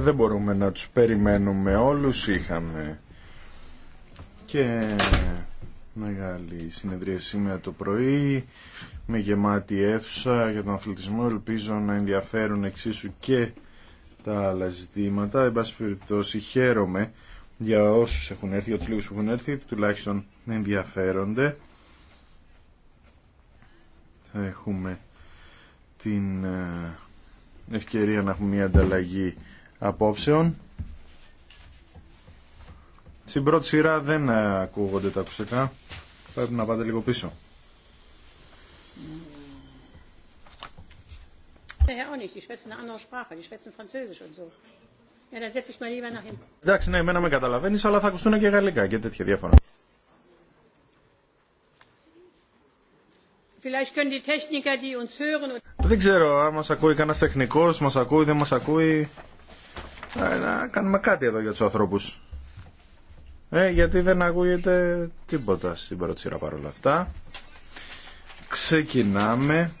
δεν μπορούμε να τους περιμένουμε όλους. Είχαμε και μεγάλη συνεδρία σήμερα το πρωί με γεμάτη αίθουσα για τον αθλητισμό. Ελπίζω να ενδιαφέρουν εξίσου και τα άλλα ζητήματα. Εν πάση περιπτώσει χαίρομαι για όσους έχουν έρθει, για τους λίγους που έχουν έρθει, που τουλάχιστον ενδιαφέρονται θα έχουμε την ε, ευκαιρία να έχουμε μια ανταλλαγή απόψεων. Στην πρώτη σειρά δεν ακούγονται τα ακουστικά. Πρέπει να πάτε λίγο πίσω. Εντάξει, ναι, εμένα με καταλαβαίνεις, αλλά θα ακουστούν και γαλλικά και τέτοια διάφορα. Δεν ξέρω αν μας ακούει κανένας τεχνικός, μας ακούει, δεν μας ακούει. Να κάνουμε κάτι εδώ για τους ανθρώπους. Ε, γιατί δεν ακούγεται τίποτα στην πρώτη σειρά παρόλα αυτά. Ξεκινάμε.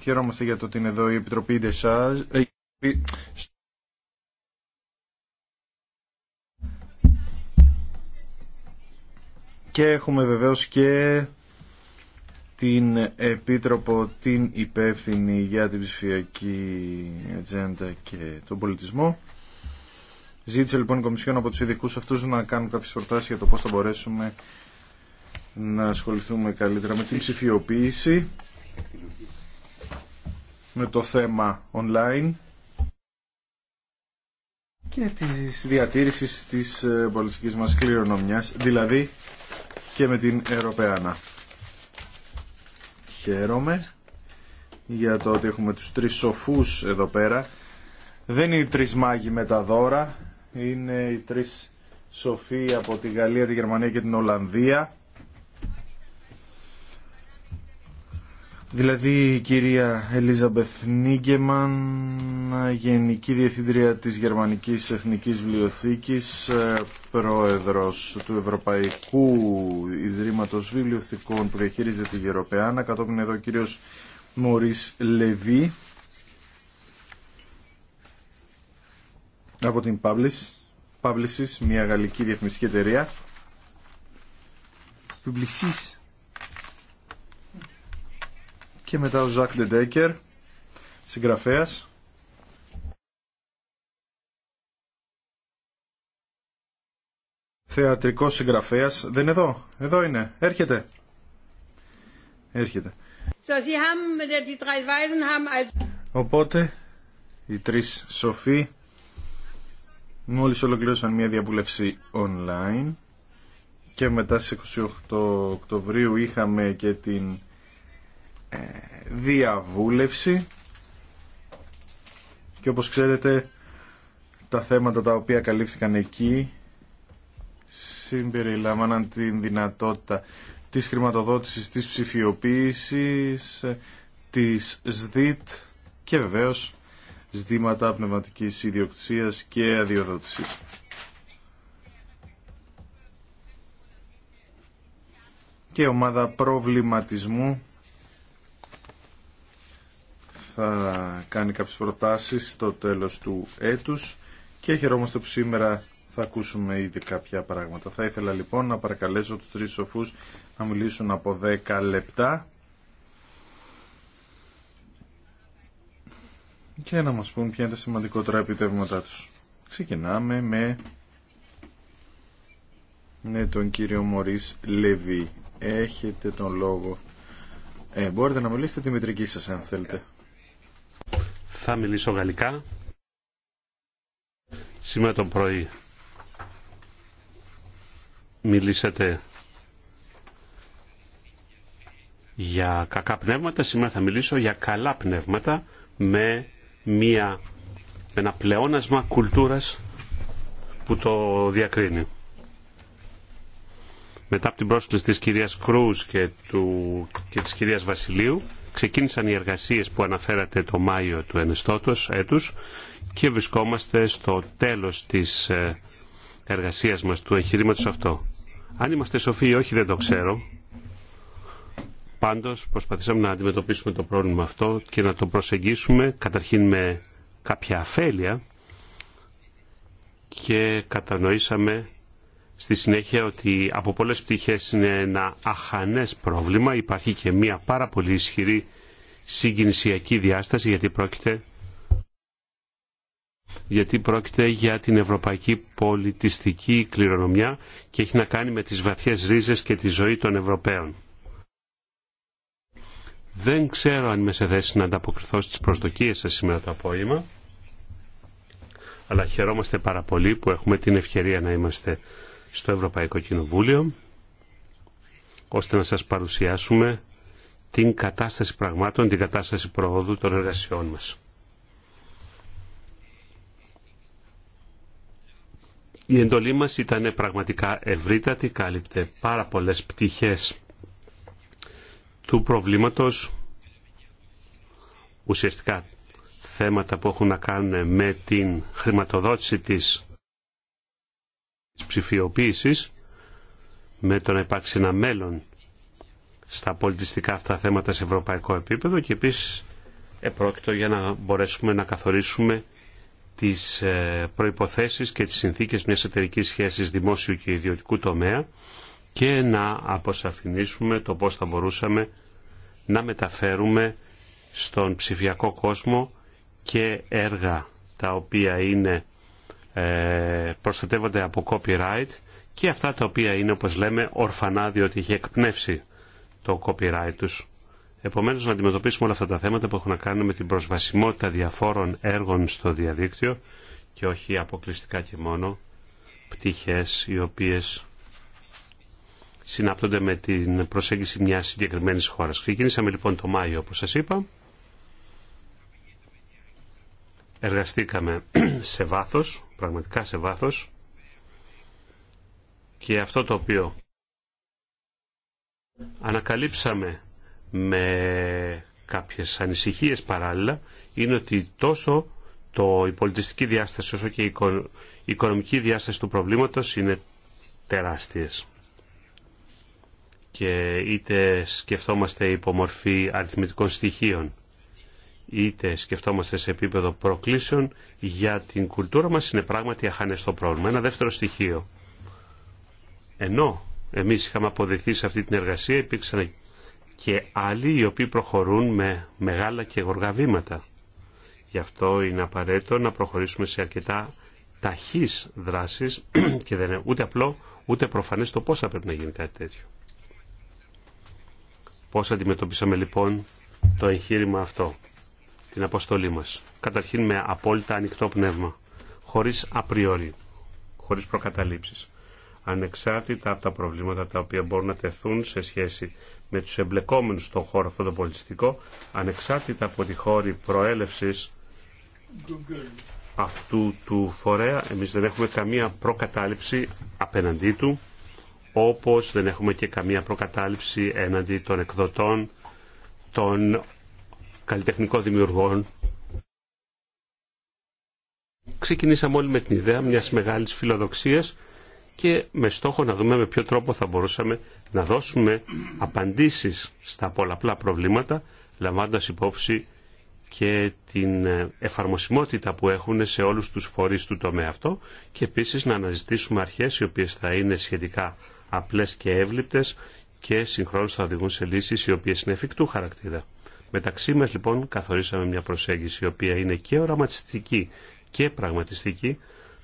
Χαιρόμαστε για το ότι είναι εδώ η Επιτροπή σα. Ε, και έχουμε βεβαίως και την Επίτροπο την υπεύθυνη για την ψηφιακή ατζέντα και τον πολιτισμό. Ζήτησε λοιπόν η Κομισιόν από τους ειδικού αυτούς να κάνουν κάποιες προτάσεις για το πώς θα μπορέσουμε να ασχοληθούμε καλύτερα με την ψηφιοποίηση, με το θέμα online και της διατήρησης της ε, πολιτικής μας κληρονομιάς, δηλαδή και με την Ευρωπαϊκή χαίρομαι για το ότι έχουμε τους τρεις σοφούς εδώ πέρα. Δεν είναι οι τρεις μάγοι με τα δώρα, είναι οι τρεις σοφοί από τη Γαλλία, τη Γερμανία και την Ολλανδία Δηλαδή η κυρία Ελίζα Νίγκεμαν, Γενική Διευθύντρια της Γερμανικής Εθνικής Βιβλιοθήκης, ε, Πρόεδρος του Ευρωπαϊκού Ιδρύματος Βιβλιοθηκών που διαχειρίζεται τη Γεροπεάνα, κατόπιν εδώ ο κύριος Μωρίς Λεβί από την Publis, μια γαλλική διαφημιστική εταιρεία. Publicis και μετά ο Ζακ Ντεντέκερ, συγγραφέας. Θεατρικός συγγραφέας. Δεν είναι εδώ. Εδώ είναι. Έρχεται. Έρχεται. Er Οπότε, οι τρεις σοφοί μόλις ολοκλήρωσαν μια διαβούλευση online και μετά στις 28 Οκτωβρίου είχαμε και την διαβούλευση και όπως ξέρετε τα θέματα τα οποία καλύφθηκαν εκεί συμπεριλαμβάναν την δυνατότητα της χρηματοδότησης, της ψηφιοποίησης, της ΣΔΙΤ και βεβαίως ζητήματα πνευματικής ιδιοκτησίας και αδειοδότησης. Και ομάδα προβληματισμού θα κάνει κάποιες προτάσεις στο τέλος του έτους και χαιρόμαστε που σήμερα θα ακούσουμε ήδη κάποια πράγματα. Θα ήθελα λοιπόν να παρακαλέσω τους τρεις σοφούς να μιλήσουν από 10 λεπτά και να μας πούν ποια είναι τα σημαντικότερα επιτεύγματά τους. Ξεκινάμε με, τον κύριο Μωρίς Λεβί. Έχετε τον λόγο. Ε, μπορείτε να μιλήσετε τη μητρική σας αν θέλετε. Θα μιλήσω γαλλικά. Σήμερα το πρωί μιλήσατε για κακά πνεύματα. Σήμερα θα μιλήσω για καλά πνεύματα με μια ένα πλεόνασμα κουλτούρας που το διακρίνει. Μετά από την πρόσκληση της κυρίας Κρούς και, του, και της κυρίας Βασιλείου, ξεκίνησαν οι εργασίες που αναφέρατε το Μάιο του ενεστώτος έτους και βρισκόμαστε στο τέλος της ε, εργασίας μας, του εγχειρήματος αυτό. Αν είμαστε σοφοί ή όχι δεν το ξέρω. Πάντως προσπαθήσαμε να αντιμετωπίσουμε το πρόβλημα αυτό και να το προσεγγίσουμε καταρχήν με κάποια αφέλεια και κατανοήσαμε στη συνέχεια ότι από πολλές πτυχές είναι ένα αχανές πρόβλημα. Υπάρχει και μια πάρα πολύ ισχυρή συγκινησιακή διάσταση γιατί πρόκειται, γιατί πρόκειται για την ευρωπαϊκή πολιτιστική κληρονομιά και έχει να κάνει με τις βαθιές ρίζες και τη ζωή των Ευρωπαίων. Δεν ξέρω αν είμαι σε θέση να ανταποκριθώ στις προσδοκίες σας σήμερα το απόγευμα, αλλά χαιρόμαστε πάρα πολύ που έχουμε την ευκαιρία να είμαστε στο Ευρωπαϊκό Κοινοβούλιο ώστε να σας παρουσιάσουμε την κατάσταση πραγμάτων, την κατάσταση προόδου των εργασιών μας. Η εντολή μας ήταν πραγματικά ευρύτατη, κάλυπτε πάρα πολλές πτυχές του προβλήματος, ουσιαστικά θέματα που έχουν να κάνουν με την χρηματοδότηση της της ψηφιοποίησης με το να υπάρξει ένα μέλλον στα πολιτιστικά αυτά θέματα σε ευρωπαϊκό επίπεδο και επίσης επρόκειτο για να μπορέσουμε να καθορίσουμε τις ε, προϋποθέσεις και τις συνθήκες μιας εταιρικής σχέσης δημόσιου και ιδιωτικού τομέα και να αποσαφηνίσουμε το πώς θα μπορούσαμε να μεταφέρουμε στον ψηφιακό κόσμο και έργα τα οποία είναι ε, προστατεύονται από copyright και αυτά τα οποία είναι όπως λέμε ορφανά διότι έχει εκπνεύσει το copyright τους. Επομένως να αντιμετωπίσουμε όλα αυτά τα θέματα που έχουν να κάνουν με την προσβασιμότητα διαφόρων έργων στο διαδίκτυο και όχι αποκλειστικά και μόνο πτυχές οι οποίες συνάπτονται με την προσέγγιση μιας συγκεκριμένης χώρας. Ξεκίνησαμε λοιπόν το Μάιο όπως σας είπα εργαστήκαμε σε βάθος, πραγματικά σε βάθος και αυτό το οποίο ανακαλύψαμε με κάποιες ανησυχίες παράλληλα είναι ότι τόσο το, η πολιτιστική διάσταση όσο και η οικονομική διάσταση του προβλήματος είναι τεράστιες. Και είτε σκεφτόμαστε υπομορφή αριθμητικών στοιχείων είτε σκεφτόμαστε σε επίπεδο προκλήσεων για την κουλτούρα μας είναι πράγματι αχανεστό πρόβλημα. Ένα δεύτερο στοιχείο. Ενώ εμείς είχαμε αποδεχθεί σε αυτή την εργασία υπήρξαν και άλλοι οι οποίοι προχωρούν με μεγάλα και γοργά βήματα. Γι' αυτό είναι απαραίτητο να προχωρήσουμε σε αρκετά ταχείς δράσεις και δεν είναι ούτε απλό ούτε προφανές το πώς θα πρέπει να γίνει κάτι τέτοιο. Πώς αντιμετωπίσαμε λοιπόν το εγχείρημα αυτό την αποστολή μας. Καταρχήν με απόλυτα ανοιχτό πνεύμα, χωρίς απριόρι, χωρίς προκαταλήψεις, ανεξάρτητα από τα προβλήματα τα οποία μπορούν να τεθούν σε σχέση με τους εμπλεκόμενους στον χώρο αυτό το πολιτιστικό, ανεξάρτητα από τη χώρη προέλευσης αυτού του φορέα, εμείς δεν έχουμε καμία προκατάληψη απέναντί του, όπως δεν έχουμε και καμία προκατάληψη έναντι των εκδοτών, των καλλιτεχνικών δημιουργών. Ξεκινήσαμε όλοι με την ιδέα μιας μεγάλης φιλοδοξίας και με στόχο να δούμε με ποιο τρόπο θα μπορούσαμε να δώσουμε απαντήσεις στα πολλαπλά προβλήματα, λαμβάνοντας υπόψη και την ε, εφαρμοσιμότητα που έχουν σε όλους τους φορείς του τομέα αυτό και επίσης να αναζητήσουμε αρχές οι οποίες θα είναι σχετικά απλές και εύληπτες και συγχρόνως θα οδηγούν σε λύσεις οι οποίες είναι εφικτού χαρακτήρα. Μεταξύ μας λοιπόν καθορίσαμε μια προσέγγιση η οποία είναι και οραματιστική και πραγματιστική.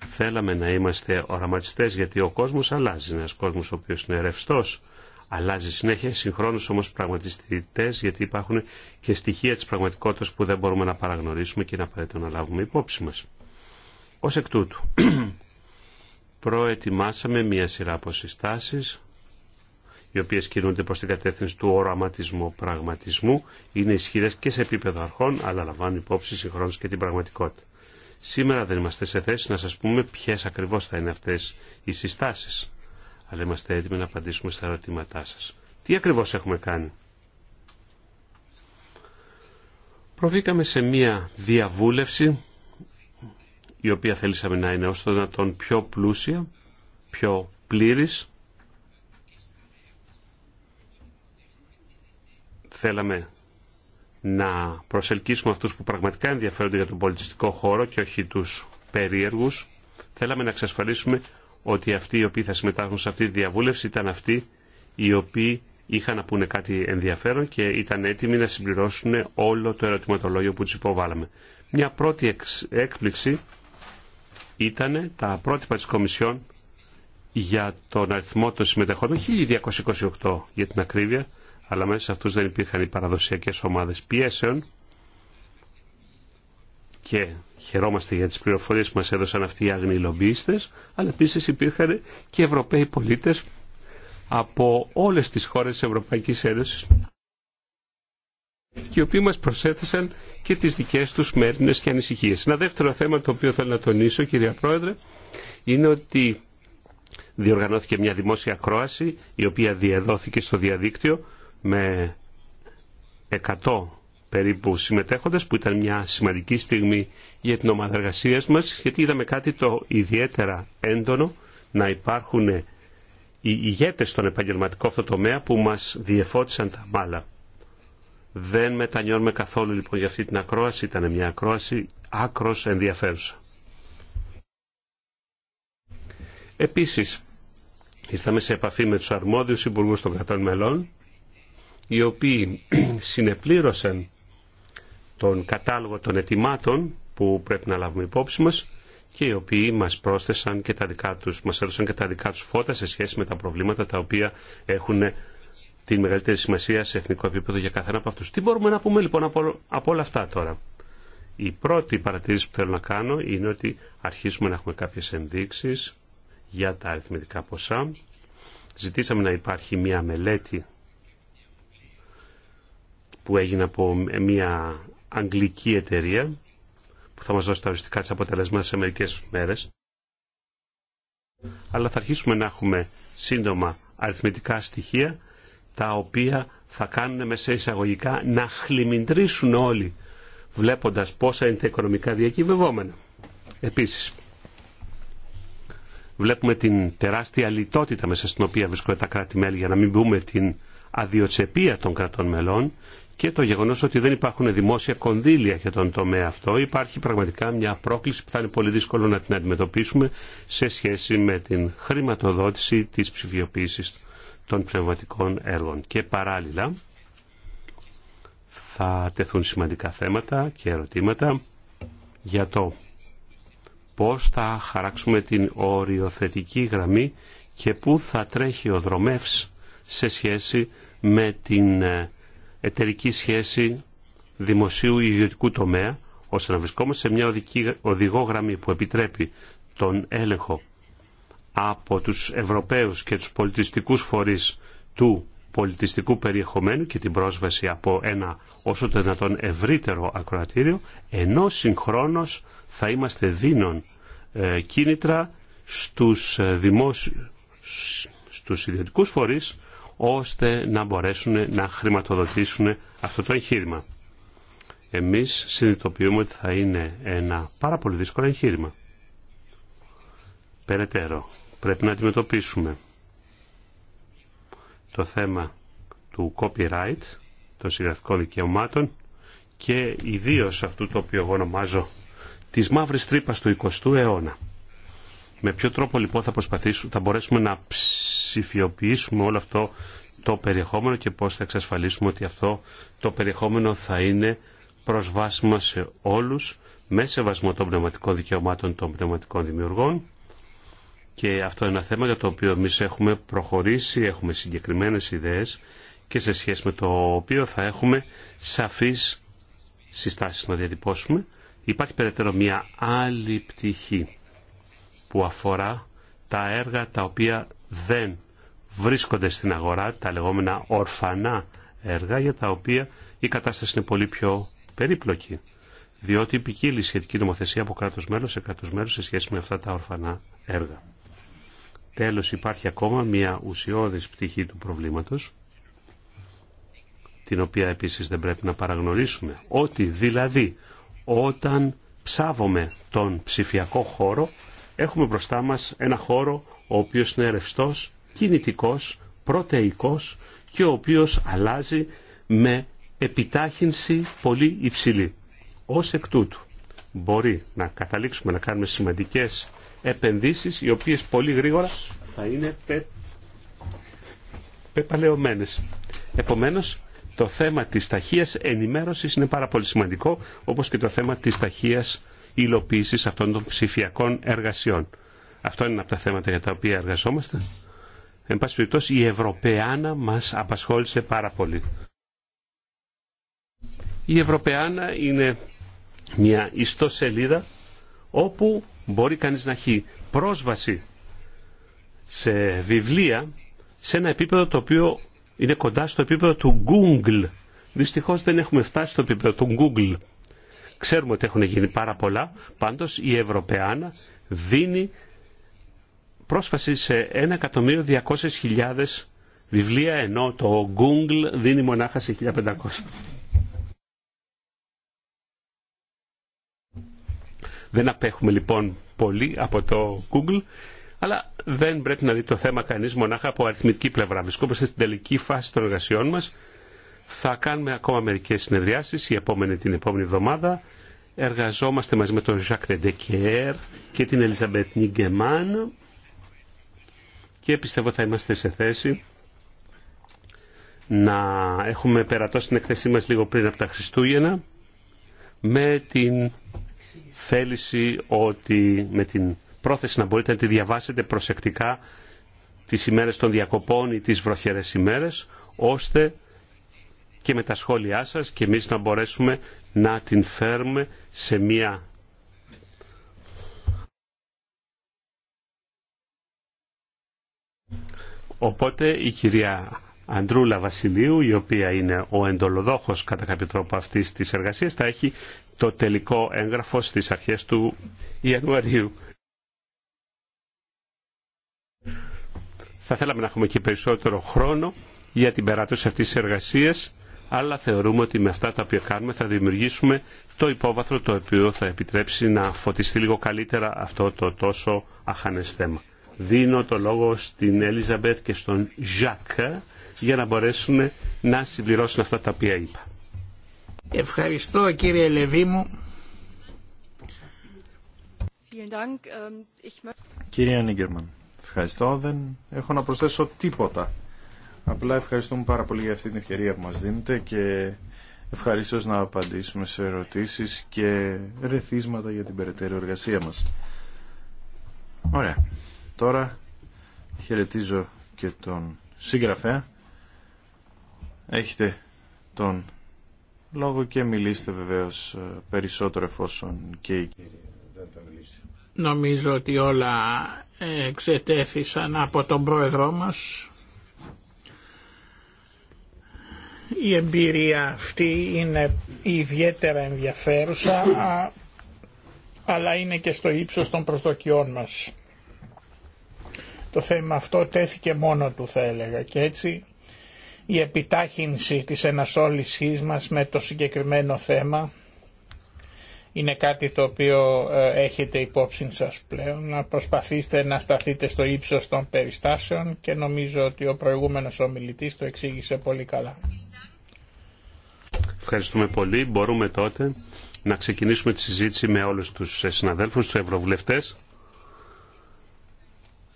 Θέλαμε να είμαστε οραματιστές γιατί ο κόσμος αλλάζει. Είναι ένας κόσμος ο οποίος είναι ρευστό, αλλάζει συνέχεια. Συγχρόνως όμως πραγματιστητές γιατί υπάρχουν και στοιχεία της πραγματικότητας που δεν μπορούμε να παραγνωρίσουμε και να απαραίτητο να λάβουμε υπόψη μας. Ως εκ τούτου, προετοιμάσαμε μια σειρά από οι οποίε κινούνται προ την κατεύθυνση του οραματισμού πραγματισμού, είναι ισχυρέ και σε επίπεδο αρχών, αλλά λαμβάνουν υπόψη συγχρόνω και την πραγματικότητα. Σήμερα δεν είμαστε σε θέση να σα πούμε ποιε ακριβώ θα είναι αυτέ οι συστάσει, αλλά είμαστε έτοιμοι να απαντήσουμε στα ερωτήματά σα. Τι ακριβώ έχουμε κάνει. Προβήκαμε σε μία διαβούλευση η οποία θέλησαμε να είναι όσο δυνατόν πιο πλούσια, πιο πλήρης θέλαμε να προσελκύσουμε αυτούς που πραγματικά ενδιαφέρονται για τον πολιτιστικό χώρο και όχι τους περίεργους. Θέλαμε να εξασφαλίσουμε ότι αυτοί οι οποίοι θα συμμετάσχουν σε αυτή τη διαβούλευση ήταν αυτοί οι οποίοι είχαν να πούνε κάτι ενδιαφέρον και ήταν έτοιμοι να συμπληρώσουν όλο το ερωτηματολόγιο που τους υποβάλαμε. Μια πρώτη έκπληξη ήταν τα πρότυπα της Κομισιόν για τον αριθμό των συμμετεχόντων 1228 για την ακρίβεια αλλά μέσα σε αυτούς δεν υπήρχαν οι παραδοσιακές ομάδες πιέσεων και χαιρόμαστε για τις πληροφορίες που μας έδωσαν αυτοί οι άγνοι λομπίστες, αλλά επίσης υπήρχαν και Ευρωπαίοι πολίτες από όλες τις χώρες της Ευρωπαϊκής Ένωσης οι οποίοι μας προσέθεσαν και τις δικές τους μέρινες και ανησυχίες. Ένα δεύτερο θέμα το οποίο θέλω να τονίσω, κυρία Πρόεδρε, είναι ότι διοργανώθηκε μια δημόσια κρόαση η οποία διαδόθηκε στο διαδίκτυο με 100 περίπου συμμετέχοντες που ήταν μια σημαντική στιγμή για την ομάδα εργασία μας γιατί είδαμε κάτι το ιδιαίτερα έντονο να υπάρχουν οι ηγέτες στον επαγγελματικό αυτό τομέα που μας διεφώτισαν τα μάλα. Δεν μετανιώνουμε καθόλου λοιπόν για αυτή την ακρόαση, ήταν μια ακρόαση άκρος ενδιαφέρουσα. Επίσης, ήρθαμε σε επαφή με τους αρμόδιους υπουργούς των κρατών μελών οι οποίοι συνεπλήρωσαν τον κατάλογο των ετοιμάτων που πρέπει να λάβουμε υπόψη μας και οι οποίοι μας πρόσθεσαν και τα δικά τους, μας έδωσαν και τα δικά τους φώτα σε σχέση με τα προβλήματα τα οποία έχουν τη μεγαλύτερη σημασία σε εθνικό επίπεδο για καθένα από αυτούς. Τι μπορούμε να πούμε λοιπόν από, όλα αυτά τώρα. Η πρώτη παρατήρηση που θέλω να κάνω είναι ότι αρχίσουμε να έχουμε κάποιες ενδείξεις για τα αριθμητικά ποσά. Ζητήσαμε να υπάρχει μια μελέτη που έγινε από μια αγγλική εταιρεία που θα μας δώσει τα οριστικά της αποτελέσματα σε μερικές μέρες. Αλλά θα αρχίσουμε να έχουμε σύντομα αριθμητικά στοιχεία τα οποία θα κάνουν μέσα εισαγωγικά να χλιμιντρήσουν όλοι βλέποντας πόσα είναι τα οικονομικά διακυβευόμενα. Επίσης, βλέπουμε την τεράστια λιτότητα μέσα στην οποία βρίσκονται τα κράτη-μέλη για να μην πούμε την αδιοτσεπία των κρατών μελών και το γεγονός ότι δεν υπάρχουν δημόσια κονδύλια για τον τομέα αυτό υπάρχει πραγματικά μια πρόκληση που θα είναι πολύ δύσκολο να την αντιμετωπίσουμε σε σχέση με την χρηματοδότηση της ψηφιοποίησης των πνευματικών έργων. Και παράλληλα θα τεθούν σημαντικά θέματα και ερωτήματα για το πώς θα χαράξουμε την οριοθετική γραμμή και πού θα τρέχει ο δρομεύς σε σχέση με την ε, εταιρική σχέση δημοσίου ιδιωτικού τομέα, ώστε να βρισκόμαστε σε μια οδική, οδηγό που επιτρέπει τον έλεγχο από τους Ευρωπαίους και τους πολιτιστικούς φορείς του πολιτιστικού περιεχομένου και την πρόσβαση από ένα όσο το δυνατόν ευρύτερο ακροατήριο, ενώ συγχρόνως θα είμαστε δίνον ε, κίνητρα στους, ε, δημόσιους, στους ιδιωτικούς φορείς ώστε να μπορέσουν να χρηματοδοτήσουν αυτό το εγχείρημα. Εμείς συνειδητοποιούμε ότι θα είναι ένα πάρα πολύ δύσκολο εγχείρημα. Περαιτέρω, πρέπει να αντιμετωπίσουμε το θέμα του copyright, των συγγραφικών δικαιωμάτων και ιδίως αυτού το οποίο εγώ ονομάζω της μαύρης τρύπας του 20ου αιώνα. Με ποιο τρόπο λοιπόν θα προσπαθήσουμε, θα μπορέσουμε να ψηφιοποιήσουμε όλο αυτό το περιεχόμενο και πώς θα εξασφαλίσουμε ότι αυτό το περιεχόμενο θα είναι προσβάσιμο σε όλους με σεβασμό των πνευματικών δικαιωμάτων των πνευματικών δημιουργών και αυτό είναι ένα θέμα για το οποίο εμεί έχουμε προχωρήσει, έχουμε συγκεκριμένες ιδέες και σε σχέση με το οποίο θα έχουμε σαφείς συστάσεις να διατυπώσουμε. Υπάρχει περαιτέρω μια άλλη πτυχή που αφορά τα έργα τα οποία δεν βρίσκονται στην αγορά, τα λεγόμενα ορφανά έργα για τα οποία η κατάσταση είναι πολύ πιο περίπλοκη. Διότι ποικίλει η σχετική νομοθεσία από κράτο μέλο σε κράτο μέλο σε σχέση με αυτά τα ορφανά έργα. Τέλο, υπάρχει ακόμα μια ουσιώδη πτυχή του προβλήματο, την οποία επίση δεν πρέπει να παραγνωρίσουμε. Ότι δηλαδή όταν ψάβομαι τον ψηφιακό χώρο, έχουμε μπροστά μας ένα χώρο ο οποίος είναι ρευστός, κινητικός, πρωτεϊκός και ο οποίος αλλάζει με επιτάχυνση πολύ υψηλή. Ως εκ τούτου μπορεί να καταλήξουμε να κάνουμε σημαντικές επενδύσεις οι οποίες πολύ γρήγορα θα είναι πε... πεπαλαιωμένες. Επομένως, το θέμα της ταχείας ενημέρωσης είναι πάρα πολύ σημαντικό, όπως και το θέμα της ταχείας υλοποίηση αυτών των ψηφιακών εργασιών. Αυτό είναι από τα θέματα για τα οποία εργαζόμαστε. Εν πάση περιπτώσει, η Ευρωπαϊάνα μα απασχόλησε πάρα πολύ. Η Ευρωπαϊάνα είναι μια ιστοσελίδα όπου μπορεί κανείς να έχει πρόσβαση σε βιβλία σε ένα επίπεδο το οποίο είναι κοντά στο επίπεδο του Google. Δυστυχώς δεν έχουμε φτάσει στο επίπεδο του Google. Ξέρουμε ότι έχουν γίνει πάρα πολλά, πάντως η Ευρωπαίανα δίνει πρόσφαση σε 1.200.000 βιβλία, ενώ το Google δίνει μονάχα σε 1.500. Δεν απέχουμε λοιπόν πολύ από το Google, αλλά δεν πρέπει να δει το θέμα κανείς μονάχα από αριθμητική πλευρά. Βρισκόμαστε στην τελική φάση των εργασιών μας θα κάνουμε ακόμα μερικές συνεδριάσεις, η επόμενη την επόμενη εβδομάδα. Εργαζόμαστε μαζί με τον Ζακ και την Ελισαμπέτ Νιγκεμάν και πιστεύω θα είμαστε σε θέση να έχουμε περατώσει την εκθέσή μας λίγο πριν από τα Χριστούγεννα με την θέληση ότι με την πρόθεση να μπορείτε να τη διαβάσετε προσεκτικά τις ημέρες των διακοπών ή τις βροχερές ημέρες ώστε και με τα σχόλιά σας και εμείς να μπορέσουμε να την φέρουμε σε μια Οπότε η κυρία Αντρούλα Βασιλείου, η οποία είναι ο εντολοδόχος κατά κάποιο τρόπο αυτής της εργασίας, θα έχει το τελικό έγγραφο στις αρχές του Ιανουαρίου. Θα θέλαμε να έχουμε και περισσότερο χρόνο για την περάτωση αυτής της εργασίας αλλά θεωρούμε ότι με αυτά τα οποία κάνουμε θα δημιουργήσουμε το υπόβαθρο το οποίο θα επιτρέψει να φωτιστεί λίγο καλύτερα αυτό το τόσο αχανές θέμα. Δίνω το λόγο στην Ελίζαμπεθ και στον Ζακ για να μπορέσουν να συμπληρώσουν αυτά τα οποία είπα. Ευχαριστώ κύριε Λεβί μου. Ähm, κύριε Νίγκερμαν, ευχαριστώ. Δεν έχω να προσθέσω τίποτα Απλά ευχαριστούμε πάρα πολύ για αυτή την ευκαιρία που μας δίνετε και ευχαριστώ να απαντήσουμε σε ερωτήσεις και ρεθίσματα για την περαιτέρω εργασία μας. Ωραία. Τώρα χαιρετίζω και τον συγγραφέα. Έχετε τον λόγο και μιλήστε βεβαίως ε, περισσότερο εφόσον και η κυρία δεν θα μιλήσει. Νομίζω ότι όλα ε, εξετέθησαν από τον πρόεδρό μας Η εμπειρία αυτή είναι ιδιαίτερα ενδιαφέρουσα, αλλά είναι και στο ύψος των προσδοκιών μας. Το θέμα αυτό τέθηκε μόνο του θα έλεγα και έτσι η επιτάχυνση της ενασόλησής μας με το συγκεκριμένο θέμα είναι κάτι το οποίο ε, έχετε υπόψη σας πλέον, να προσπαθήσετε να σταθείτε στο ύψος των περιστάσεων και νομίζω ότι ο προηγούμενος ομιλητής το εξήγησε πολύ καλά. Ευχαριστούμε πολύ. Μπορούμε τότε να ξεκινήσουμε τη συζήτηση με όλους τους συναδέλφους, τους ευρωβουλευτές.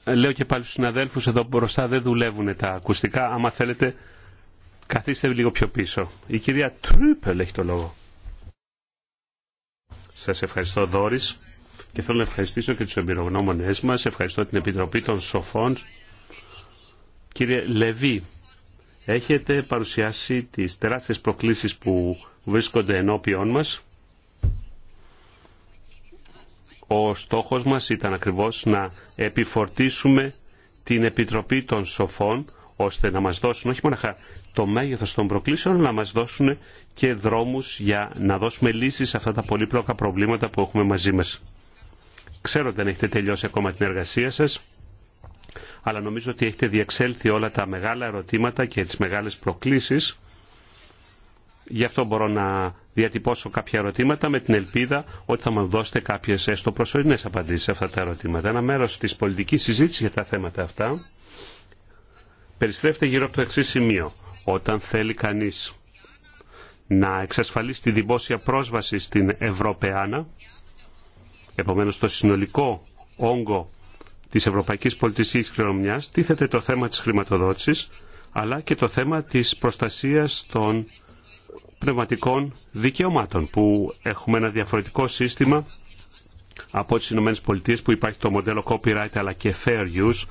Ε, λέω και πάλι στους συναδέλφους εδώ μπροστά δεν δουλεύουν τα ακουστικά. Άμα θέλετε καθίστε λίγο πιο πίσω. Η κυρία Τρούπελ έχει το λόγο. Σας ευχαριστώ Δόρης και θέλω να ευχαριστήσω και τους εμπειρογνώμονές μας. Ευχαριστώ την Επιτροπή των Σοφών. Κύριε Λεβί, έχετε παρουσιάσει τις τεράστιες προκλήσεις που βρίσκονται ενώπιόν μας. Ο στόχος μας ήταν ακριβώς να επιφορτήσουμε την Επιτροπή των Σοφών ώστε να μας δώσουν όχι μόνο το μέγεθος των προκλήσεων, αλλά να μας δώσουν και δρόμους για να δώσουμε λύσεις σε αυτά τα πολύπλοκα προβλήματα που έχουμε μαζί μας. Ξέρω ότι δεν έχετε τελειώσει ακόμα την εργασία σας, αλλά νομίζω ότι έχετε διεξέλθει όλα τα μεγάλα ερωτήματα και τις μεγάλες προκλήσεις. Γι' αυτό μπορώ να διατυπώσω κάποια ερωτήματα με την ελπίδα ότι θα μου δώσετε κάποιες έστω προσωρινές απαντήσεις σε αυτά τα ερωτήματα. Ένα μέρος της πολιτικής συζήτησης για τα θέματα αυτά περιστρέφεται γύρω από το εξή σημείο. Όταν θέλει κανείς να εξασφαλίσει τη δημόσια πρόσβαση στην Ευρωπαϊκή, επομένω το συνολικό όγκο της Ευρωπαϊκής Πολιτιστική Κληρονομιάς, τίθεται το θέμα της χρηματοδότησης, αλλά και το θέμα της προστασίας των πνευματικών δικαιωμάτων, που έχουμε ένα διαφορετικό σύστημα από τις Ηνωμένες Πολιτείες που υπάρχει το μοντέλο copyright αλλά και fair use,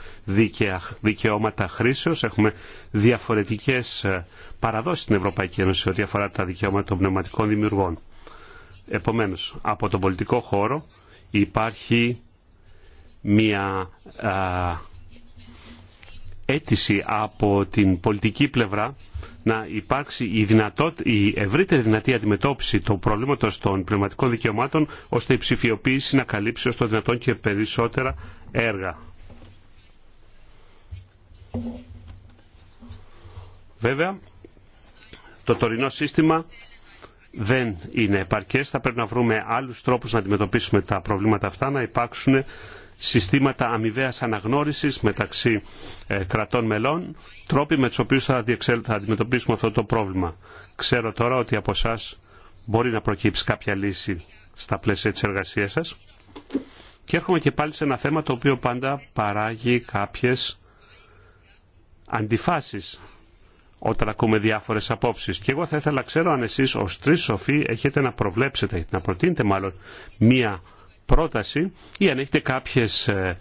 δικαιώματα χρήσεως. Έχουμε διαφορετικές ε, παραδόσεις στην Ευρωπαϊκή Ένωση ό,τι αφορά τα δικαιώματα των πνευματικών δημιουργών. Επομένως, από τον πολιτικό χώρο υπάρχει μια ε, αίτηση από την πολιτική πλευρά να υπάρξει η, η ευρύτερη δυνατή αντιμετώπιση των προβλήματων των πνευματικών δικαιωμάτων ώστε η ψηφιοποίηση να καλύψει ως το δυνατόν και περισσότερα έργα. Βέβαια, το τωρινό σύστημα δεν είναι επαρκές. Θα πρέπει να βρούμε άλλους τρόπους να αντιμετωπίσουμε τα προβλήματα αυτά, να υπάρξουν συστήματα αμοιβαία αναγνώρισης μεταξύ ε, κρατών μελών, τρόποι με τους οποίους θα, θα αντιμετωπίσουμε αυτό το πρόβλημα. Ξέρω τώρα ότι από εσά μπορεί να προκύψει κάποια λύση στα πλαίσια της εργασίας σας. Και έρχομαι και πάλι σε ένα θέμα το οποίο πάντα παράγει κάποιες αντιφάσεις όταν ακούμε διάφορε απόψει. Και εγώ θα ήθελα να ξέρω αν εσεί ω τρει σοφοί έχετε να προβλέψετε, να προτείνετε μάλλον, μία πρόταση ή αν έχετε κάποιες ε,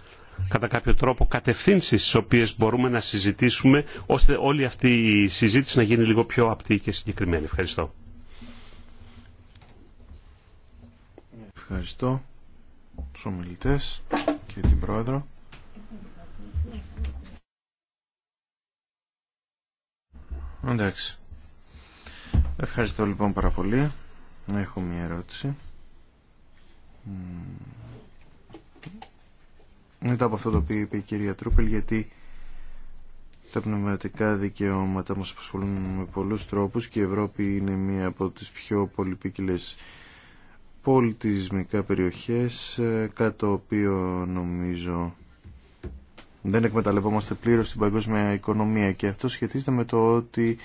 κατά κάποιο τρόπο κατευθύνσεις στις οποίες μπορούμε να συζητήσουμε ώστε όλη αυτή η συζήτηση να γίνει λίγο πιο απτή και συγκεκριμένη. Ευχαριστώ. Ευχαριστώ τους ομιλητές και την Πρόεδρο. Εντάξει. Ευχαριστώ λοιπόν πάρα πολύ. Έχω μια ερώτηση μετά από αυτό το οποίο είπε η κυρία Τρούπελ γιατί τα πνευματικά δικαιώματα μας απασχολούν με πολλούς τρόπους και η Ευρώπη είναι μία από τις πιο πολυπίκυλες πολιτισμικά περιοχές κάτι το οποίο νομίζω δεν εκμεταλλευόμαστε πλήρως την παγκόσμια οικονομία και αυτό σχετίζεται με το ότι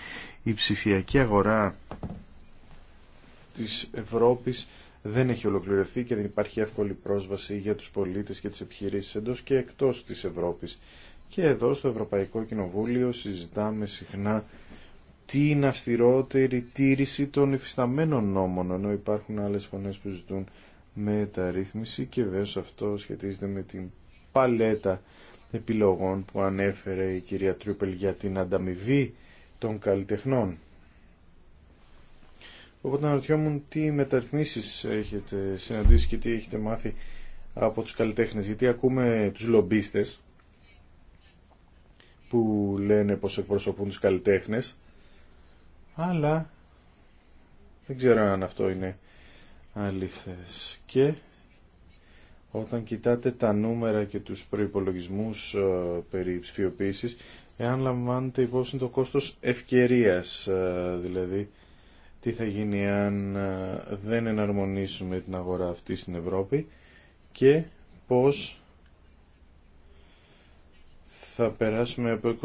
η ψηφιακή αγορά της Ευρώπης δεν έχει ολοκληρωθεί και δεν υπάρχει εύκολη πρόσβαση για τους πολίτες και τις επιχειρήσεις εντός και εκτός της Ευρώπης. Και εδώ στο Ευρωπαϊκό Κοινοβούλιο συζητάμε συχνά την αυστηρότερη τήρηση των υφισταμένων νόμων, ενώ υπάρχουν άλλες φωνές που ζητούν μεταρρύθμιση και βέβαια αυτό σχετίζεται με την παλέτα επιλογών που ανέφερε η κυρία Τρούπελ για την ανταμοιβή των καλλιτεχνών. Οπότε αναρωτιόμουν τι μεταρρυθμίσεις έχετε συναντήσει και τι έχετε μάθει από τους καλλιτέχνες. Γιατί ακούμε τους λομπίστες που λένε πως εκπροσωπούν τους καλλιτέχνες αλλά δεν ξέρω αν αυτό είναι αλήθες. Και όταν κοιτάτε τα νούμερα και τους προϋπολογισμούς ε, περί ψηφιοποίησης, εάν λαμβάνετε υπόψη το κόστος ευκαιρίας, ε, δηλαδή τι θα γίνει αν ε, δεν εναρμονίσουμε την αγορά αυτή στην Ευρώπη και πώς θα περάσουμε από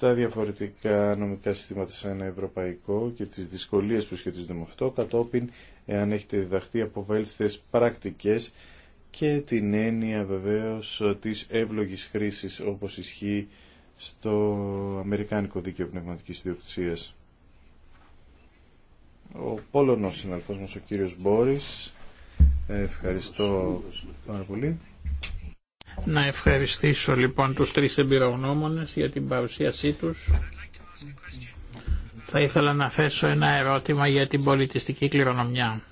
27 διαφορετικά νομικά συστήματα σε ένα ευρωπαϊκό και τις δυσκολίες που σχετίζονται με αυτό κατόπιν εάν έχετε διδαχθεί από βέλτιστες πρακτικές και την έννοια βεβαίως της εύλογης χρήσης όπως ισχύει στο Αμερικάνικο Δίκαιο Πνευματικής Διοκτησίας ο Πόλωνος συναλφός μας, ο κύριος Μπόρης. Ευχαριστώ πάρα πολύ. Να ευχαριστήσω λοιπόν τους τρεις εμπειρογνώμονες για την παρουσίασή τους. Θα ήθελα να θέσω ένα ερώτημα για την πολιτιστική κληρονομιά.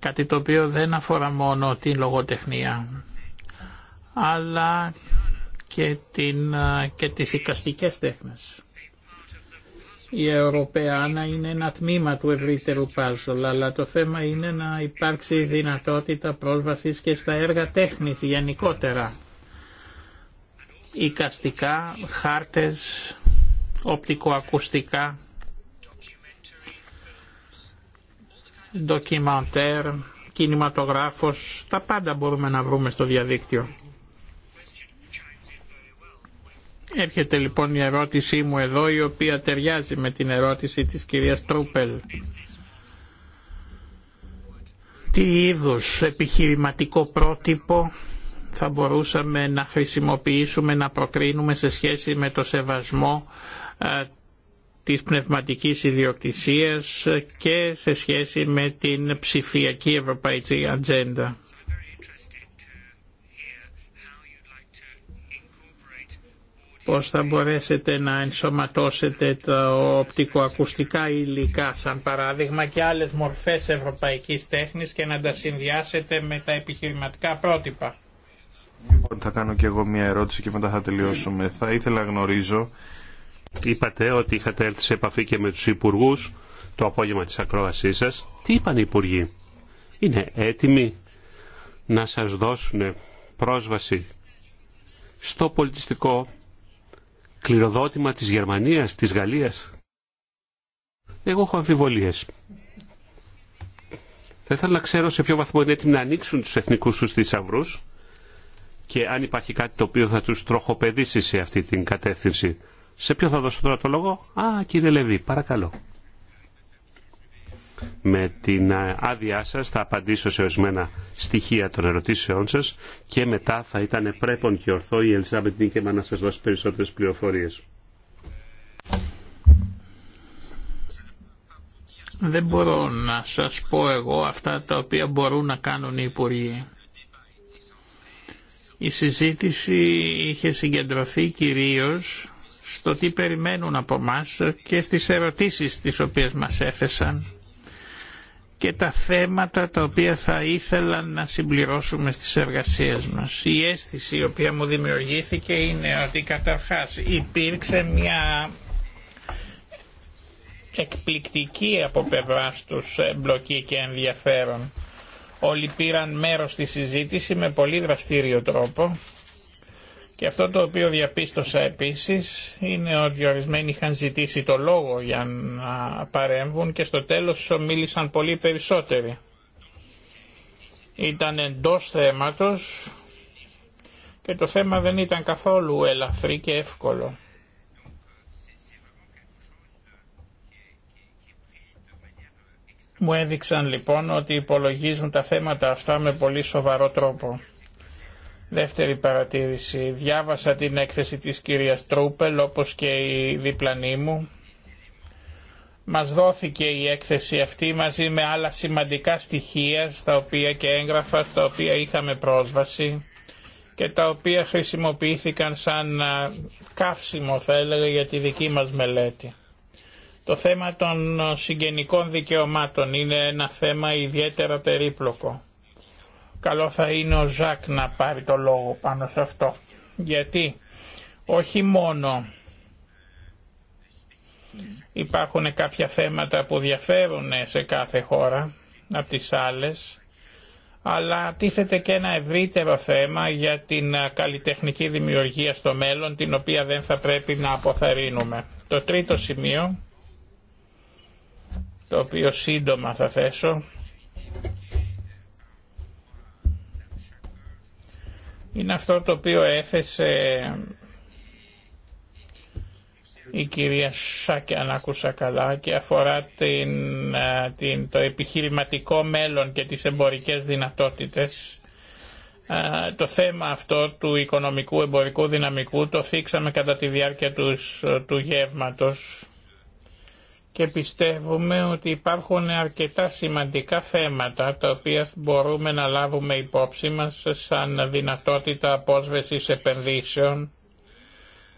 Κάτι το οποίο δεν αφορά μόνο την λογοτεχνία, αλλά και, την, ε, και τις οικαστικές τέχνες η Ευρωπαϊκή είναι ένα τμήμα του ευρύτερου πάζολ, αλλά το θέμα είναι να υπάρξει δυνατότητα πρόσβασης και στα έργα τέχνης γενικότερα. Οικαστικά, χάρτες, οπτικοακουστικά, ντοκιμαντέρ, κινηματογράφος, τα πάντα μπορούμε να βρούμε στο διαδίκτυο. Έρχεται λοιπόν η ερώτησή μου εδώ η οποία ταιριάζει με την ερώτηση της κυρίας Τρούπελ. Τι είδους επιχειρηματικό πρότυπο θα μπορούσαμε να χρησιμοποιήσουμε, να προκρίνουμε σε σχέση με το σεβασμό ε, της πνευματικής ιδιοκτησίας και σε σχέση με την ψηφιακή ευρωπαϊκή ατζέντα. πώς θα μπορέσετε να ενσωματώσετε τα οπτικοακουστικά υλικά σαν παράδειγμα και άλλες μορφές ευρωπαϊκής τέχνης και να τα συνδυάσετε με τα επιχειρηματικά πρότυπα. Λοιπόν, θα κάνω και εγώ μια ερώτηση και μετά θα τελειώσουμε. Θα ήθελα να γνωρίζω, είπατε ότι είχατε έρθει σε επαφή και με τους υπουργούς το απόγευμα της ακρόασή σας. Τι είπαν οι υπουργοί. Είναι έτοιμοι να σας δώσουν πρόσβαση στο πολιτιστικό κληροδότημα της Γερμανίας, της Γαλλίας. Εγώ έχω αμφιβολίες. Θα ήθελα να ξέρω σε ποιο βαθμό είναι έτοιμοι να ανοίξουν τους εθνικούς τους θησαυρού και αν υπάρχει κάτι το οποίο θα τους τροχοπεδίσει σε αυτή την κατεύθυνση. Σε ποιο θα δώσω τώρα το λόγο. Α, κύριε Λεβί, παρακαλώ με την ε, άδειά σα θα απαντήσω σε ορισμένα στοιχεία των ερωτήσεών σα, και μετά θα ήταν πρέπον και ορθό η Ελισάβετ Νίκεμα να σα δώσει περισσότερε πληροφορίε. Δεν μπορώ να σας πω εγώ αυτά τα οποία μπορούν να κάνουν οι Υπουργοί. Η συζήτηση είχε συγκεντρωθεί κυρίως στο τι περιμένουν από μας και στις ερωτήσεις τις οποίες μας έθεσαν και τα θέματα τα οποία θα ήθελα να συμπληρώσουμε στις εργασίες μας. Η αίσθηση η οποία μου δημιουργήθηκε είναι ότι καταρχάς υπήρξε μια εκπληκτική από πλευρά τους εμπλοκή και ενδιαφέρον. Όλοι πήραν μέρος στη συζήτηση με πολύ δραστήριο τρόπο και αυτό το οποίο διαπίστωσα επίσης είναι ότι ορισμένοι είχαν ζητήσει το λόγο για να παρέμβουν και στο τέλος μίλησαν πολύ περισσότεροι. Ήταν εντός θέματος και το θέμα δεν ήταν καθόλου ελαφρύ και εύκολο. Μου έδειξαν λοιπόν ότι υπολογίζουν τα θέματα αυτά με πολύ σοβαρό τρόπο. Δεύτερη παρατήρηση. Διάβασα την έκθεση της κυρίας Τρούπελ όπως και η διπλανή μου. Μας δόθηκε η έκθεση αυτή μαζί με άλλα σημαντικά στοιχεία στα οποία και έγγραφα στα οποία είχαμε πρόσβαση και τα οποία χρησιμοποιήθηκαν σαν καύσιμο θα έλεγα για τη δική μας μελέτη. Το θέμα των συγγενικών δικαιωμάτων είναι ένα θέμα ιδιαίτερα περίπλοκο Καλό θα είναι ο Ζακ να πάρει το λόγο πάνω σε αυτό. Γιατί όχι μόνο υπάρχουν κάποια θέματα που διαφέρουν σε κάθε χώρα από τις άλλες, αλλά τίθεται και ένα ευρύτερο θέμα για την καλλιτεχνική δημιουργία στο μέλλον, την οποία δεν θα πρέπει να αποθαρρύνουμε. Το τρίτο σημείο, το οποίο σύντομα θα θέσω, είναι αυτό το οποίο έθεσε η κυρία Σάκη αν άκουσα καλά και αφορά την, το επιχειρηματικό μέλλον και τις εμπορικές δυνατότητες. Το θέμα αυτό του οικονομικού εμπορικού δυναμικού το θίξαμε κατά τη διάρκεια του, του γεύματος και πιστεύουμε ότι υπάρχουν αρκετά σημαντικά θέματα τα οποία μπορούμε να λάβουμε υπόψη μας σαν δυνατότητα απόσβεσης επενδύσεων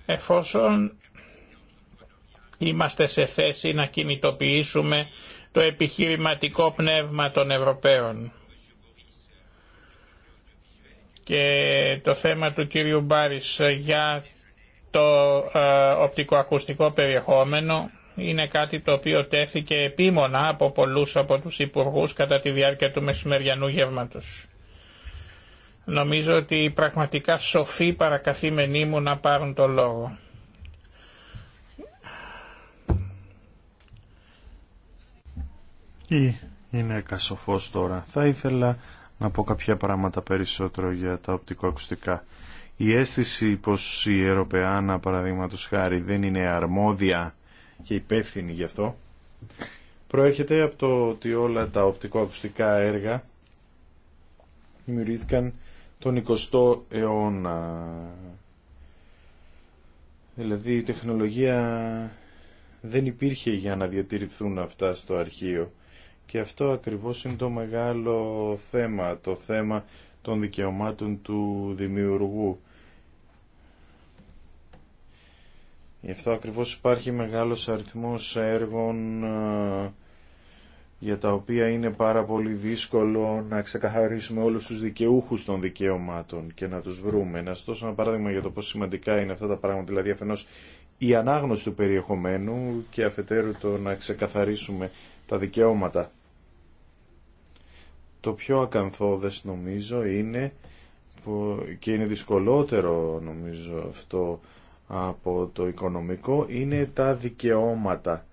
εφόσον είμαστε σε θέση να κινητοποιήσουμε το επιχειρηματικό πνεύμα των Ευρωπαίων. Και το θέμα του κύριου Μπάρις για το ε, οπτικοακουστικό περιεχόμενο είναι κάτι το οποίο τέθηκε επίμονα από πολλούς από τους υπουργούς κατά τη διάρκεια του μεσημεριανού γεύματος. Νομίζω ότι πραγματικά σοφοί παρακαθήμενοι μου να πάρουν το λόγο. Η είναι κασοφός τώρα. Θα ήθελα να πω κάποια πράγματα περισσότερο για τα οπτικοακουστικά. Η αίσθηση πως η Ευρωπαϊκή παραδείγματο χάρη δεν είναι αρμόδια και υπεύθυνη γι' αυτό, προέρχεται από το ότι όλα τα οπτικοακουστικά έργα δημιουργήθηκαν τον 20ο αιώνα. Δηλαδή η τεχνολογία δεν υπήρχε για να διατηρηθούν αυτά στο αρχείο και αυτό ακριβώς είναι το μεγάλο θέμα, το θέμα των δικαιωμάτων του δημιουργού Γι' αυτό ακριβώς υπάρχει μεγάλος αριθμός έργων ε, για τα οποία είναι πάρα πολύ δύσκολο να ξεκαθαρίσουμε όλους τους δικαιούχους των δικαιωμάτων και να τους βρούμε. Να σας δώσω ένα παράδειγμα για το πόσο σημαντικά είναι αυτά τα πράγματα, δηλαδή αφενός η ανάγνωση του περιεχομένου και αφετέρου το να ξεκαθαρίσουμε τα δικαιώματα. Το πιο ακαθόδες νομίζω είναι και είναι δυσκολότερο νομίζω αυτό από το οικονομικό είναι τα δικαιώματα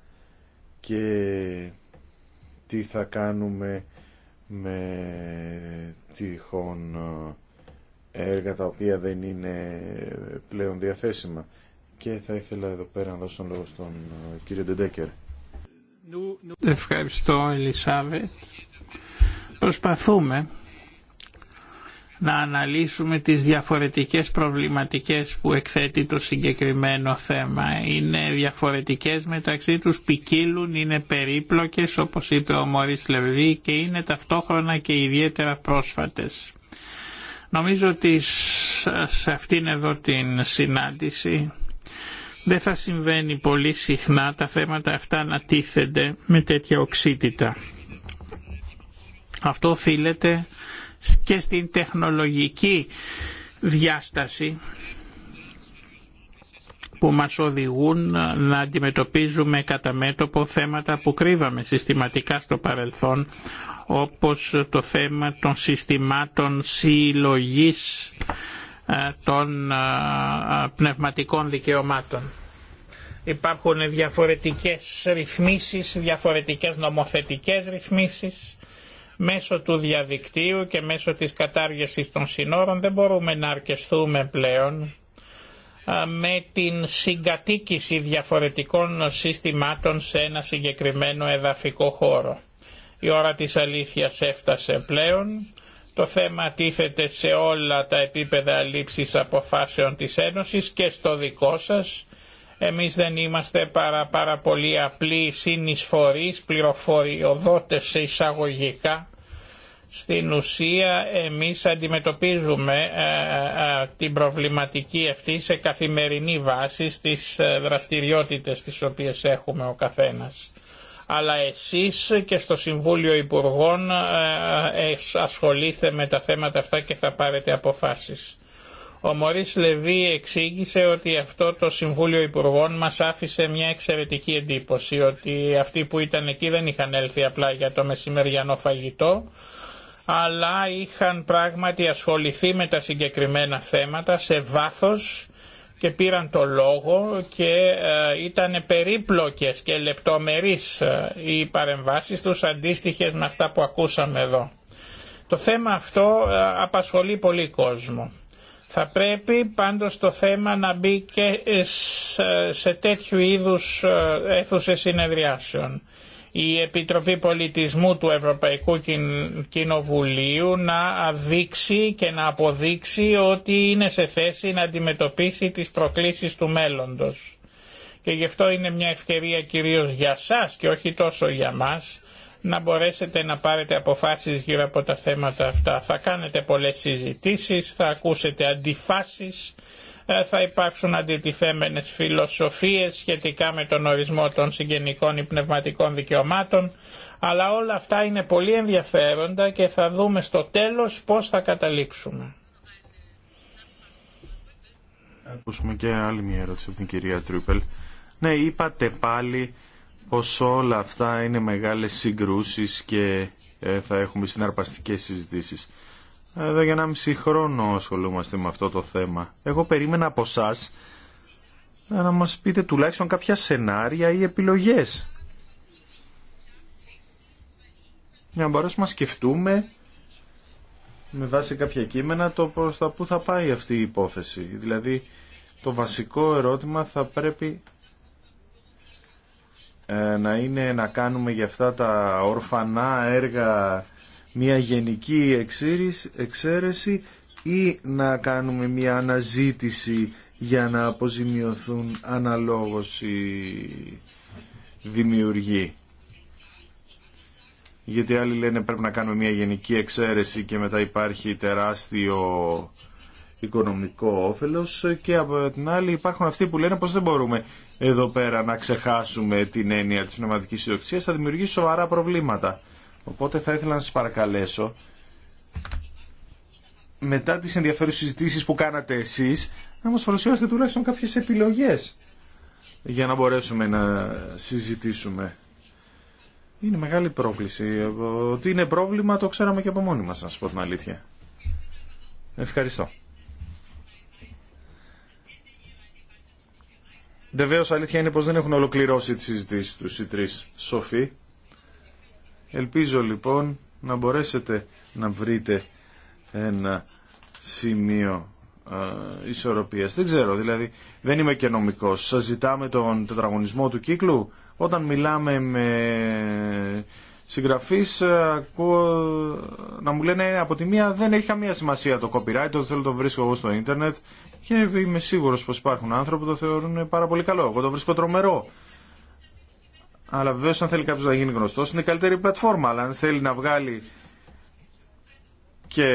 και τι θα κάνουμε με τυχόν ε, έργα τα οποία δεν είναι πλέον διαθέσιμα. Και θα ήθελα εδώ πέρα να δώσω τον λόγο στον ε, κύριο Ντεντέκερ. Ευχαριστώ Ελισάβετ. Προσπαθούμε να αναλύσουμε τις διαφορετικές προβληματικές που εκθέτει το συγκεκριμένο θέμα. Είναι διαφορετικές μεταξύ τους, ποικίλουν, είναι περίπλοκες όπως είπε ο Μωρίς Λευδή και είναι ταυτόχρονα και ιδιαίτερα πρόσφατες. Νομίζω ότι σε αυτήν εδώ την συνάντηση δεν θα συμβαίνει πολύ συχνά τα θέματα αυτά να τίθενται με τέτοια οξύτητα. Αυτό οφείλεται και στην τεχνολογική διάσταση που μας οδηγούν να αντιμετωπίζουμε κατά μέτωπο θέματα που κρύβαμε συστηματικά στο παρελθόν όπως το θέμα των συστημάτων συλλογής ε, των ε, πνευματικών δικαιωμάτων. Υπάρχουν διαφορετικές ρυθμίσεις, διαφορετικές νομοθετικές ρυθμίσεις Μέσω του διαδικτύου και μέσω της κατάργησης των συνόρων δεν μπορούμε να αρκεστούμε πλέον με την συγκατοίκηση διαφορετικών συστημάτων σε ένα συγκεκριμένο εδαφικό χώρο. Η ώρα της αλήθειας έφτασε πλέον. Το θέμα τίθεται σε όλα τα επίπεδα λήψης αποφάσεων της Ένωσης και στο δικό σας. Εμείς δεν είμαστε παρά πολύ απλοί συνεισφορείς, πληροφοριοδότες σε εισαγωγικά στην ουσία εμείς αντιμετωπίζουμε ε, ε, ε, την προβληματική αυτή σε καθημερινή βάση στις δραστηριότητες τις οποίες έχουμε ο καθένας. Αλλά εσείς και στο Συμβούλιο Υπουργών ασχολείστε με τα θέματα αυτά και θα πάρετε αποφάσεις. Ο Μωρίς Λεβί εξήγησε ότι αυτό το Συμβούλιο Υπουργών μας άφησε μια εξαιρετική εντύπωση ότι αυτοί που ήταν εκεί δεν είχαν έλθει απλά για το μεσημεριανό φαγητό αλλά είχαν πράγματι ασχοληθεί με τα συγκεκριμένα θέματα σε βάθος και πήραν το λόγο και ε, ήταν περίπλοκες και λεπτομερείς ε, οι παρεμβάσεις τους αντίστοιχες με αυτά που ακούσαμε εδώ. Το θέμα αυτό ε, απασχολεί πολύ κόσμο. Θα πρέπει πάντως το θέμα να μπει και σε τέτοιου είδους αίθουσες συνεδριάσεων η Επιτροπή Πολιτισμού του Ευρωπαϊκού Κοινοβουλίου να δείξει και να αποδείξει ότι είναι σε θέση να αντιμετωπίσει τις προκλήσεις του μέλλοντος. Και γι' αυτό είναι μια ευκαιρία κυρίως για σας και όχι τόσο για μας να μπορέσετε να πάρετε αποφάσεις γύρω από τα θέματα αυτά. Θα κάνετε πολλές συζητήσεις, θα ακούσετε αντιφάσεις ε, θα υπάρξουν αντιτιθέμενες φιλοσοφίες σχετικά με τον ορισμό των συγγενικών ή πνευματικών δικαιωμάτων, αλλά όλα αυτά είναι πολύ ενδιαφέροντα και θα δούμε στο τέλος πώς θα καταλήξουμε. Ακούσουμε και άλλη μια ερώτηση από την κυρία Τρούπελ. Ναι, είπατε πάλι πως όλα αυτά την κυρια τριπελ ναι μεγάλες συγκρούσεις και ε, θα έχουμε συναρπαστικές συζητήσεις. Εδώ για ένα μισή χρόνο ασχολούμαστε με αυτό το θέμα. Εγώ περίμενα από εσά να μας πείτε τουλάχιστον κάποια σενάρια ή επιλογές. Για να μπορέσουμε να σκεφτούμε με βάση κάποια κείμενα το προς τα που θα πάει αυτή η υπόθεση. Δηλαδή το βασικό ερώτημα θα πρέπει ε, να είναι να κάνουμε για αυτά τα ορφανά έργα μια γενική εξαίρεση ή να κάνουμε μια αναζήτηση για να αποζημιωθούν αναλόγως οι δημιουργοί. Γιατί άλλοι λένε πρέπει να κάνουμε μια γενική εξαίρεση και μετά υπάρχει τεράστιο οικονομικό όφελος και από την άλλη υπάρχουν αυτοί που λένε πως δεν μπορούμε εδώ πέρα να ξεχάσουμε την έννοια της πνευματικής ιδιοκτησίας, θα δημιουργήσει σοβαρά προβλήματα. Οπότε θα ήθελα να σας παρακαλέσω μετά τις ενδιαφέρουσες συζητήσεις που κάνατε εσείς να μας παρουσιάσετε τουλάχιστον κάποιες επιλογές για να μπορέσουμε να συζητήσουμε. Είναι μεγάλη πρόκληση. Ότι είναι πρόβλημα το ξέραμε και από μόνοι μας, να σας πω την αλήθεια. Ευχαριστώ. Βεβαίω αλήθεια είναι πως δεν έχουν ολοκληρώσει τις συζητήσεις του οι τρεις σοφοί. Ελπίζω λοιπόν να μπορέσετε να βρείτε ένα σημείο ε, ισορροπίας. Δεν ξέρω, δηλαδή δεν είμαι και νομικός. Σας ζητάμε τον τετραγωνισμό του κύκλου. Όταν μιλάμε με συγγραφείς ε, ακούω να μου λένε από τη μία δεν έχει καμία σημασία το copyright, το θέλω το βρίσκω εγώ στο ίντερνετ και είμαι σίγουρος πως υπάρχουν άνθρωποι που το θεωρούν πάρα πολύ καλό. Εγώ το βρίσκω τρομερό. Αλλά βεβαίω αν θέλει κάποιο να γίνει γνωστό είναι η καλύτερη πλατφόρμα. Αλλά αν θέλει να βγάλει και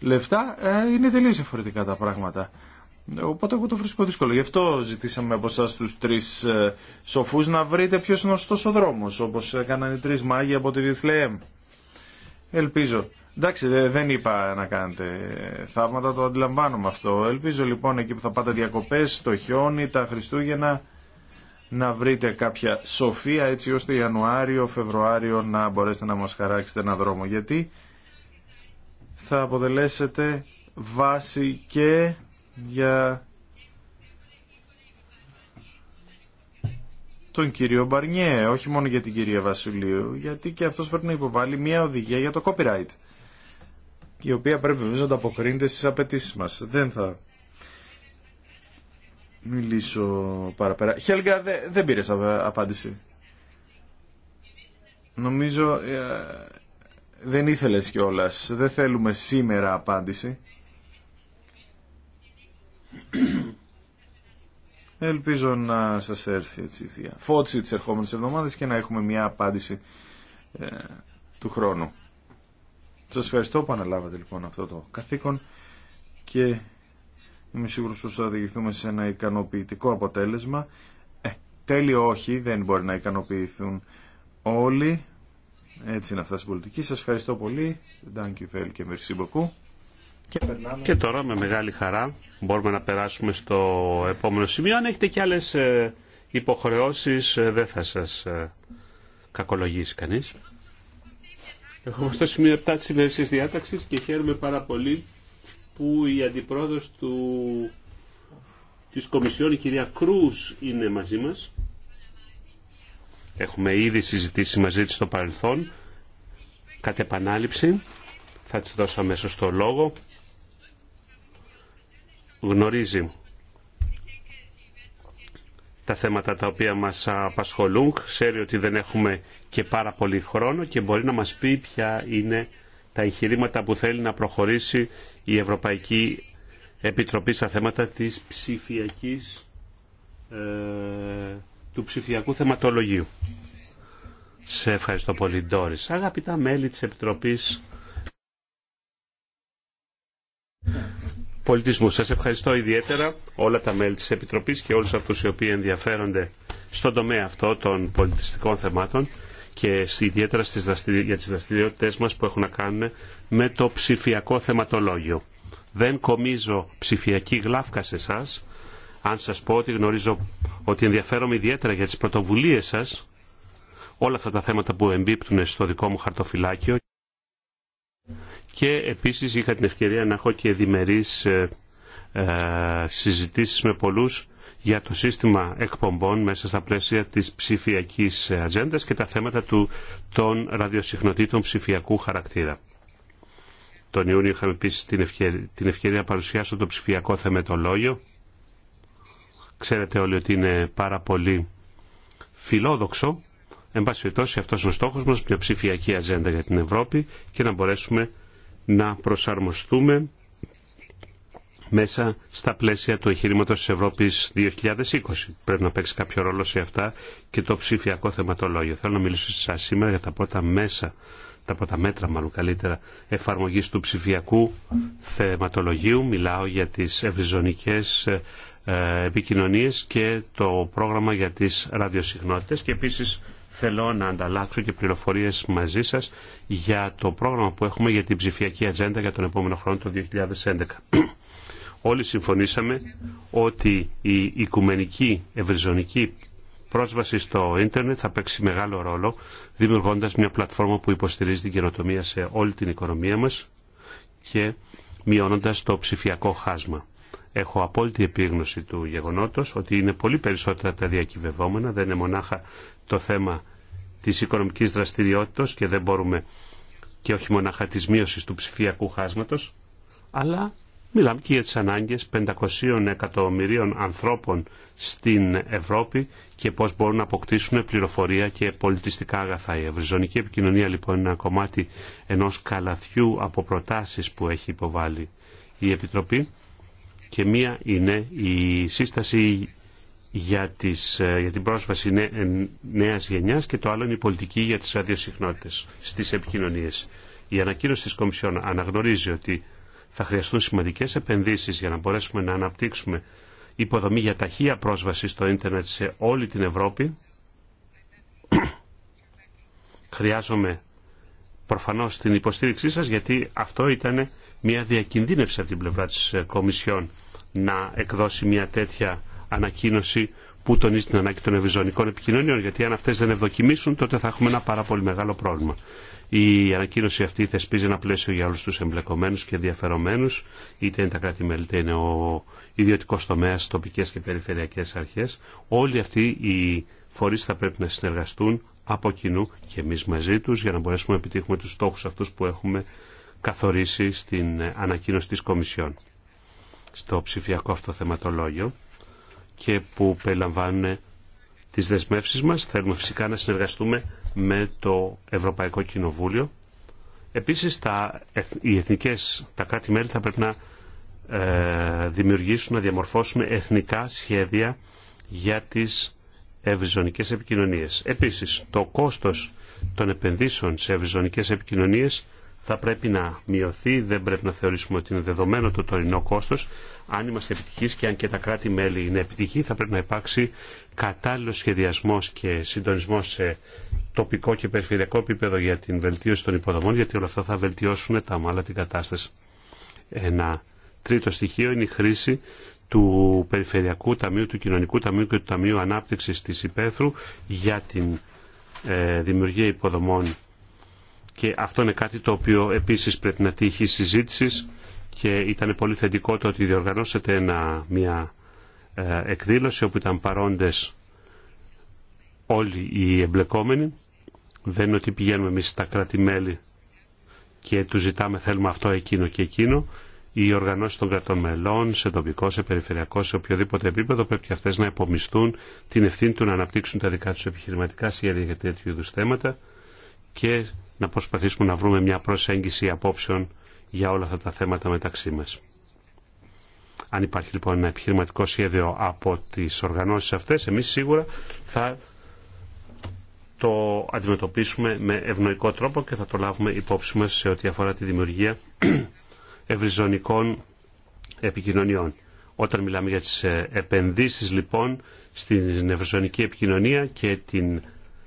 λεφτά ε, είναι τελείω διαφορετικά τα πράγματα. Οπότε εγώ το βρίσκω δύσκολο. Γι' αυτό ζητήσαμε από εσά του τρει ε, σοφού να βρείτε ποιο είναι ο σωστό ο δρόμο. Όπω έκαναν οι τρει μάγοι από τη Διθλεέμ. Ελπίζω. Εντάξει, δεν είπα να κάνετε θαύματα, το αντιλαμβάνομαι αυτό. Ελπίζω λοιπόν εκεί που θα πάτε διακοπέ το χιόνι, τα Χριστούγεννα, να βρείτε κάποια σοφία έτσι ώστε Ιανουάριο, Φεβρουάριο να μπορέσετε να μας χαράξετε ένα δρόμο γιατί θα αποτελέσετε βάση και για τον κύριο Μπαρνιέ, όχι μόνο για την κυρία Βασιλείου, γιατί και αυτός πρέπει να υποβάλει μια οδηγία για το copyright, η οποία πρέπει βέβαια να ανταποκρίνεται στις απαιτήσει μας. Δεν θα μιλήσω παραπέρα. Χέλγα, δεν πήρες απάντηση. Νομίζω ε, δεν ήθελες κιόλα. Δεν θέλουμε σήμερα απάντηση. Ελπίζω να σας έρθει έτσι η θεία. Φώτιση τις ερχόμενες εβδομάδες και να έχουμε μια απάντηση ε, του χρόνου. Σας ευχαριστώ που αναλάβατε λοιπόν αυτό το καθήκον και Είμαι σίγουρος ότι θα οδηγηθούμε σε ένα ικανοποιητικό αποτέλεσμα. Ε, τέλειο όχι, δεν μπορεί να ικανοποιηθούν όλοι. Έτσι είναι αυτά στην πολιτική. Σας ευχαριστώ πολύ. Thank και merci Και, και τώρα με μεγάλη χαρά μπορούμε να περάσουμε στο επόμενο σημείο. Αν έχετε κι άλλες ε, υποχρεώσεις ε, δεν θα σας ε, κακολογήσει κανείς. Έχουμε στο σημείο 7 της ημερησίας διάταξης και χαίρομαι πάρα πολύ που η αντιπρόεδρος του, της Κομισιόν, η κυρία Κρούς, είναι μαζί μας. Έχουμε ήδη συζητήσει μαζί της στο παρελθόν, κατ' επανάληψη. Θα της δώσω αμέσως το λόγο. Γνωρίζει τα θέματα τα οποία μας απασχολούν. Ξέρει ότι δεν έχουμε και πάρα πολύ χρόνο και μπορεί να μας πει ποια είναι τα εγχειρήματα που θέλει να προχωρήσει η Ευρωπαϊκή Επιτροπή στα θέματα της ψηφιακής, ε, του ψηφιακού θεματολογίου. Σε ευχαριστώ πολύ, Ντόρις. Αγαπητά μέλη της Επιτροπής Πολιτισμού, σας ευχαριστώ ιδιαίτερα όλα τα μέλη της Επιτροπής και όλους αυτούς οι οποίοι ενδιαφέρονται στον τομέα αυτό των πολιτιστικών θεμάτων και ιδιαίτερα για τις δραστηριότητες μας που έχουν να κάνουν με το ψηφιακό θεματολόγιο. Δεν κομίζω ψηφιακή γλάφκα σε εσά. Αν σας πω ότι γνωρίζω ότι ενδιαφέρομαι ιδιαίτερα για τις πρωτοβουλίες σας, όλα αυτά τα θέματα που εμπίπτουν στο δικό μου χαρτοφυλάκιο και επίσης είχα την ευκαιρία να έχω και διμερείς ε, ε, συζητήσεις με πολλούς για το σύστημα εκπομπών μέσα στα πλαίσια της ψηφιακής ατζέντα και τα θέματα του, των ραδιοσυχνοτήτων ψηφιακού χαρακτήρα. Τον Ιούνιο είχαμε επίση την, ευκαιρία, την ευκαιρία να παρουσιάσω το ψηφιακό θεμετολόγιο. Ξέρετε όλοι ότι είναι πάρα πολύ φιλόδοξο. Εν πάση περιπτώσει αυτός ο στόχος μας, μια ψηφιακή ατζέντα για την Ευρώπη και να μπορέσουμε να προσαρμοστούμε μέσα στα πλαίσια του εγχειρήματος της Ευρώπης 2020. Πρέπει να παίξει κάποιο ρόλο σε αυτά και το ψηφιακό θεματολόγιο. Θέλω να μιλήσω σε σας σήμερα για τα πρώτα μέσα, τα πρώτα μέτρα μάλλον καλύτερα, εφαρμογής του ψηφιακού θεματολογίου. Μιλάω για τις ευρυζωνικές ε, επικοινωνίες και το πρόγραμμα για τις ραδιοσυχνότητες και επίσης θέλω να ανταλλάξω και πληροφορίες μαζί σας για το πρόγραμμα που έχουμε για την ψηφιακή ατζέντα για τον επόμενο χρόνο το 2011 όλοι συμφωνήσαμε ότι η οικουμενική ευρυζωνική πρόσβαση στο ίντερνετ θα παίξει μεγάλο ρόλο, δημιουργώντας μια πλατφόρμα που υποστηρίζει την καινοτομία σε όλη την οικονομία μας και μειώνοντας το ψηφιακό χάσμα. Έχω απόλυτη επίγνωση του γεγονότος ότι είναι πολύ περισσότερα τα διακυβευόμενα, δεν είναι μονάχα το θέμα της οικονομικής δραστηριότητας και δεν μπορούμε και όχι μονάχα της μείωσης του ψηφιακού χάσματος, αλλά Μιλάμε και για τις ανάγκες 500 εκατομμυρίων ανθρώπων στην Ευρώπη και πώς μπορούν να αποκτήσουν πληροφορία και πολιτιστικά αγαθά. Η ευρυζωνική επικοινωνία λοιπόν είναι ένα κομμάτι ενός καλαθιού από προτάσεις που έχει υποβάλει η Επιτροπή και μία είναι η σύσταση για, τις, ε, για την πρόσβαση νέα ε, νέας γενιάς και το άλλο είναι η πολιτική για τις ραδιοσυχνότητες στις επικοινωνίες. Η ανακοίνωση της Κομισιόν αναγνωρίζει ότι θα χρειαστούν σημαντικές επενδύσεις για να μπορέσουμε να αναπτύξουμε υποδομή για ταχεία πρόσβαση στο ίντερνετ σε όλη την Ευρώπη. Χρειάζομαι προφανώς την υποστήριξή σας γιατί αυτό ήταν μια διακινδύνευση από την πλευρά της ε, Κομισιόν να εκδώσει μια τέτοια ανακοίνωση που τονίζει την ανάγκη των ευρυζωνικών επικοινωνιών, γιατί αν αυτέ δεν ευδοκιμήσουν, τότε θα έχουμε ένα πάρα πολύ μεγάλο πρόβλημα. Η ανακοίνωση αυτή θεσπίζει ένα πλαίσιο για όλου του εμπλεκομένου και ενδιαφερομένου, είτε είναι τα κράτη-μέλη, είτε είναι ο ιδιωτικό τομέα, τοπικέ και περιφερειακέ αρχέ. Όλοι αυτοί οι φορεί θα πρέπει να συνεργαστούν από κοινού και εμεί μαζί του για να μπορέσουμε να επιτύχουμε του στόχου αυτού που έχουμε καθορίσει στην ανακοίνωση τη Κομισιόν. Στο ψηφιακό αυτό θεματολόγιο και που περιλαμβάνουν τις δεσμεύσεις μας. Θέλουμε φυσικά να συνεργαστούμε με το Ευρωπαϊκό Κοινοβούλιο. Επίσης, τα, οι εθνικές, τα κράτη-μέλη θα πρέπει να ε, δημιουργήσουν, να διαμορφώσουν εθνικά σχέδια για τις ευρυζωνικές επικοινωνίες. Επίσης, το κόστος των επενδύσεων σε ευρυζωνικές επικοινωνίες θα πρέπει να μειωθεί, δεν πρέπει να θεωρήσουμε ότι είναι δεδομένο το τωρινό κόστος, αν είμαστε επιτυχεί και αν και τα κράτη-μέλη είναι επιτυχή, θα πρέπει να υπάρξει κατάλληλο σχεδιασμό και συντονισμό σε τοπικό και περιφερειακό επίπεδο για την βελτίωση των υποδομών, γιατί όλα αυτά θα βελτιώσουν τα μάλλα την κατάσταση. Ένα τρίτο στοιχείο είναι η χρήση του Περιφερειακού Ταμείου, του Κοινωνικού Ταμείου και του Ταμείου Ανάπτυξη τη Υπέθρου για την ε, δημιουργία υποδομών. Και αυτό είναι κάτι το οποίο επίση πρέπει να τύχει συζήτηση και ήταν πολύ θετικό το ότι διοργανώσετε μια ε, εκδήλωση όπου ήταν παρόντες όλοι οι εμπλεκόμενοι. Δεν είναι ότι πηγαίνουμε εμείς στα κράτη-μέλη και του ζητάμε θέλουμε αυτό, εκείνο και εκείνο. Οι οργανώσει των κρατών μελών, σε τοπικό, σε περιφερειακό, σε οποιοδήποτε επίπεδο, πρέπει και αυτέ να υπομισθούν την ευθύνη του να αναπτύξουν τα δικά του επιχειρηματικά σχέδια για τέτοιου είδου θέματα και να προσπαθήσουμε να βρούμε μια προσέγγιση απόψεων για όλα αυτά τα θέματα μεταξύ μας. Αν υπάρχει λοιπόν ένα επιχειρηματικό σχέδιο από τις οργανώσεις αυτές, εμείς σίγουρα θα το αντιμετωπίσουμε με ευνοϊκό τρόπο και θα το λάβουμε υπόψη μας σε ό,τι αφορά τη δημιουργία ευρυζωνικών επικοινωνιών. Όταν μιλάμε για τις ε, επενδύσεις λοιπόν στην ευρυζωνική επικοινωνία και την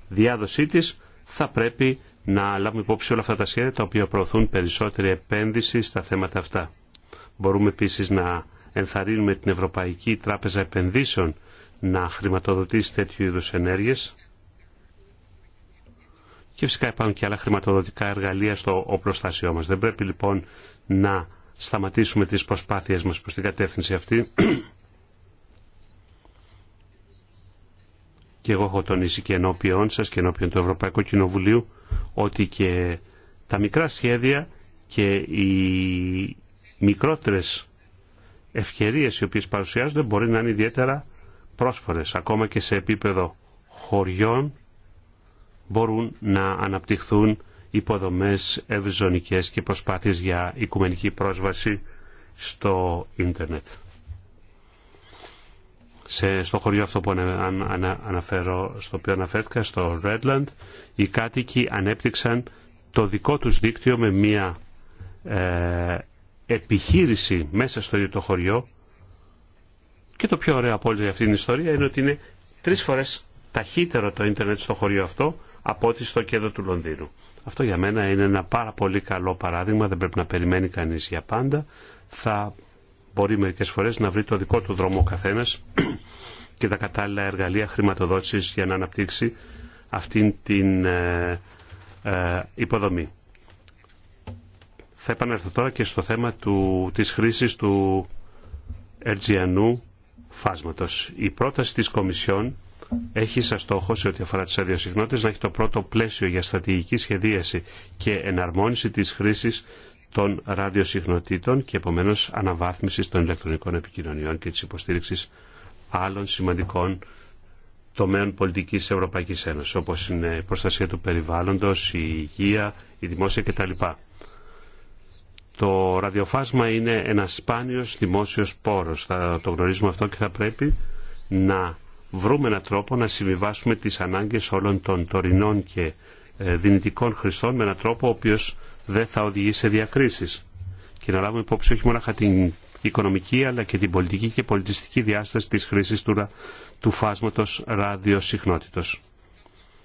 διάδοσή της, θα πρέπει να λάβουμε υπόψη όλα αυτά τα σχέδια τα οποία προωθούν περισσότερη επένδυση στα θέματα αυτά. Μπορούμε επίσης να ενθαρρύνουμε την Ευρωπαϊκή Τράπεζα Επενδύσεων να χρηματοδοτήσει τέτοιου είδους ενέργειες. Και φυσικά υπάρχουν και άλλα χρηματοδοτικά εργαλεία στο οπλοστάσιό μας. Δεν πρέπει λοιπόν να σταματήσουμε τις προσπάθειες μας προς την κατεύθυνση αυτή. και εγώ έχω τονίσει και ενώπιον σας και ενώπιον του Ευρωπαϊκού Κοινοβουλίου ότι και τα μικρά σχέδια και οι μικρότερες ευκαιρίες οι οποίες παρουσιάζονται μπορεί να είναι ιδιαίτερα πρόσφορες ακόμα και σε επίπεδο χωριών μπορούν να αναπτυχθούν υποδομές ευζωνικές και προσπάθειες για οικουμενική πρόσβαση στο ίντερνετ σε, στο χωριό αυτό που αναφέρω, στο οποίο αναφέρθηκα, στο Redland, οι κάτοικοι ανέπτυξαν το δικό τους δίκτυο με μια ε, επιχείρηση μέσα στο ίδιο το χωριό και το πιο ωραίο από όλη αυτή την ιστορία είναι ότι είναι τρεις φορές ταχύτερο το ίντερνετ στο χωριό αυτό από ό,τι στο κέντρο του Λονδίνου. Αυτό για μένα είναι ένα πάρα πολύ καλό παράδειγμα, δεν πρέπει να περιμένει κανείς για πάντα. Θα μπορεί μερικέ φορές να βρει το δικό του δρόμο ο καθένας και τα κατάλληλα εργαλεία χρηματοδότησης για να αναπτύξει αυτήν την ε, ε, υποδομή. Θα επανέλθω τώρα και στο θέμα του, της χρήσης του ερτζιανού φάσματος. Η πρόταση της Κομισιόν έχει σαν στόχο σε ό,τι αφορά τις αδειοσυχνότητες να έχει το πρώτο πλαίσιο για στρατηγική σχεδίαση και εναρμόνιση της χρήσης των ραδιοσυχνοτήτων και επομένω αναβάθμιση των ηλεκτρονικών επικοινωνιών και τη υποστήριξη άλλων σημαντικών τομέων πολιτικής Ευρωπαϊκή Ένωση, όπω είναι η προστασία του περιβάλλοντο, η υγεία, η δημόσια κτλ. Το ραδιοφάσμα είναι ένα σπάνιο δημόσιο πόρο. Θα το γνωρίζουμε αυτό και θα πρέπει να βρούμε έναν τρόπο να συμβιβάσουμε τι ανάγκε όλων των τωρινών και ε, δυνητικών χρηστών με έναν τρόπο ο οποίο δεν θα οδηγεί σε διακρίσεις. Και να λάβουμε υπόψη όχι μόνο την οικονομική αλλά και την πολιτική και πολιτιστική διάσταση της χρήσης του, του φάσματος ραδιοσυχνότητος.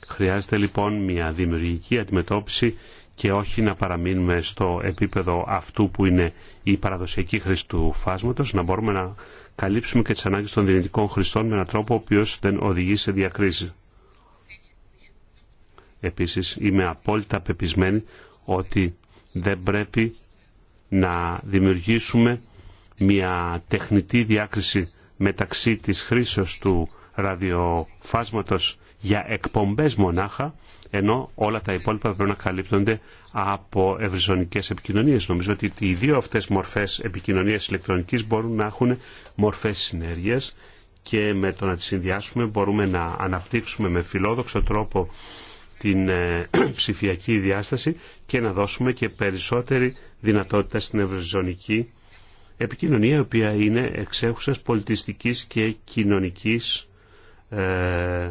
Χρειάζεται λοιπόν μια δημιουργική αντιμετώπιση και όχι να παραμείνουμε στο επίπεδο αυτού που είναι η παραδοσιακή χρήση του φάσματος, να μπορούμε να καλύψουμε και τις ανάγκες των δυνητικών χρηστών με έναν τρόπο ο οποίος δεν οδηγεί σε διακρίσεις. Επίσης είμαι απόλυτα πεπισμένη ότι δεν πρέπει να δημιουργήσουμε μια τεχνητή διάκριση μεταξύ της χρήσεως του ραδιοφάσματος για εκπομπές μονάχα, ενώ όλα τα υπόλοιπα πρέπει να καλύπτονται από ευρυζωνικές επικοινωνίες. Νομίζω ότι οι δύο αυτές μορφές επικοινωνίας ηλεκτρονικής μπορούν να έχουν μορφές συνέργειας και με το να τις συνδυάσουμε μπορούμε να αναπτύξουμε με φιλόδοξο τρόπο την ε, ψηφιακή διάσταση και να δώσουμε και περισσότερη δυνατότητα στην ευρωζωνική επικοινωνία, η οποία είναι εξέχουσας πολιτιστικής και κοινωνικής ε,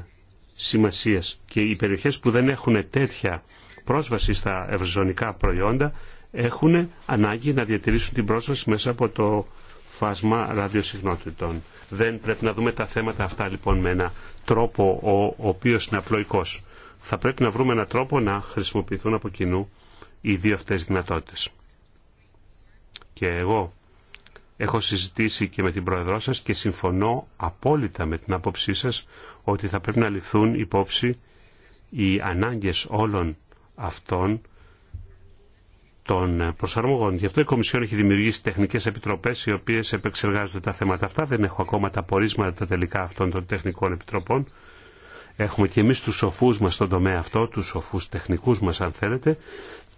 σημασίας. Και οι περιοχές που δεν έχουν τέτοια πρόσβαση στα ευρωζωνικά προϊόντα έχουν ανάγκη να διατηρήσουν την πρόσβαση μέσα από το φάσμα ραδιοσυχνότητων. Δεν πρέπει να δούμε τα θέματα αυτά λοιπόν με ένα τρόπο ο, ο οποίος είναι απλοϊκός θα πρέπει να βρούμε έναν τρόπο να χρησιμοποιηθούν από κοινού οι δύο αυτές δυνατότητες. Και εγώ έχω συζητήσει και με την Πρόεδρό σας και συμφωνώ απόλυτα με την άποψή σας ότι θα πρέπει να ληφθούν υπόψη οι ανάγκες όλων αυτών των προσαρμογών. Γι' αυτό η Κομισιόν έχει δημιουργήσει τεχνικές επιτροπές οι οποίες επεξεργάζονται τα θέματα αυτά. Δεν έχω ακόμα τα πορίσματα τα τελικά αυτών των τεχνικών επιτροπών. Έχουμε και εμείς τους σοφούς μας στον τομέα αυτό, τους σοφούς τεχνικούς μας αν θέλετε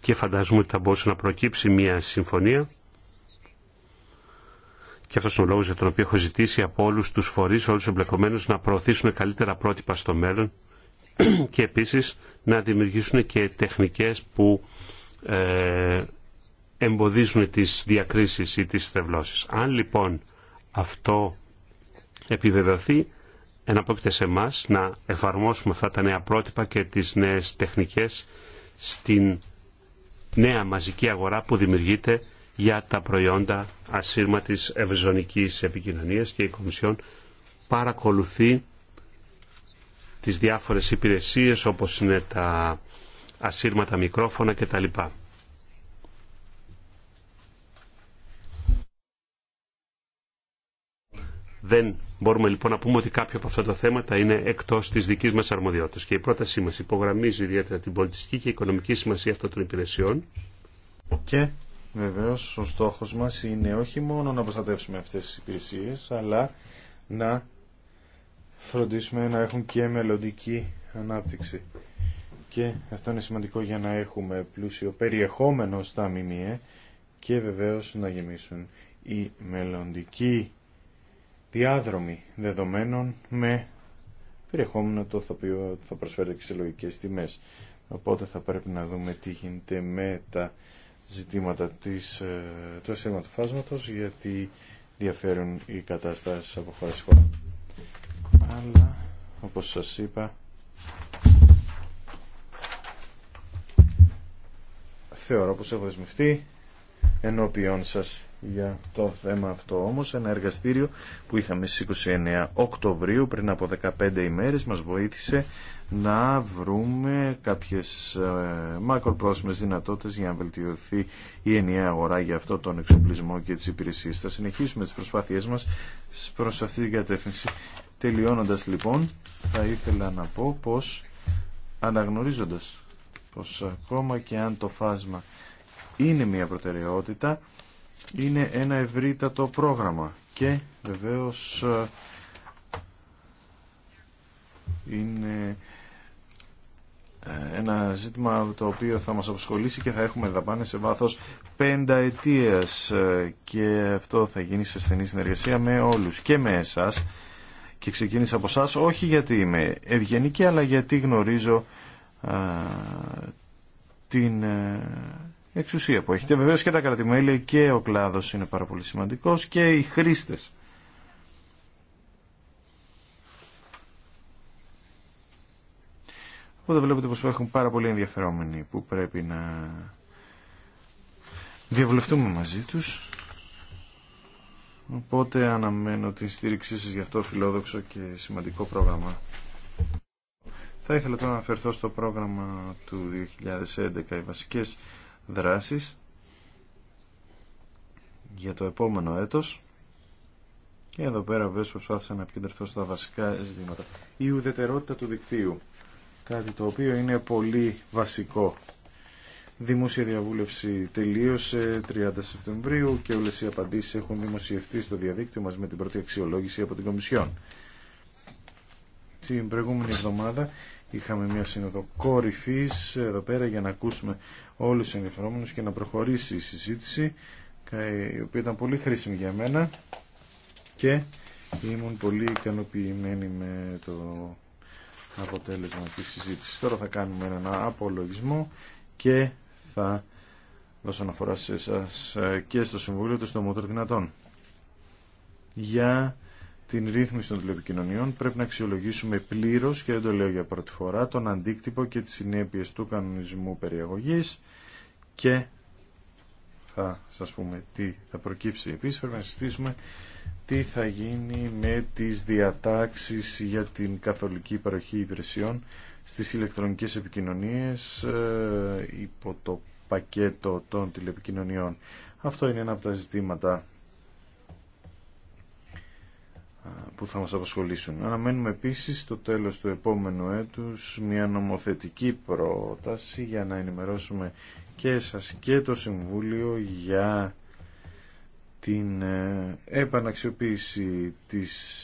και φαντάζομαι ότι θα μπορούσε να προκύψει μια συμφωνία και αυτός είναι ο λόγος για τον οποίο έχω ζητήσει από όλους τους φορείς, όλους τους εμπλεκομένους να προωθήσουν καλύτερα πρότυπα στο μέλλον και επίσης να δημιουργήσουν και τεχνικές που ε, εμποδίζουν τις διακρίσεις ή τις θευλώσεις. Αν λοιπόν αυτό επιβεβαιωθεί εναπόκειται σε εμά να εφαρμόσουμε αυτά τα νέα πρότυπα και τις νέες τεχνικές στην νέα μαζική αγορά που δημιουργείται για τα προϊόντα ασύρματης ευζωνικής επικοινωνίας και η Κομισιόν παρακολουθεί τις διάφορες υπηρεσίες όπως είναι τα ασύρματα μικρόφωνα κτλ. Δεν μπορούμε λοιπόν να πούμε ότι κάποια από αυτά τα θέματα είναι εκτό τη δική μα αρμοδιότητα. Και η πρότασή μα υπογραμμίζει ιδιαίτερα την πολιτιστική και οικονομική σημασία αυτών των υπηρεσιών. Και βεβαίω ο στόχο μα είναι όχι μόνο να προστατεύσουμε αυτέ τι υπηρεσίε, αλλά να φροντίσουμε να έχουν και μελλοντική ανάπτυξη. Και αυτό είναι σημαντικό για να έχουμε πλούσιο περιεχόμενο στα μηνύε και βεβαίως να γεμίσουν οι μελλοντικοί διάδρομοι δεδομένων με περιεχόμενο το οποίο θα προσφέρει και λογικέ τιμέ. Οπότε θα πρέπει να δούμε τι γίνεται με τα ζητήματα της, ε, του αισθήματο φάσματος γιατί διαφέρουν οι καταστάσεις από χώρα χώρα. Αλλά, όπως σας είπα, θεωρώ πως έχω δεσμευτεί ενώπιόν σας για το θέμα αυτό όμως. Ένα εργαστήριο που είχαμε στις 29 Οκτωβρίου πριν από 15 ημέρες μας βοήθησε να βρούμε κάποιες ε, μακροπρόσμες δυνατότητες για να βελτιωθεί η ενιαία αγορά για αυτό τον εξοπλισμό και τις υπηρεσίες. Θα συνεχίσουμε τις προσπάθειές μας προς αυτή την κατεύθυνση. Τελειώνοντας λοιπόν, θα ήθελα να πω πως αναγνωρίζοντας πως ακόμα και αν το φάσμα είναι μια προτεραιότητα, είναι ένα ευρύτατο πρόγραμμα και βεβαίως ε, είναι ε, ένα ζήτημα το οποίο θα μας απασχολήσει και θα έχουμε δαπάνες σε βάθος πενταετίας ε, και αυτό θα γίνει σε στενή συνεργασία με όλους και με εσάς και ξεκίνησα από εσά όχι γιατί είμαι ευγενική αλλά γιατί γνωρίζω την εξουσία που έχετε. Βεβαίω και τα κρατημέλη και ο κλάδος είναι πάρα πολύ σημαντικό και οι χρήστε. Οπότε βλέπετε πως υπάρχουν πάρα πολλοί ενδιαφερόμενοι που πρέπει να διαβουλευτούμε μαζί τους. Οπότε αναμένω τη στήριξή σας για αυτό φιλόδοξο και σημαντικό πρόγραμμα. Θα ήθελα τώρα να αναφερθώ στο πρόγραμμα του 2011. Οι βασικές δράσεις για το επόμενο έτος και εδώ πέρα βέβαια προσπάθησα να επικεντρωθώ στα βασικά ζητήματα. Η ουδετερότητα του δικτύου, κάτι το οποίο είναι πολύ βασικό. Δημόσια διαβούλευση τελείωσε 30 Σεπτεμβρίου και όλες οι απαντήσεις έχουν δημοσιευτεί στο διαδίκτυο μας με την πρώτη αξιολόγηση από την Κομισιόν. Την προηγούμενη εβδομάδα είχαμε μια σύνοδο κορυφής εδώ πέρα για να ακούσουμε όλους τους ενδιαφερόμενους και να προχωρήσει η συζήτηση η οποία ήταν πολύ χρήσιμη για μένα και ήμουν πολύ ικανοποιημένη με το αποτέλεσμα της συζήτησης. Τώρα θα κάνουμε ένα απολογισμό και θα δώσω αναφορά σε εσάς και στο Συμβούλιο του Στομότερ Δυνατών για την ρύθμιση των τηλεπικοινωνιών πρέπει να αξιολογήσουμε πλήρως και δεν το λέω για πρώτη φορά τον αντίκτυπο και τις συνέπειες του κανονισμού περιαγωγής και θα σας πούμε τι θα προκύψει. Επίσης πρέπει να συζητήσουμε τι θα γίνει με τις διατάξεις για την καθολική παροχή υπηρεσιών στις ηλεκτρονικές επικοινωνίες ε, υπό το πακέτο των τηλεπικοινωνιών. Αυτό είναι ένα από τα ζητήματα που θα μας απασχολήσουν. Αναμένουμε επίσης στο τέλος του επόμενου έτους μια νομοθετική πρόταση για να ενημερώσουμε και εσάς και το Συμβούλιο για την ε, επαναξιοποίηση της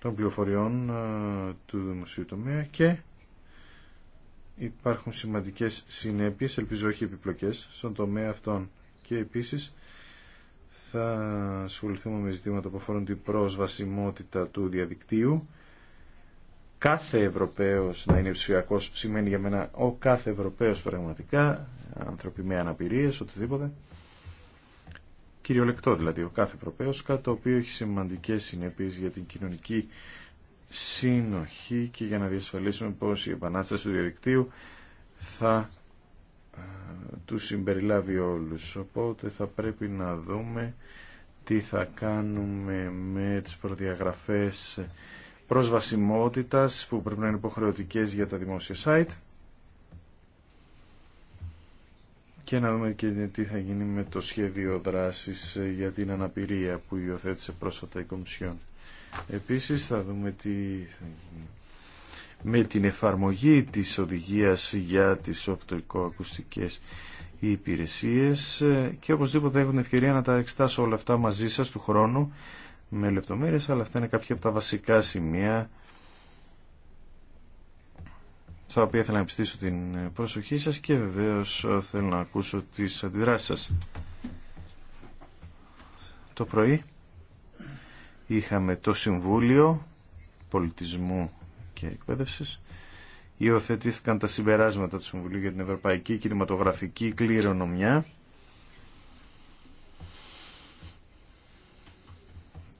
των πληροφοριών ε, του δημοσίου τομέα και υπάρχουν σημαντικές συνέπειες, ελπίζω όχι επιπλοκές, στον τομέα αυτών. Και επίσης θα ασχοληθούμε με ζητήματα που αφορούν την προσβασιμότητα του διαδικτύου. Κάθε Ευρωπαίος να είναι ψηφιακό σημαίνει για μένα ο κάθε Ευρωπαίος πραγματικά, άνθρωποι με αναπηρίες, οτιδήποτε. Κυριολεκτό δηλαδή ο κάθε Ευρωπαίος, κάτι το οποίο έχει σημαντικές συνέπειες για την κοινωνική συνοχή και για να διασφαλίσουμε πως η επανάσταση του διαδικτύου θα του συμπεριλάβει όλους. Οπότε θα πρέπει να δούμε τι θα κάνουμε με τις προδιαγραφές προσβασιμότητας που πρέπει να είναι υποχρεωτικές για τα δημόσια site και να δούμε και τι θα γίνει με το σχέδιο δράσης για την αναπηρία που υιοθέτησε πρόσφατα η Κομισιόν. Επίσης θα δούμε τι θα γίνει με την εφαρμογή της οδηγίας για τις οπτικοακουστικές υπηρεσίες και οπωσδήποτε έχουν ευκαιρία να τα εξετάσω όλα αυτά μαζί σας του χρόνου με λεπτομέρειες, αλλά αυτά είναι κάποια από τα βασικά σημεία στα οποία θέλω να επιστήσω την προσοχή σας και βεβαίως θέλω να ακούσω τις αντιδράσεις σας. Το πρωί είχαμε το Συμβούλιο Πολιτισμού και εκπαίδευσης υιοθετήθηκαν τα συμπεράσματα του Συμβουλίου για την Ευρωπαϊκή Κινηματογραφική Κληρονομιά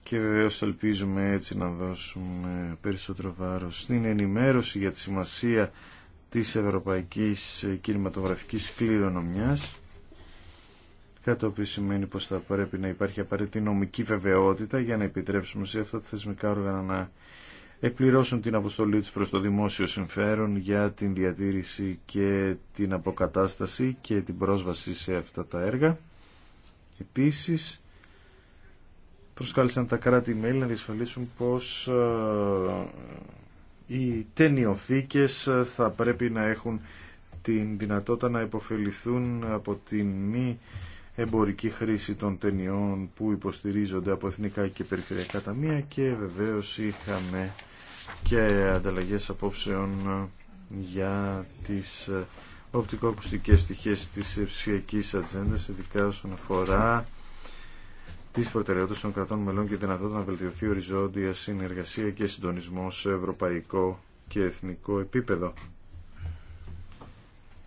και βεβαίω ελπίζουμε έτσι να δώσουμε περισσότερο βάρο στην ενημέρωση για τη σημασία της ευρωπαϊκής κινηματογραφικής κληρονομιάς κάτι το οποίο σημαίνει πως θα πρέπει να υπάρχει απαραίτητη νομική βεβαιότητα για να επιτρέψουμε σε αυτά τα θεσμικά όργανα να εκπληρώσουν την αποστολή τους προς το δημόσιο συμφέρον για την διατήρηση και την αποκατάσταση και την πρόσβαση σε αυτά τα έργα. Επίσης, προσκάλεσαν τα κράτη-μέλη να διασφαλίσουν πως ε, οι ταινιοθήκες ε, θα πρέπει να έχουν την δυνατότητα να υποφεληθούν από την μη εμπορική χρήση των ταινιών που υποστηρίζονται από εθνικά και περιφερειακά ταμεία και βεβαίως είχαμε και ανταλλαγές απόψεων ε, για τις ε, οπτικοακουστικές στοιχείες της ψηφιακή ατζέντα, ειδικά όσον αφορά τις προτεραιότητες των κρατών μελών και δυνατότητα να βελτιωθεί οριζόντια συνεργασία και συντονισμό σε ευρωπαϊκό και εθνικό επίπεδο.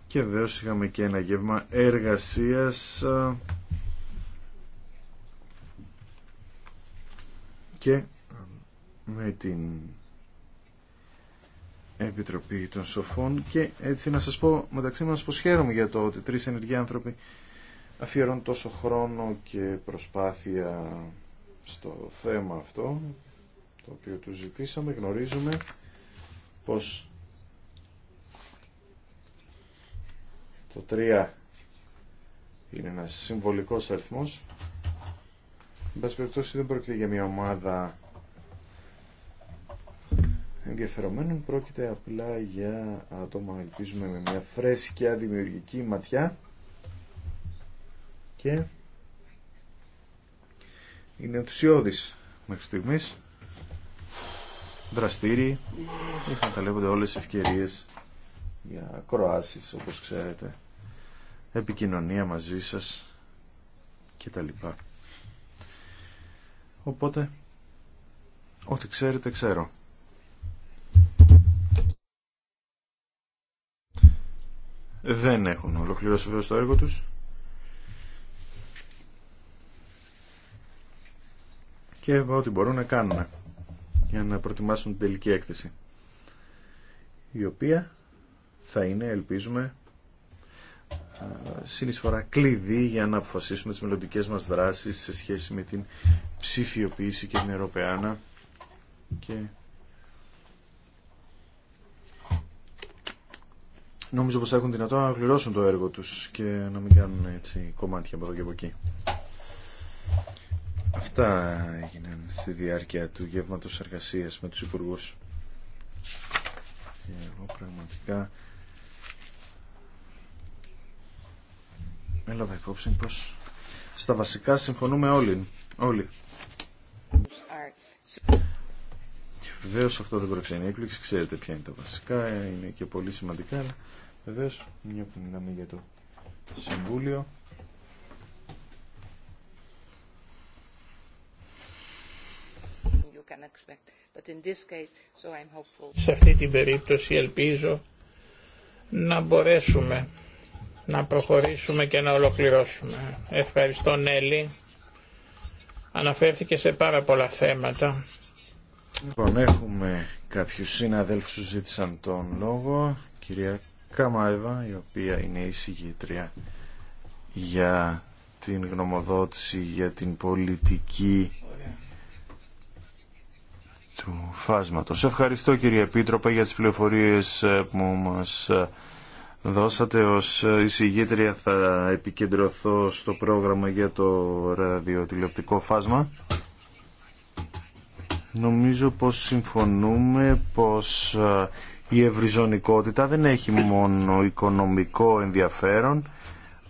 Και βέβαια είχαμε και ένα γεύμα εργασίας ε, και με την Επιτροπή των Σοφών και έτσι να σας πω μεταξύ μας πως χαίρομαι για το ότι τρεις ενεργοί άνθρωποι αφιερώνουν τόσο χρόνο και προσπάθεια στο θέμα αυτό το οποίο του ζητήσαμε γνωρίζουμε πως το 3 είναι ένας συμβολικός αριθμός εν πάση περιπτώσει δεν πρόκειται για μια ομάδα ενδιαφερομένων πρόκειται απλά για άτομα, ελπίζουμε, με μια φρέσκια δημιουργική ματιά και είναι ενθουσιώδης μέχρι στιγμής δραστήριοι είχαν ταλέπονται όλες τις ευκαιρίες για κροάσεις, όπως ξέρετε επικοινωνία μαζί σας και τα λοιπά οπότε ό,τι ξέρετε ξέρω δεν έχουν ολοκληρώσει βέβαια το έργο τους. Και ό,τι μπορούν να κάνουν για να προετοιμάσουν την τελική έκθεση. Η οποία θα είναι, ελπίζουμε, συνεισφορά κλειδί για να αποφασίσουμε τις μελλοντικέ μας δράσεις σε σχέση με την ψηφιοποίηση και την Ευρωπαϊκή και νομίζω πως θα έχουν δυνατόν να ολοκληρώσουν το έργο τους και να μην κάνουν έτσι κομμάτια από εδώ και από εκεί. Αυτά έγιναν στη διάρκεια του γεύματος εργασίας με τους υπουργούς. Και εγώ πραγματικά έλαβα υπόψη πως στα βασικά συμφωνούμε όλοι. όλοι. Βεβαίω αυτό δεν προξενεί έκπληξη, ξέρετε ποια είναι τα βασικά, είναι και πολύ σημαντικά. Βεβαίω, μια που μιλάμε για το Συμβούλιο. Σε αυτή την περίπτωση ελπίζω να μπορέσουμε να προχωρήσουμε και να ολοκληρώσουμε. Ευχαριστώ Νέλη. Αναφέρθηκε σε πάρα πολλά θέματα Λοιπόν, έχουμε κάποιους συναδέλφους που ζήτησαν τον λόγο. Κυρία Καμάεβα, η οποία είναι η συγγήτρια για την γνωμοδότηση για την πολιτική του φάσματος. Ευχαριστώ κύριε Επίτροπε για τις πληροφορίες ε, που μας ε, δώσατε ως εισηγήτρια. Θα επικεντρωθώ στο πρόγραμμα για το ραδιοτηλεοπτικό φάσμα Νομίζω πως συμφωνούμε πως η ευρυζωνικότητα δεν έχει μόνο οικονομικό ενδιαφέρον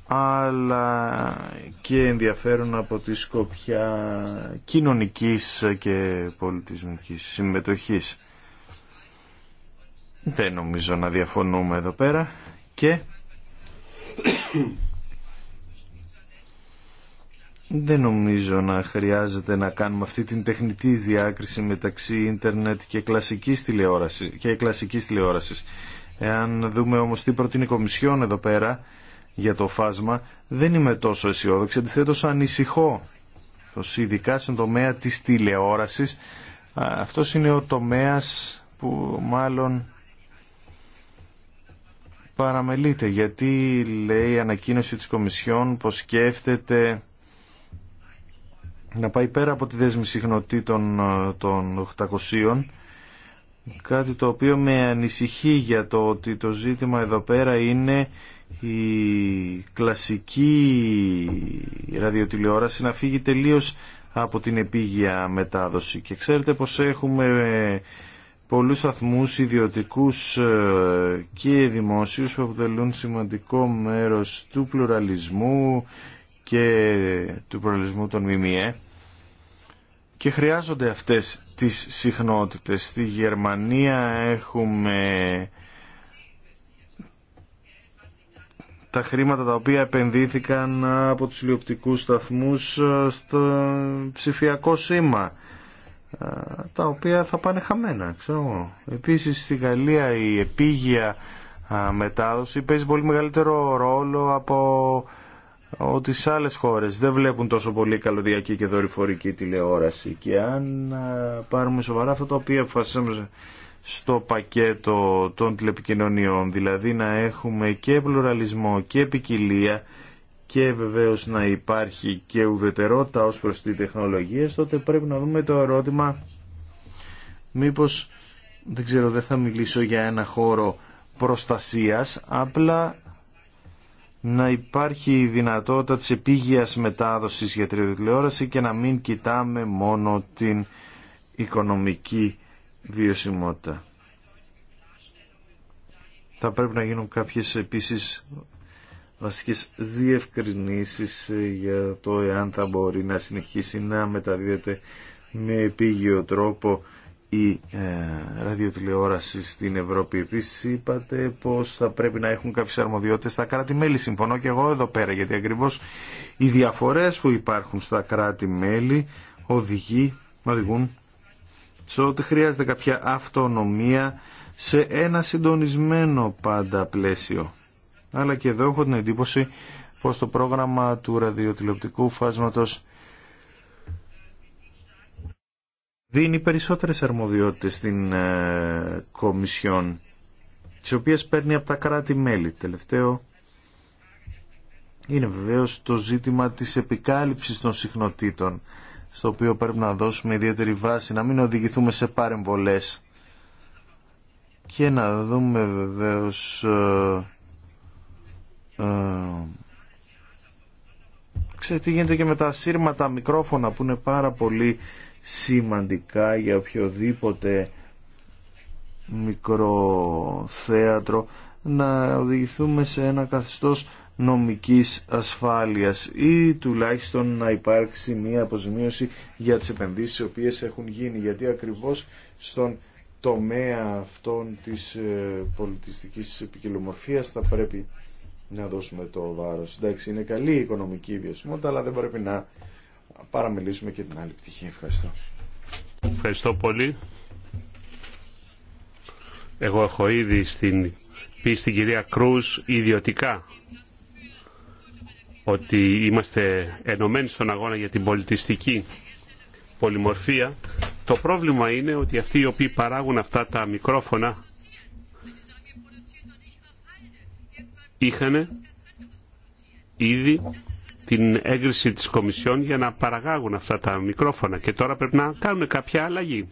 αλλά και ενδιαφέρον από τη σκοπιά κοινωνικής και πολιτισμικής συμμετοχής. Δεν νομίζω να διαφωνούμε εδώ πέρα και δεν νομίζω να χρειάζεται να κάνουμε αυτή την τεχνητή διάκριση μεταξύ ίντερνετ και κλασικής τηλεόρασης. Και κλασικής τηλεόρασης. Εάν δούμε όμως τι προτείνει η Κομισιόν εδώ πέρα για το φάσμα, δεν είμαι τόσο αισιόδοξη, αντιθέτω ανησυχώ. Ειδικά στον τομέα της τηλεόρασης, αυτός είναι ο τομέας που μάλλον παραμελείται, γιατί λέει η ανακοίνωση της Κομισιόν πως σκέφτεται να πάει πέρα από τη δέσμη συχνοτήτων ε, των 800 κάτι το οποίο με ανησυχεί για το ότι το ζήτημα εδώ πέρα είναι η κλασική ραδιοτηλεόραση να φύγει τελείως από την επίγεια μετάδοση και ξέρετε πως έχουμε πολλούς αθμούς ιδιωτικούς ε, και δημόσιους που αποτελούν σημαντικό μέρος του πλουραλισμού και του πλουραλισμού των ΜΜΕ και χρειάζονται αυτές τις συχνότητες. Στη Γερμανία έχουμε τα χρήματα τα οποία επενδύθηκαν από τους ηλιοπτικούς σταθμούς στο ψηφιακό σήμα τα οποία θα πάνε χαμένα ξέρω. επίσης στη Γαλλία η επίγεια μετάδοση παίζει πολύ μεγαλύτερο ρόλο από ότι σε άλλε χώρε δεν βλέπουν τόσο πολύ καλωδιακή και δορυφορική τηλεόραση και αν πάρουμε σοβαρά αυτό το οποία αποφασίσαμε στο πακέτο των τηλεπικοινωνιών, δηλαδή να έχουμε και πλουραλισμό και ποικιλία και βεβαίω να υπάρχει και ουδετερότητα ως προς τι τεχνολογίες τότε πρέπει να δούμε το ερώτημα μήπως, δεν ξέρω, δεν θα μιλήσω για ένα χώρο προστασίας, απλά να υπάρχει η δυνατότητα της επίγειας μετάδοσης για τηλεόραση και να μην κοιτάμε μόνο την οικονομική βιωσιμότητα. Θα πρέπει να γίνουν κάποιες επίσης βασικές διευκρινήσεις για το εάν θα μπορεί να συνεχίσει να μεταδίδεται με επίγειο τρόπο η ε, ραδιοτηλεόραση στην Ευρώπη. Επίση είπατε πως θα πρέπει να έχουν κάποιε αρμοδιότητε στα κράτη-μέλη. Συμφωνώ και εγώ εδώ πέρα γιατί ακριβώς οι διαφορές που υπάρχουν στα κράτη-μέλη οδηγεί, οδηγούν σε ότι χρειάζεται κάποια αυτονομία σε ένα συντονισμένο πάντα πλαίσιο. Αλλά και εδώ έχω την εντύπωση πως το πρόγραμμα του ραδιοτηλεοπτικού φάσματος δίνει περισσότερες αρμοδιότητες στην ε, Κομισιόν, τις οποίες παίρνει από τα κράτη-μέλη. Τελευταίο είναι βεβαίως το ζήτημα της επικάλυψης των συχνοτήτων, στο οποίο πρέπει να δώσουμε ιδιαίτερη βάση, να μην οδηγηθούμε σε παρεμβολές και να δούμε βεβαίως... Ε, ε τι γίνεται και με τα σύρματα μικρόφωνα που είναι πάρα πολύ σημαντικά για οποιοδήποτε μικρό θέατρο να οδηγηθούμε σε ένα καθεστώς νομικής ασφάλειας ή τουλάχιστον να υπάρξει μία αποζημίωση για τις επενδύσεις οι οποίες έχουν γίνει γιατί ακριβώς στον τομέα αυτών της ε, πολιτιστικής επικοινωμορφίας θα πρέπει να δώσουμε το βάρος. Εντάξει, είναι καλή η οικονομική βιωσιμότητα αλλά δεν πρέπει να παραμελήσουμε και την άλλη πτυχή. Ευχαριστώ. Ευχαριστώ πολύ. Εγώ έχω ήδη στην, πει στην κυρία Κρούς ιδιωτικά ότι είμαστε ενωμένοι στον αγώνα για την πολιτιστική πολυμορφία. Το πρόβλημα είναι ότι αυτοί οι οποίοι παράγουν αυτά τα μικρόφωνα είχαν ήδη την έγκριση της Κομισιόν για να παραγάγουν αυτά τα μικρόφωνα και τώρα πρέπει να κάνουν κάποια αλλαγή.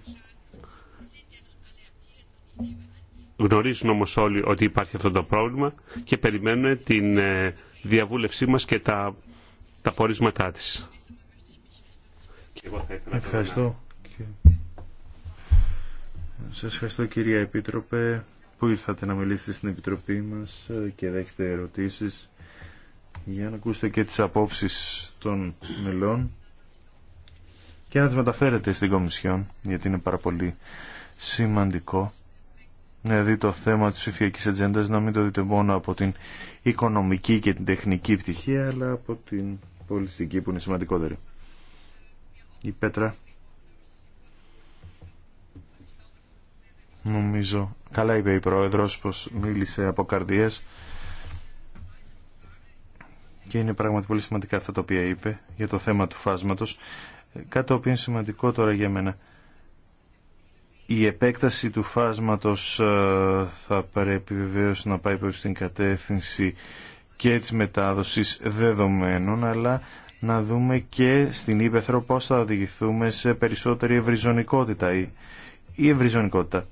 Γνωρίζουν όμως όλοι ότι υπάρχει αυτό το πρόβλημα και περιμένουν την ε, διαβούλευσή μας και τα, τα πορίσματά της. Ευχαριστώ. Σας ευχαριστώ κυρία Επίτροπε που ήρθατε να μιλήσετε στην Επιτροπή μας ε, και δέχεστε ερωτήσεις για να ακούσετε και τις απόψεις των μελών και να τις μεταφέρετε στην Κομισιόν, γιατί είναι πάρα πολύ σημαντικό. Δηλαδή το θέμα της ψηφιακή ατζέντα να μην το δείτε μόνο από την οικονομική και την τεχνική πτυχή, αλλά από την πολιτιστική που είναι σημαντικότερη. Η Πέτρα. Νομίζω, καλά είπε η Πρόεδρος πως μίλησε από καρδίες και είναι πράγματι πολύ σημαντικά αυτά τα οποία είπε για το θέμα του φάσματος. Ε, κάτι το οποίο είναι σημαντικό τώρα για μένα. Η επέκταση του φάσματος ε, θα πρέπει βεβαίως να πάει προς την κατεύθυνση και της μετάδοσης δεδομένων, αλλά να δούμε και στην Ήπεθρο πώς θα οδηγηθούμε σε περισσότερη ευρυζωνικότητα ή, ή ευρυζωνικότητα.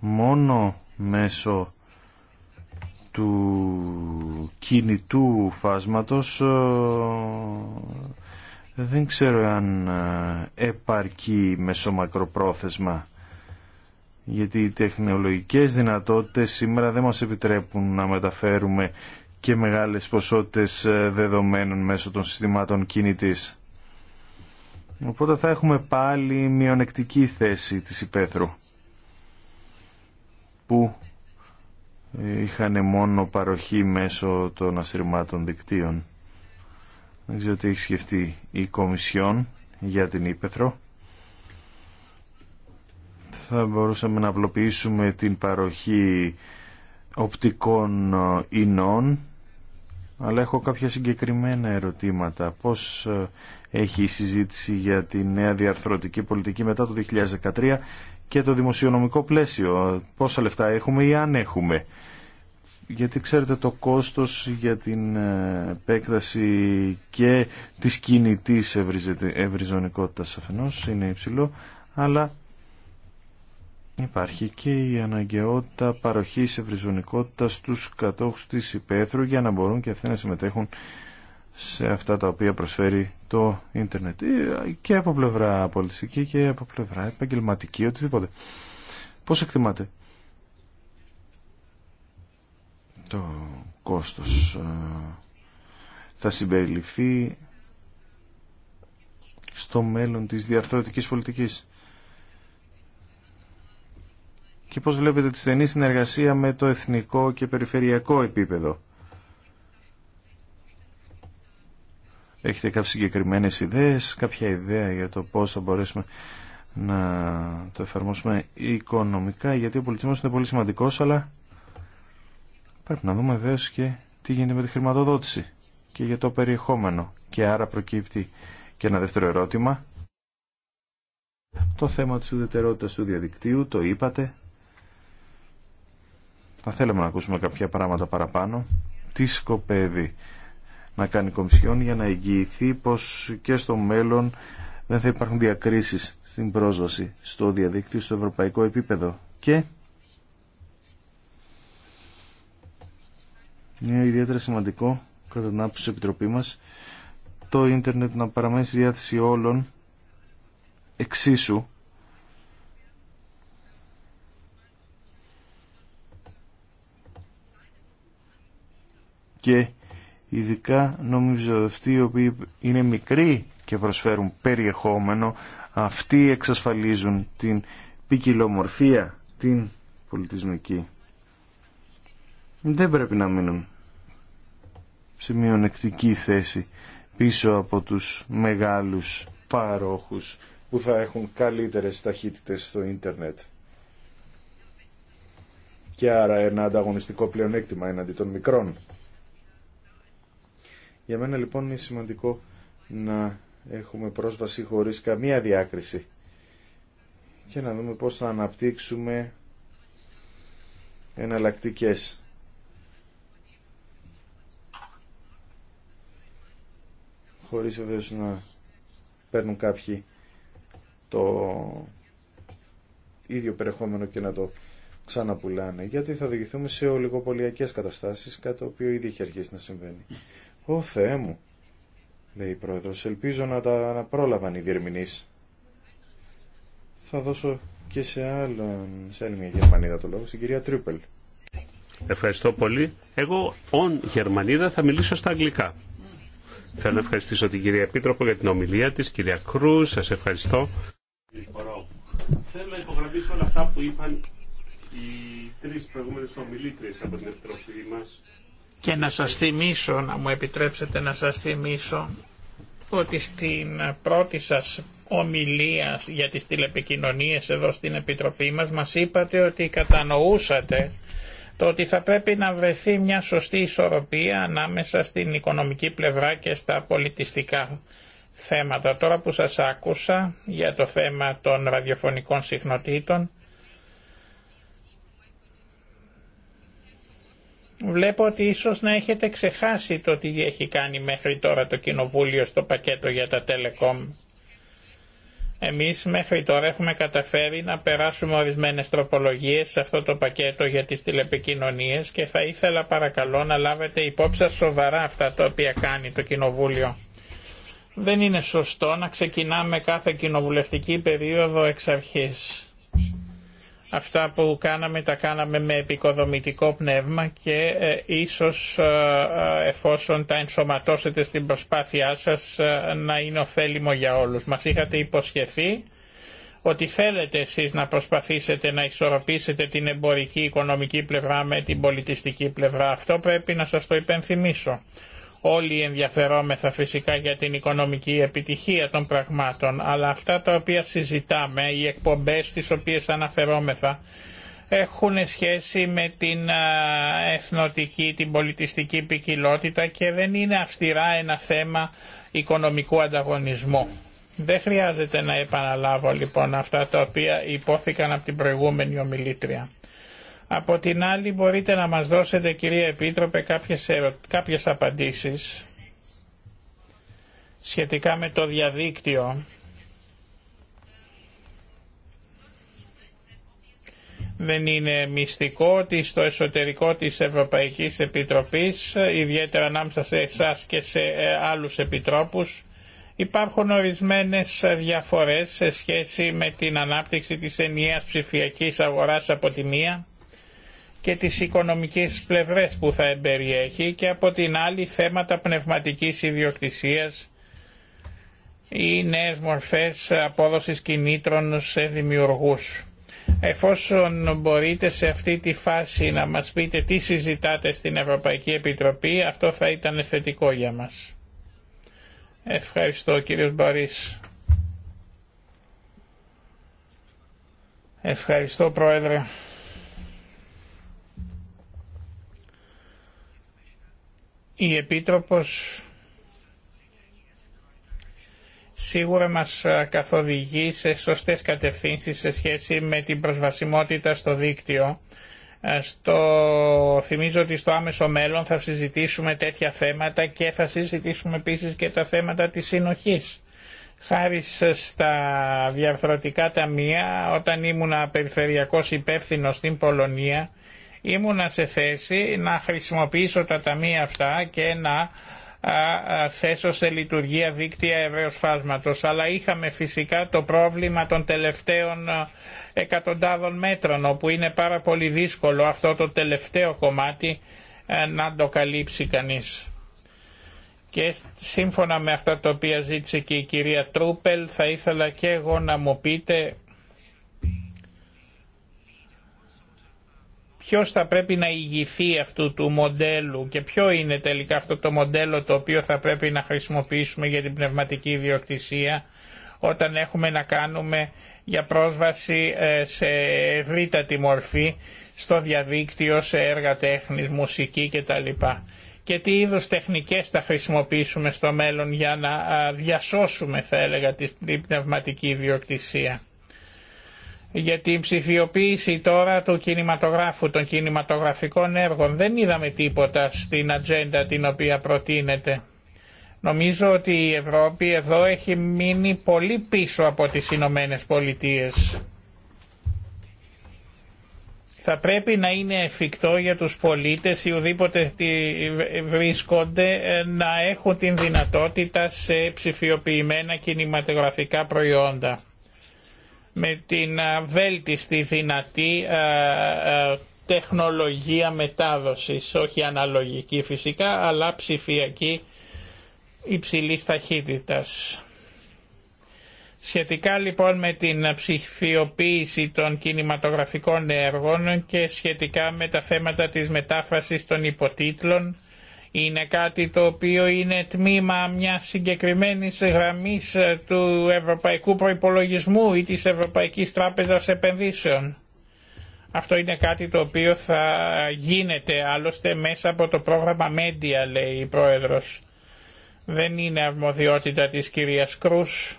Μόνο μέσω του κινητού φάσματος ε, δεν ξέρω αν ε, επαρκεί μεσομακροπρόθεσμα γιατί οι τεχνολογικές δυνατότητες σήμερα δεν μας επιτρέπουν να μεταφέρουμε και μεγάλες ποσότητες ε, δεδομένων μέσω των συστημάτων κινητής. Οπότε θα έχουμε πάλι μειονεκτική θέση της υπαίθρου που είχαν μόνο παροχή μέσω των ασυρμάτων δικτύων. Δεν ξέρω τι έχει σκεφτεί η Κομισιόν για την Ήπεθρο. Θα μπορούσαμε να απλοποιήσουμε την παροχή οπτικών ε, ινών, αλλά έχω κάποια συγκεκριμένα ερωτήματα. Πώς ε, έχει η συζήτηση για τη νέα διαρθρωτική πολιτική μετά το 2013 και το δημοσιονομικό πλαίσιο, πόσα λεφτά έχουμε ή αν έχουμε. Γιατί ξέρετε το κόστος για την ε, επέκταση και της κινητής ευρυζωνικότητας αφενός είναι υψηλό, αλλά υπάρχει και η αναγκαιότητα παροχής ευρυζωνικότητας στους κατόχους της υπαίθρου για να μπορούν και αυτοί να συμμετέχουν σε αυτά τα οποία προσφέρει το ίντερνετ ε, και από πλευρά πολιτιστική και από πλευρά επαγγελματική, οτιδήποτε. Πώς εκτιμάτε το κόστος ε, θα συμπεριληφθεί στο μέλλον της διαρθρωτικής πολιτικής και πώς βλέπετε τη στενή συνεργασία με το εθνικό και περιφερειακό επίπεδο έχετε κάποιες συγκεκριμένες ιδέες, κάποια ιδέα για το πώς θα μπορέσουμε να το εφαρμόσουμε οικονομικά, γιατί ο πολιτισμός είναι πολύ σημαντικός, αλλά πρέπει να δούμε βέβαια και τι γίνεται με τη χρηματοδότηση και για το περιεχόμενο. Και άρα προκύπτει και ένα δεύτερο ερώτημα. Το θέμα της ουδετερότητας του διαδικτύου, το είπατε. Θα θέλαμε να ακούσουμε κάποια πράγματα παραπάνω. Τι σκοπεύει να κάνει για να εγγυηθεί πως και στο μέλλον δεν θα υπάρχουν διακρίσεις στην πρόσβαση στο διαδίκτυο στο ευρωπαϊκό επίπεδο και είναι ιδιαίτερα σημαντικό κατά την άποψη της Επιτροπή μας το ίντερνετ να παραμένει στη διάθεση όλων εξίσου και ειδικά νομίζω αυτοί οι οποίοι είναι μικροί και προσφέρουν περιεχόμενο, αυτοί εξασφαλίζουν την ποικιλομορφία, την πολιτισμική. Δεν πρέπει να μείνουν σε μειονεκτική θέση πίσω από τους μεγάλους παρόχους που θα έχουν καλύτερες ταχύτητες στο ίντερνετ. Και άρα ένα ανταγωνιστικό πλεονέκτημα εναντί των μικρών. Για μένα λοιπόν είναι σημαντικό να έχουμε πρόσβαση χωρίς καμία διάκριση και να δούμε πώς θα αναπτύξουμε εναλλακτικέ. χωρίς βέβαια να παίρνουν κάποιοι το ίδιο περιεχόμενο και να το ξαναπουλάνε, γιατί θα διηγηθούμε σε ολιγοπολιακές καταστάσεις, κάτι το οποίο ήδη έχει αρχίσει να συμβαίνει. «Ω Θεέ μου», λέει η πρόεδρος, «ελπίζω να τα να πρόλαβαν οι διερμηνείς». Θα δώσω και σε, άλλον, σε άλλη μια Γερμανίδα το λόγο, στην κυρία Τρίπελ. Ευχαριστώ πολύ. Εγώ, ον Γερμανίδα, θα μιλήσω στα αγγλικά. Θέλω να ευχαριστήσω την κυρία Επίτροπο για την ομιλία της, κυρία Κρού, σας ευχαριστώ. Θέλω να υπογραμμίσω όλα αυτά που είπαν οι τρεις προηγούμενες ομιλήτρες από την Επιτροπή μας και να σας θυμίσω, να μου επιτρέψετε να σας θυμίσω ότι στην πρώτη σας ομιλία για τις τηλεπικοινωνίες εδώ στην Επιτροπή μας μας είπατε ότι κατανοούσατε το ότι θα πρέπει να βρεθεί μια σωστή ισορροπία ανάμεσα στην οικονομική πλευρά και στα πολιτιστικά θέματα. Τώρα που σας άκουσα για το θέμα των ραδιοφωνικών συχνοτήτων Βλέπω ότι ίσως να έχετε ξεχάσει το τι έχει κάνει μέχρι τώρα το Κοινοβούλιο στο πακέτο για τα Telecom. Εμείς μέχρι τώρα έχουμε καταφέρει να περάσουμε ορισμένες τροπολογίες σε αυτό το πακέτο για τις τηλεπικοινωνίες και θα ήθελα παρακαλώ να λάβετε υπόψη σας σοβαρά αυτά τα οποία κάνει το Κοινοβούλιο. Δεν είναι σωστό να ξεκινάμε κάθε κοινοβουλευτική περίοδο εξ αρχής. Αυτά που κάναμε τα κάναμε με επικοδομητικό πνεύμα και ε, ίσως ε, ε, εφόσον τα ενσωματώσετε στην προσπάθειά σας να είναι ωφέλιμο για όλους. Μας είχατε υποσχεθεί ότι θέλετε εσείς να προσπαθήσετε να ισορροπήσετε την εμπορική οικονομική πλευρά με την πολιτιστική πλευρά. Αυτό πρέπει να σας το υπενθυμίσω. Όλοι ενδιαφερόμεθα φυσικά για την οικονομική επιτυχία των πραγμάτων, αλλά αυτά τα οποία συζητάμε, οι εκπομπές τις οποίες αναφερόμεθα, έχουν σχέση με την εθνοτική, την πολιτιστική ποικιλότητα και δεν είναι αυστηρά ένα θέμα οικονομικού ανταγωνισμού. Δεν χρειάζεται να επαναλάβω λοιπόν αυτά τα οποία υπόθηκαν από την προηγούμενη ομιλήτρια. Από την άλλη μπορείτε να μας δώσετε κυρία Επίτροπε κάποιες, ερω... κάποιες απαντήσεις σχετικά με το διαδίκτυο. Δεν είναι μυστικό ότι στο εσωτερικό της Ευρωπαϊκής Επιτροπής, ιδιαίτερα ανάμεσα σε εσάς και σε ε, άλλους επιτρόπους, υπάρχουν ορισμένες διαφορές σε σχέση με την ανάπτυξη της ενιαίας ψηφιακής αγοράς από τη μία και τις οικονομικές πλευρές που θα εμπεριέχει και από την άλλη θέματα πνευματικής ιδιοκτησίας ή νέες μορφές απόδοσης κινήτρων σε δημιουργούς. Εφόσον μπορείτε σε αυτή τη φάση να μας πείτε τι συζητάτε στην Ευρωπαϊκή Επιτροπή, αυτό θα ήταν θετικό για μας. Ευχαριστώ κύριος Μπαρίς. Ευχαριστώ Πρόεδρε. Η Επίτροπος σίγουρα μας καθοδηγεί σε σωστές κατευθύνσεις σε σχέση με την προσβασιμότητα στο δίκτυο. Ε, στο... Θυμίζω ότι στο άμεσο μέλλον θα συζητήσουμε τέτοια θέματα και θα συζητήσουμε επίσης και τα θέματα της συνοχής. Χάρη στα διαρθρωτικά ταμεία, όταν ήμουν περιφερειακός υπεύθυνος στην Πολωνία, ήμουνα σε θέση να χρησιμοποιήσω τα ταμεία αυτά και να θέσω σε λειτουργία δίκτυα φάσματος. Αλλά είχαμε φυσικά το πρόβλημα των τελευταίων εκατοντάδων μέτρων όπου είναι πάρα πολύ δύσκολο αυτό το τελευταίο κομμάτι να το καλύψει κανείς. Και σύμφωνα με αυτά τα οποία ζήτησε και η κυρία Τρούπελ θα ήθελα και εγώ να μου πείτε ποιος θα πρέπει να ηγηθεί αυτού του μοντέλου και ποιο είναι τελικά αυτό το μοντέλο το οποίο θα πρέπει να χρησιμοποιήσουμε για την πνευματική ιδιοκτησία όταν έχουμε να κάνουμε για πρόσβαση ε, σε ευρύτατη μορφή στο διαδίκτυο, σε έργα τέχνης, μουσική κτλ. Και τι είδους τεχνικές θα χρησιμοποιήσουμε στο μέλλον για να διασώσουμε θα έλεγα την πνευματική ιδιοκτησία για την ψηφιοποίηση τώρα του κινηματογράφου, των κινηματογραφικών έργων. Δεν είδαμε τίποτα στην ατζέντα την οποία προτείνεται. Νομίζω ότι η Ευρώπη εδώ έχει μείνει πολύ πίσω από τις Ηνωμένε Πολιτείες. Θα πρέπει να είναι εφικτό για τους πολίτες ή οδήποτε βρίσκονται ε, να έχουν την δυνατότητα σε ψηφιοποιημένα κινηματογραφικά προϊόντα με την βέλτιστη δυνατή ε, ε, τεχνολογία μετάδοσης, όχι αναλογική φυσικά, αλλά ψηφιακή υψηλής ταχύτητας. Σχετικά λοιπόν με την ψηφιοποίηση των κινηματογραφικών έργων και σχετικά με τα θέματα της μετάφρασης των υποτίτλων, είναι κάτι το οποίο είναι τμήμα μιας συγκεκριμένης γραμμής του Ευρωπαϊκού Προϋπολογισμού ή της Ευρωπαϊκής Τράπεζας Επενδύσεων. Αυτό είναι κάτι το οποίο θα γίνεται άλλωστε μέσα από το πρόγραμμα Media λέει η Πρόεδρος. Δεν είναι αρμοδιότητα της κυρίας Κρούς.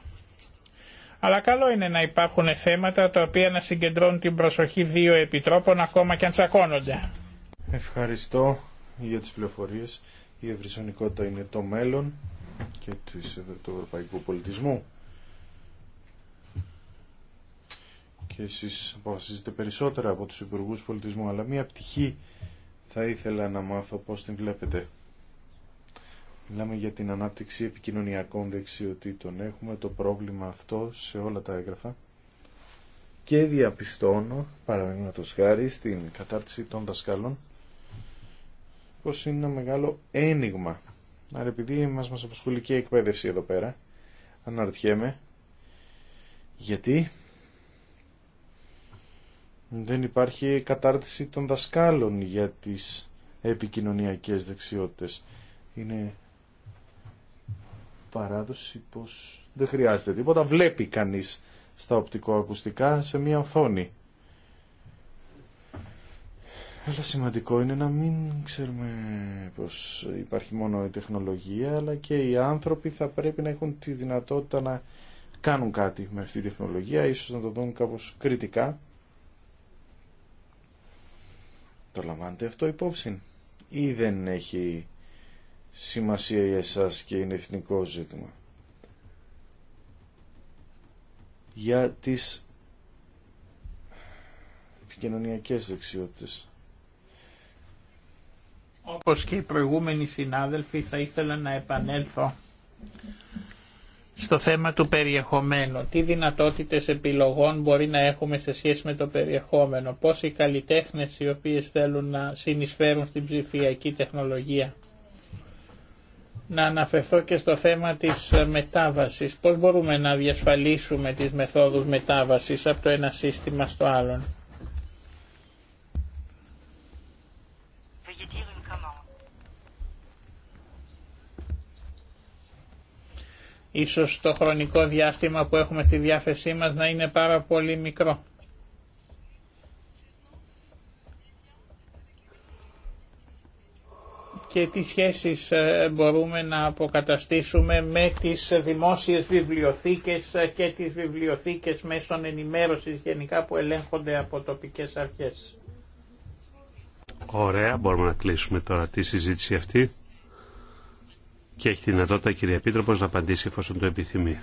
Αλλά καλό είναι να υπάρχουν θέματα τα οποία να συγκεντρώνουν την προσοχή δύο επιτρόπων ακόμα και αν τσακώνονται. Ευχαριστώ για τις πληροφορίες. Η ευρυσονικότητα είναι το μέλλον και ε, του ευρωπαϊκού πολιτισμού. Και εσείς αποφασίζετε περισσότερα από τους υπουργούς πολιτισμού, αλλά μία πτυχή θα ήθελα να μάθω πώς την βλέπετε. Μιλάμε για την ανάπτυξη επικοινωνιακών δεξιοτήτων. Έχουμε το πρόβλημα αυτό σε όλα τα έγγραφα και διαπιστώνω, παραδείγματο χάρη, στην κατάρτιση των δασκάλων, πως είναι ένα μεγάλο ένιγμα. Άρα επειδή μας, μας και η εκπαίδευση εδώ πέρα, αναρωτιέμαι γιατί δεν υπάρχει κατάρτιση των δασκάλων για τις επικοινωνιακές δεξιότητες. Είναι παράδοση πως δεν χρειάζεται τίποτα. Βλέπει κανείς στα οπτικοακουστικά σε μία οθόνη. Αλλά σημαντικό είναι να μην ξέρουμε πως υπάρχει μόνο η τεχνολογία, αλλά και οι άνθρωποι θα πρέπει να έχουν τη δυνατότητα να κάνουν κάτι με αυτή τη τεχνολογία, ίσως να το δουν κάπως κριτικά. Το λαμβάνετε αυτό υπόψη ή δεν έχει σημασία για εσάς και είναι εθνικό ζήτημα. Για τις επικοινωνιακές δεξιότητες. Όπως και οι προηγούμενοι συνάδελφοι θα ήθελα να επανέλθω στο θέμα του περιεχομένου. Τι δυνατότητες επιλογών μπορεί να έχουμε σε σχέση με το περιεχόμενο. Πώς οι καλλιτέχνες οι οποίες θέλουν να συνεισφέρουν στην ψηφιακή τεχνολογία. Να αναφερθώ και στο θέμα της μετάβασης. Πώς μπορούμε να διασφαλίσουμε τις μεθόδους μετάβασης από το ένα σύστημα στο άλλον. Ίσως το χρονικό διάστημα που έχουμε στη διάθεσή μας να είναι πάρα πολύ μικρό. και τι σχέσεις ε, μπορούμε να αποκαταστήσουμε με τις δημόσιες βιβλιοθήκες και τις βιβλιοθήκες μέσων ενημέρωσης γενικά που ελέγχονται από τοπικές αρχές. Ωραία, μπορούμε να κλείσουμε τώρα τη συζήτηση αυτή και έχει τη δυνατότητα η κυρία Επίτροπος να απαντήσει εφόσον το επιθυμεί.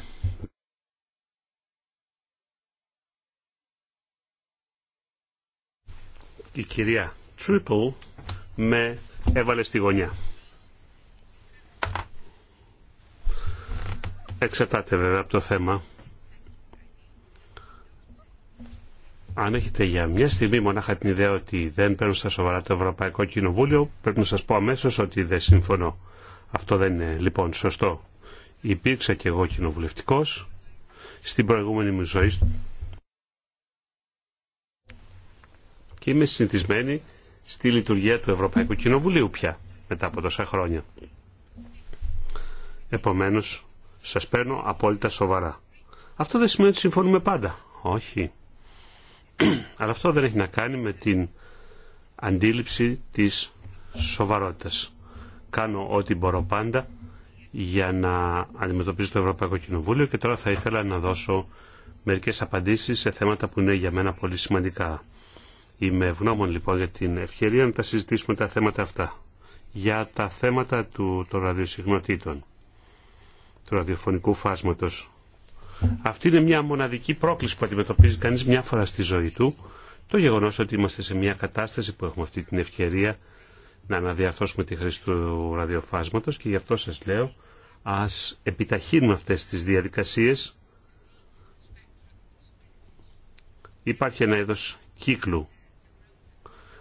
Η κυρία Τσουίπολ με έβαλε στη γωνιά. Εξετάτε βέβαια από το θέμα. Αν έχετε για μια στιγμή μονάχα την ιδέα ότι δεν παίρνουν στα σοβαρά το Ευρωπαϊκό Κοινοβούλιο, πρέπει να σας πω αμέσως ότι δεν συμφωνώ. Αυτό δεν είναι λοιπόν σωστό. Υπήρξα και εγώ κοινοβουλευτικό στην προηγούμενη μου ζωή και είμαι συνηθισμένη στη λειτουργία του Ευρωπαϊκού Κοινοβουλίου πια μετά από τόσα χρόνια. Επομένως, σας παίρνω απόλυτα σοβαρά. Αυτό δεν σημαίνει ότι συμφωνούμε πάντα. Όχι. Αλλά αυτό δεν έχει να κάνει με την αντίληψη της σοβαρότητας κάνω ό,τι μπορώ πάντα για να αντιμετωπίζω το Ευρωπαϊκό Κοινοβούλιο και τώρα θα ήθελα να δώσω μερικές απαντήσεις σε θέματα που είναι για μένα πολύ σημαντικά. Είμαι ευγνώμων λοιπόν για την ευκαιρία να τα συζητήσουμε τα θέματα αυτά. Για τα θέματα του, των ραδιοσυγνωτήτων, του ραδιοφωνικού φάσματος. Αυτή είναι μια μοναδική πρόκληση που αντιμετωπίζει κανείς μια φορά στη ζωή του. Το γεγονός ότι είμαστε σε μια κατάσταση που έχουμε αυτή την ευκαιρία να αναδιαρθώσουμε τη χρήση του ραδιοφάσματος και γι' αυτό σας λέω ας επιταχύνουμε αυτές τις διαδικασίες. Υπάρχει ένα είδος κύκλου.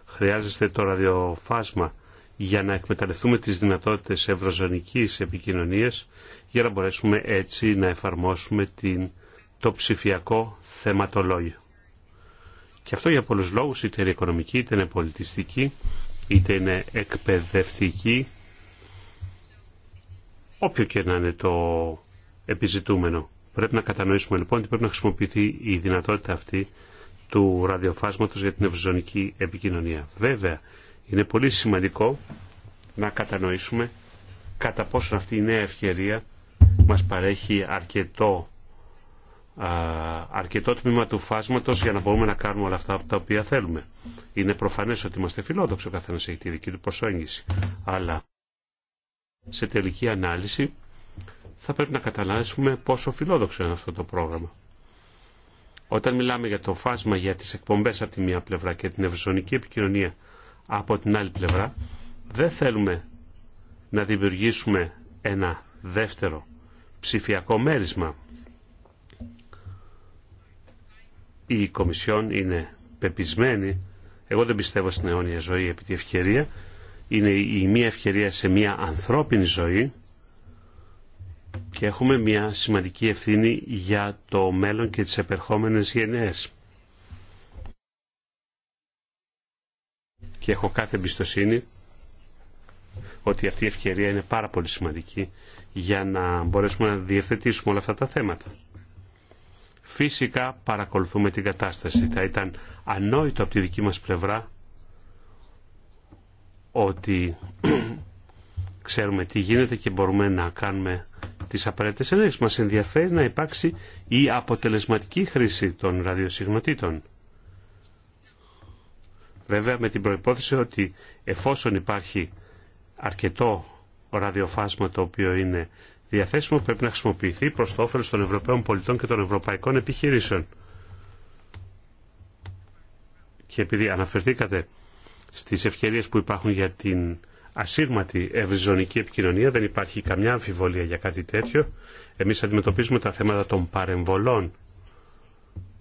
Χρειάζεστε το ραδιοφάσμα για να εκμεταλλευτούμε τις δυνατότητες ευρωζωνικής επικοινωνίας για να μπορέσουμε έτσι να εφαρμόσουμε την, το ψηφιακό θεματολόγιο. Και αυτό για πολλούς λόγους, είτε είναι οικονομική είτε είναι πολιτιστική είτε είναι εκπαιδευτική, όποιο και να είναι το επιζητούμενο. Πρέπει να κατανοήσουμε λοιπόν ότι πρέπει να χρησιμοποιηθεί η δυνατότητα αυτή του ραδιοφάσματος για την ευζωνική επικοινωνία. Βέβαια, είναι πολύ σημαντικό να κατανοήσουμε κατά πόσο αυτή η νέα ευκαιρία μας παρέχει αρκετό αρκετό τμήμα του φάσματος για να μπορούμε να κάνουμε όλα αυτά τα οποία θέλουμε. Είναι προφανές ότι είμαστε φιλόδοξοι, ο καθένας έχει τη δική του προσέγγιση. Αλλά σε τελική ανάλυση θα πρέπει να καταλάβουμε πόσο φιλόδοξο είναι αυτό το πρόγραμμα. Όταν μιλάμε για το φάσμα για τις εκπομπές από τη μία πλευρά και την ευρυζωνική επικοινωνία από την άλλη πλευρά, δεν θέλουμε να δημιουργήσουμε ένα δεύτερο ψηφιακό μέρισμα η Κομισιόν είναι πεπισμένη, εγώ δεν πιστεύω στην αιώνια ζωή επί τη ευκαιρία, είναι η μία ευκαιρία σε μία ανθρώπινη ζωή και έχουμε μία σημαντική ευθύνη για το μέλλον και τις επερχόμενες γενναίες. Και έχω κάθε εμπιστοσύνη ότι αυτή η ευκαιρία είναι πάρα πολύ σημαντική για να μπορέσουμε να διευθετήσουμε όλα αυτά τα θέματα. Φυσικά παρακολουθούμε την κατάσταση. Θα ήταν ανόητο από τη δική μας πλευρά ότι ξέρουμε τι γίνεται και μπορούμε να κάνουμε τις απαραίτητες ενέργειες. Μας ενδιαφέρει να υπάρξει η αποτελεσματική χρήση των ραδιοσυγνωτήτων. Βέβαια με την προϋπόθεση ότι εφόσον υπάρχει αρκετό ραδιοφάσμα το οποίο είναι διαθέσιμο πρέπει να χρησιμοποιηθεί προς το όφελος των Ευρωπαίων πολιτών και των ευρωπαϊκών επιχειρήσεων. Και επειδή αναφερθήκατε στις ευκαιρίες που υπάρχουν για την ασύρματη ευρυζωνική επικοινωνία, δεν υπάρχει καμιά αμφιβολία για κάτι τέτοιο. Εμείς αντιμετωπίζουμε τα θέματα των παρεμβολών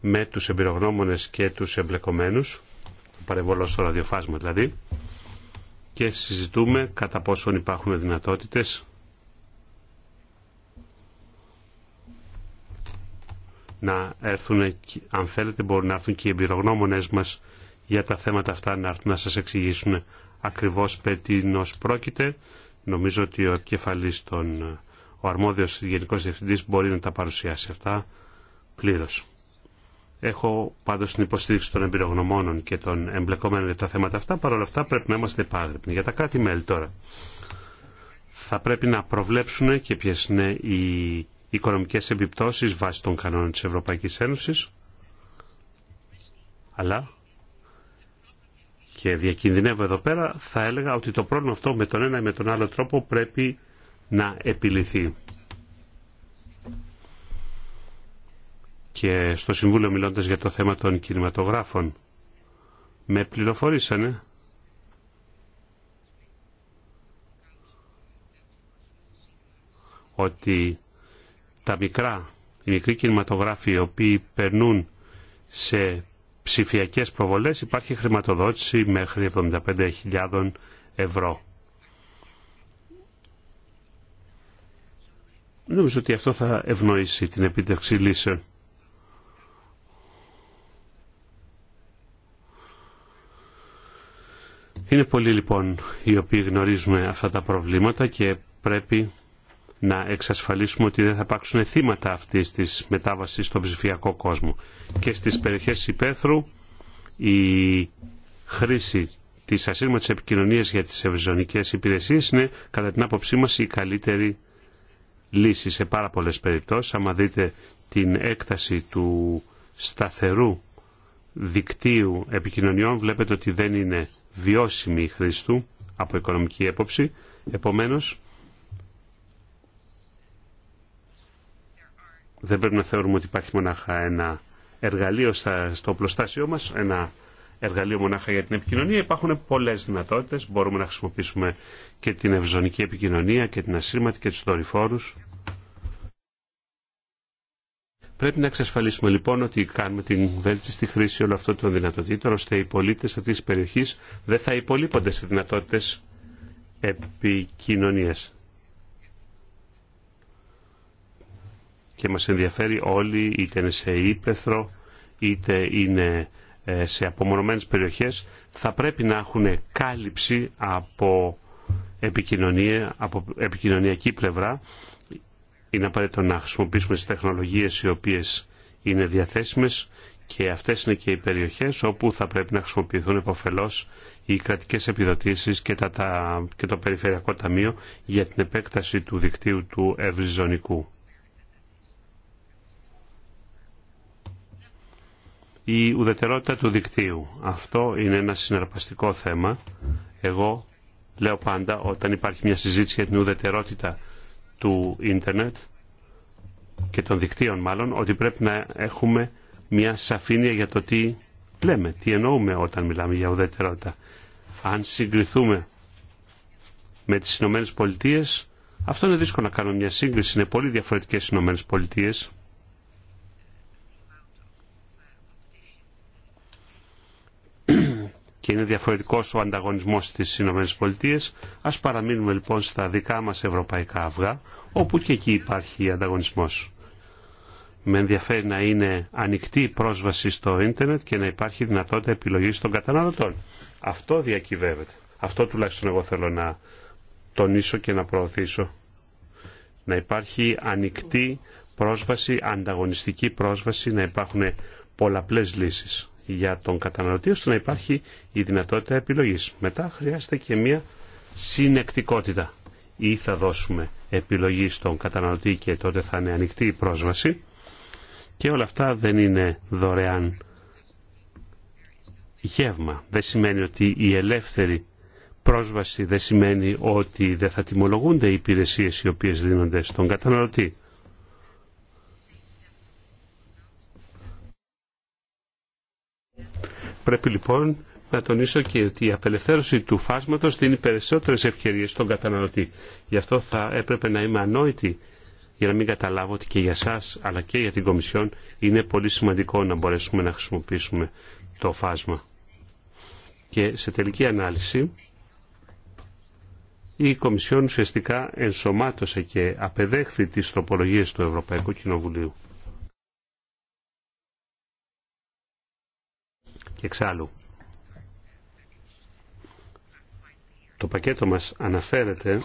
με τους εμπειρογνώμονες και τους εμπλεκομένους, παρεμβολό στο ραδιοφάσμα δηλαδή, και συζητούμε κατά πόσον υπάρχουν δυνατότητες να έρθουν, αν θέλετε μπορούν να έρθουν και οι εμπειρογνώμονες μας για τα θέματα αυτά να έρθουν να σας εξηγήσουν ακριβώς περί πρόκειται. Νομίζω ότι ο επικεφαλής των, ο αρμόδιος γενικός διευθυντής μπορεί να τα παρουσιάσει αυτά πλήρως. Έχω πάντως την υποστήριξη των εμπειρογνωμόνων και των εμπλεκόμενων για τα θέματα αυτά. Παρ' όλα αυτά πρέπει να είμαστε επάγρυπνοι. Για τα κράτη-μέλη τώρα. Θα πρέπει να προβλέψουν και ποιε είναι οι οικονομικές επιπτώσεις βάσει των κανόνων της Ευρωπαϊκής Ένωσης, αλλά και διακινδυνεύω εδώ πέρα, θα έλεγα ότι το πρόβλημα αυτό με τον ένα ή με τον άλλο τρόπο πρέπει να επιληθεί. Και στο Συμβούλιο μιλώντας για το θέμα των κινηματογράφων, με πληροφορήσανε ότι τα μικρά, οι μικροί κινηματογράφοι οι οποίοι περνούν σε ψηφιακές προβολές υπάρχει χρηματοδότηση μέχρι 75.000 ευρώ. Νομίζω ότι αυτό θα ευνοήσει την επίτευξη λύσεων. Είναι πολλοί λοιπόν οι οποίοι γνωρίζουμε αυτά τα προβλήματα και πρέπει να εξασφαλίσουμε ότι δεν θα υπάρξουν θύματα αυτής της μετάβασης στον ψηφιακό κόσμο. Και στις περιοχέ υπαίθρου η χρήση της ασύρματης επικοινωνίας για τις ευρυζωνικέ υπηρεσίες είναι κατά την άποψή μα η καλύτερη λύση σε πάρα πολλέ περιπτώσεις. Άμα δείτε την έκταση του σταθερού δικτύου επικοινωνιών βλέπετε ότι δεν είναι βιώσιμη η χρήση του από οικονομική έποψη. Επομένως, δεν πρέπει να θεωρούμε ότι υπάρχει μονάχα ένα εργαλείο στο οπλοστάσιο μας, ένα εργαλείο μονάχα για την επικοινωνία. Υπάρχουν πολλές δυνατότητες. Μπορούμε να χρησιμοποιήσουμε και την ευζωνική επικοινωνία και την ασύρματη και τους δορυφόρους. Πρέπει να εξασφαλίσουμε λοιπόν ότι κάνουμε την βέλτιστη χρήση όλων αυτών των δυνατοτήτων, ώστε οι πολίτες αυτής της περιοχής δεν θα υπολείπονται σε δυνατότητες επικοινωνίας. και μας ενδιαφέρει όλοι, είτε είναι σε ύπεθρο, είτε είναι ε, σε απομονωμένες περιοχές, θα πρέπει να έχουν κάλυψη από, επικοινωνία, από επικοινωνιακή πλευρά. Είναι απαραίτητο να χρησιμοποιήσουμε τις τεχνολογίες οι οποίες είναι διαθέσιμες και αυτές είναι και οι περιοχές όπου θα πρέπει να χρησιμοποιηθούν επωφελώς οι κρατικές επιδοτήσεις και, τα, τα, και το Περιφερειακό Ταμείο για την επέκταση του δικτύου του ευρυζωνικού. η ουδετερότητα του δικτύου. Αυτό είναι ένα συναρπαστικό θέμα. Εγώ λέω πάντα όταν υπάρχει μια συζήτηση για την ουδετερότητα του ίντερνετ και των δικτύων μάλλον, ότι πρέπει να έχουμε μια σαφήνεια για το τι λέμε, τι εννοούμε όταν μιλάμε για ουδετερότητα. Αν συγκριθούμε με τις Ηνωμένε Πολιτείες, αυτό είναι δύσκολο να κάνουμε μια σύγκριση, είναι πολύ διαφορετικές οι Ηνωμένε Πολιτείες και είναι διαφορετικός ο ανταγωνισμός στις Ηνωμένες Πολιτείες. Ας παραμείνουμε λοιπόν στα δικά μας ευρωπαϊκά αυγά, όπου και εκεί υπάρχει ανταγωνισμός. Με ενδιαφέρει να είναι ανοιχτή η πρόσβαση στο ίντερνετ και να υπάρχει δυνατότητα επιλογής των καταναλωτών. Αυτό διακυβεύεται. Αυτό τουλάχιστον εγώ θέλω να τονίσω και να προωθήσω. Να υπάρχει ανοιχτή πρόσβαση, ανταγωνιστική πρόσβαση, να υπάρχουν πολλαπλές λύσεις για τον καταναλωτή ώστε να υπάρχει η δυνατότητα επιλογής. Μετά χρειάζεται και μια συνεκτικότητα ή θα δώσουμε επιλογή στον καταναλωτή και τότε θα είναι ανοιχτή η πρόσβαση και όλα αυτά δεν είναι δωρεάν γεύμα. Δεν σημαίνει ότι η ελεύθερη πρόσβαση δεν σημαίνει ότι δεν θα τιμολογούνται οι υπηρεσίες οι οποίες δίνονται στον καταναλωτή. Πρέπει λοιπόν να τονίσω και ότι η απελευθέρωση του φάσματος δίνει περισσότερες ευκαιρίες στον καταναλωτή. Γι' αυτό θα έπρεπε να είμαι ανόητη για να μην καταλάβω ότι και για σας αλλά και για την Κομισιόν είναι πολύ σημαντικό να μπορέσουμε να χρησιμοποιήσουμε το φάσμα. Και σε τελική ανάλυση η Κομισιόν ουσιαστικά ενσωμάτωσε και απεδέχθη τις τροπολογίες του Ευρωπαϊκού Κοινοβουλίου. εξάλλου, το πακέτο μας αναφέρεται,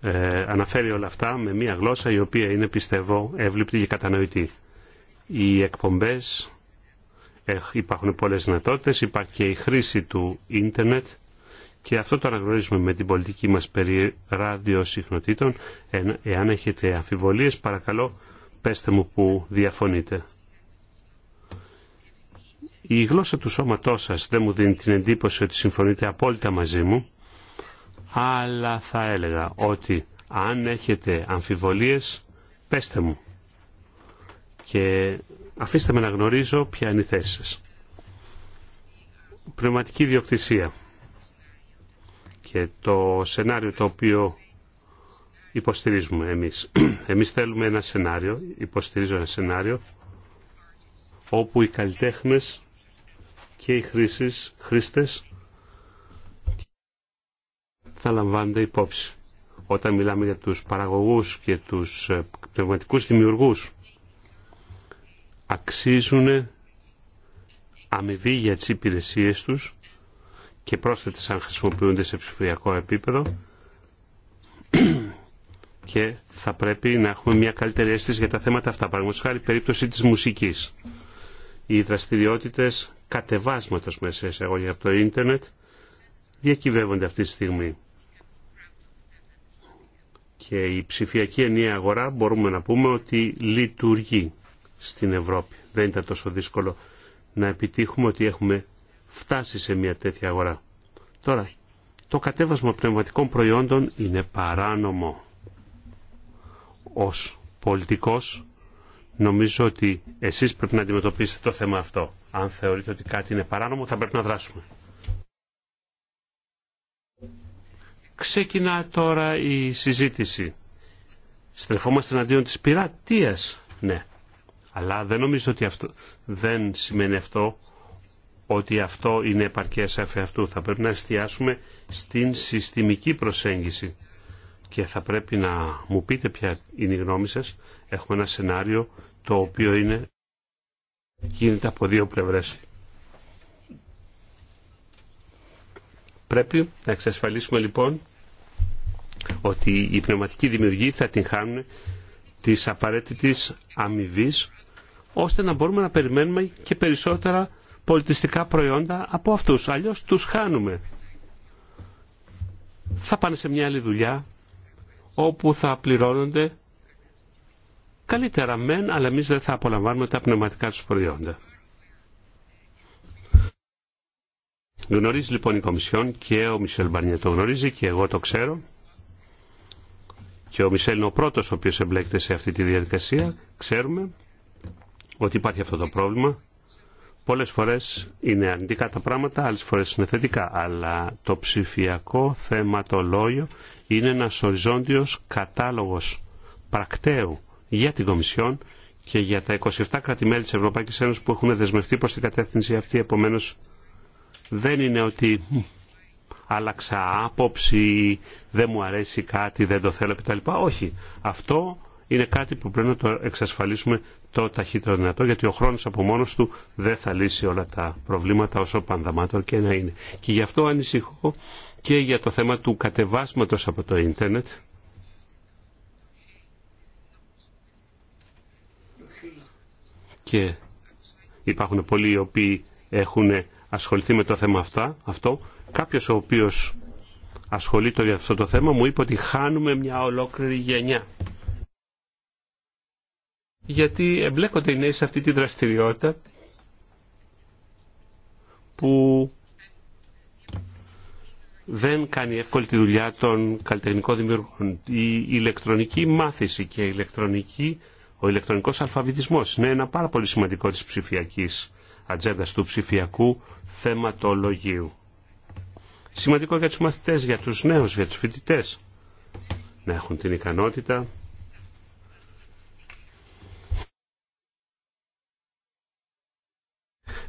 ε, αναφέρει όλα αυτά με μία γλώσσα η οποία είναι πιστεύω εύληπτη και κατανοητή. Οι εκπομπές ε, υπάρχουν πολλές δυνατότητε, υπάρχει και η χρήση του ίντερνετ και αυτό το αναγνωρίζουμε με την πολιτική μας περί ραδιοσυχνοτήτων. Ε, εάν έχετε αμφιβολίες παρακαλώ πέστε μου που διαφωνείτε. Η γλώσσα του σώματός σας δεν μου δίνει την εντύπωση ότι συμφωνείτε απόλυτα μαζί μου, αλλά θα έλεγα ότι αν έχετε αμφιβολίες, πέστε μου και αφήστε με να γνωρίζω ποια είναι η θέση σας. Πνευματική διοκτησία και το σενάριο το οποίο υποστηρίζουμε εμείς. Εμείς θέλουμε ένα σενάριο, υποστηρίζω ένα σενάριο, όπου οι καλλιτέχνες και οι χρήσεις, χρήστες θα λαμβάνονται υπόψη. Όταν μιλάμε για τους παραγωγούς και τους ε, πνευματικούς δημιουργούς αξίζουν αμοιβή για τις υπηρεσίες τους και πρόσθετες αν χρησιμοποιούνται σε ψηφιακό επίπεδο και θα πρέπει να έχουμε μια καλύτερη αίσθηση για τα θέματα αυτά. Παραγωγή, χάρη περίπτωση της μουσικής οι δραστηριότητες κατεβάσματος μέσα σε εισαγωγή από το ίντερνετ διακυβεύονται αυτή τη στιγμή. Και η ψηφιακή ενιαία αγορά μπορούμε να πούμε ότι λειτουργεί στην Ευρώπη. Δεν ήταν τόσο δύσκολο να επιτύχουμε ότι έχουμε φτάσει σε μια τέτοια αγορά. Τώρα, το κατέβασμα πνευματικών προϊόντων είναι παράνομο. Ως πολιτικός Νομίζω ότι εσείς πρέπει να αντιμετωπίσετε το θέμα αυτό. Αν θεωρείτε ότι κάτι είναι παράνομο θα πρέπει να δράσουμε. Ξεκινά τώρα η συζήτηση. Στρεφόμαστε εναντίον της πειρατείας, ναι. Αλλά δεν νομίζω ότι αυτό δεν σημαίνει αυτό ότι αυτό είναι επαρκές αφ' αυτού. Θα πρέπει να εστιάσουμε στην συστημική προσέγγιση. Και θα πρέπει να μου πείτε ποια είναι η γνώμη σας. Έχουμε ένα σενάριο το οποίο είναι, γίνεται από δύο πλευρές. Πρέπει να εξασφαλίσουμε λοιπόν ότι οι πνευματικοί δημιουργοί θα την χάνουν της απαραίτητης αμοιβή, ώστε να μπορούμε να περιμένουμε και περισσότερα πολιτιστικά προϊόντα από αυτούς. Αλλιώς τους χάνουμε. Θα πάνε σε μια άλλη δουλειά όπου θα πληρώνονται Καλύτερα μεν, αλλά εμεί δεν θα απολαμβάνουμε τα πνευματικά του προϊόντα. Γνωρίζει λοιπόν η Κομισιόν και ο Μισελ Μπαρνιέ το γνωρίζει και εγώ το ξέρω. Και ο Μισελ είναι ο πρώτο ο οποίο εμπλέκεται σε αυτή τη διαδικασία. Ξέρουμε ότι υπάρχει αυτό το πρόβλημα. Πολλέ φορέ είναι αρνητικά τα πράγματα, άλλε φορέ είναι θετικά. Αλλά το ψηφιακό θεματολόγιο είναι ένα οριζόντιο κατάλογο πρακτέου για την Κομισιόν και για τα 27 κράτη-μέλη της Ευρωπαϊκής Ένωσης που έχουν δεσμευτεί προς την κατεύθυνση αυτή. Επομένως, δεν είναι ότι άλλαξα άποψη, δεν μου αρέσει κάτι, δεν το θέλω κτλ. Όχι. Αυτό είναι κάτι που πρέπει να το εξασφαλίσουμε το ταχύτερο δυνατό, γιατί ο χρόνος από μόνος του δεν θα λύσει όλα τα προβλήματα όσο πανδαμάτων και να είναι. Και γι' αυτό ανησυχώ και για το θέμα του κατεβάσματος από το ίντερνετ, και υπάρχουν πολλοί οι οποίοι έχουν ασχοληθεί με το θέμα αυτά, αυτό. Κάποιος ο οποίος ασχολείται για αυτό το θέμα μου είπε ότι χάνουμε μια ολόκληρη γενιά. Γιατί εμπλέκονται οι νέοι σε αυτή τη δραστηριότητα που δεν κάνει εύκολη τη δουλειά των καλλιτεχνικών δημιουργών. Η ηλεκτρονική μάθηση και η ηλεκτρονική ο ηλεκτρονικός αλφαβητισμός είναι ένα πάρα πολύ σημαντικό της ψηφιακής ατζέντα του ψηφιακού θεματολογίου. Σημαντικό για τους μαθητές, για τους νέους, για τους φοιτητές να έχουν την ικανότητα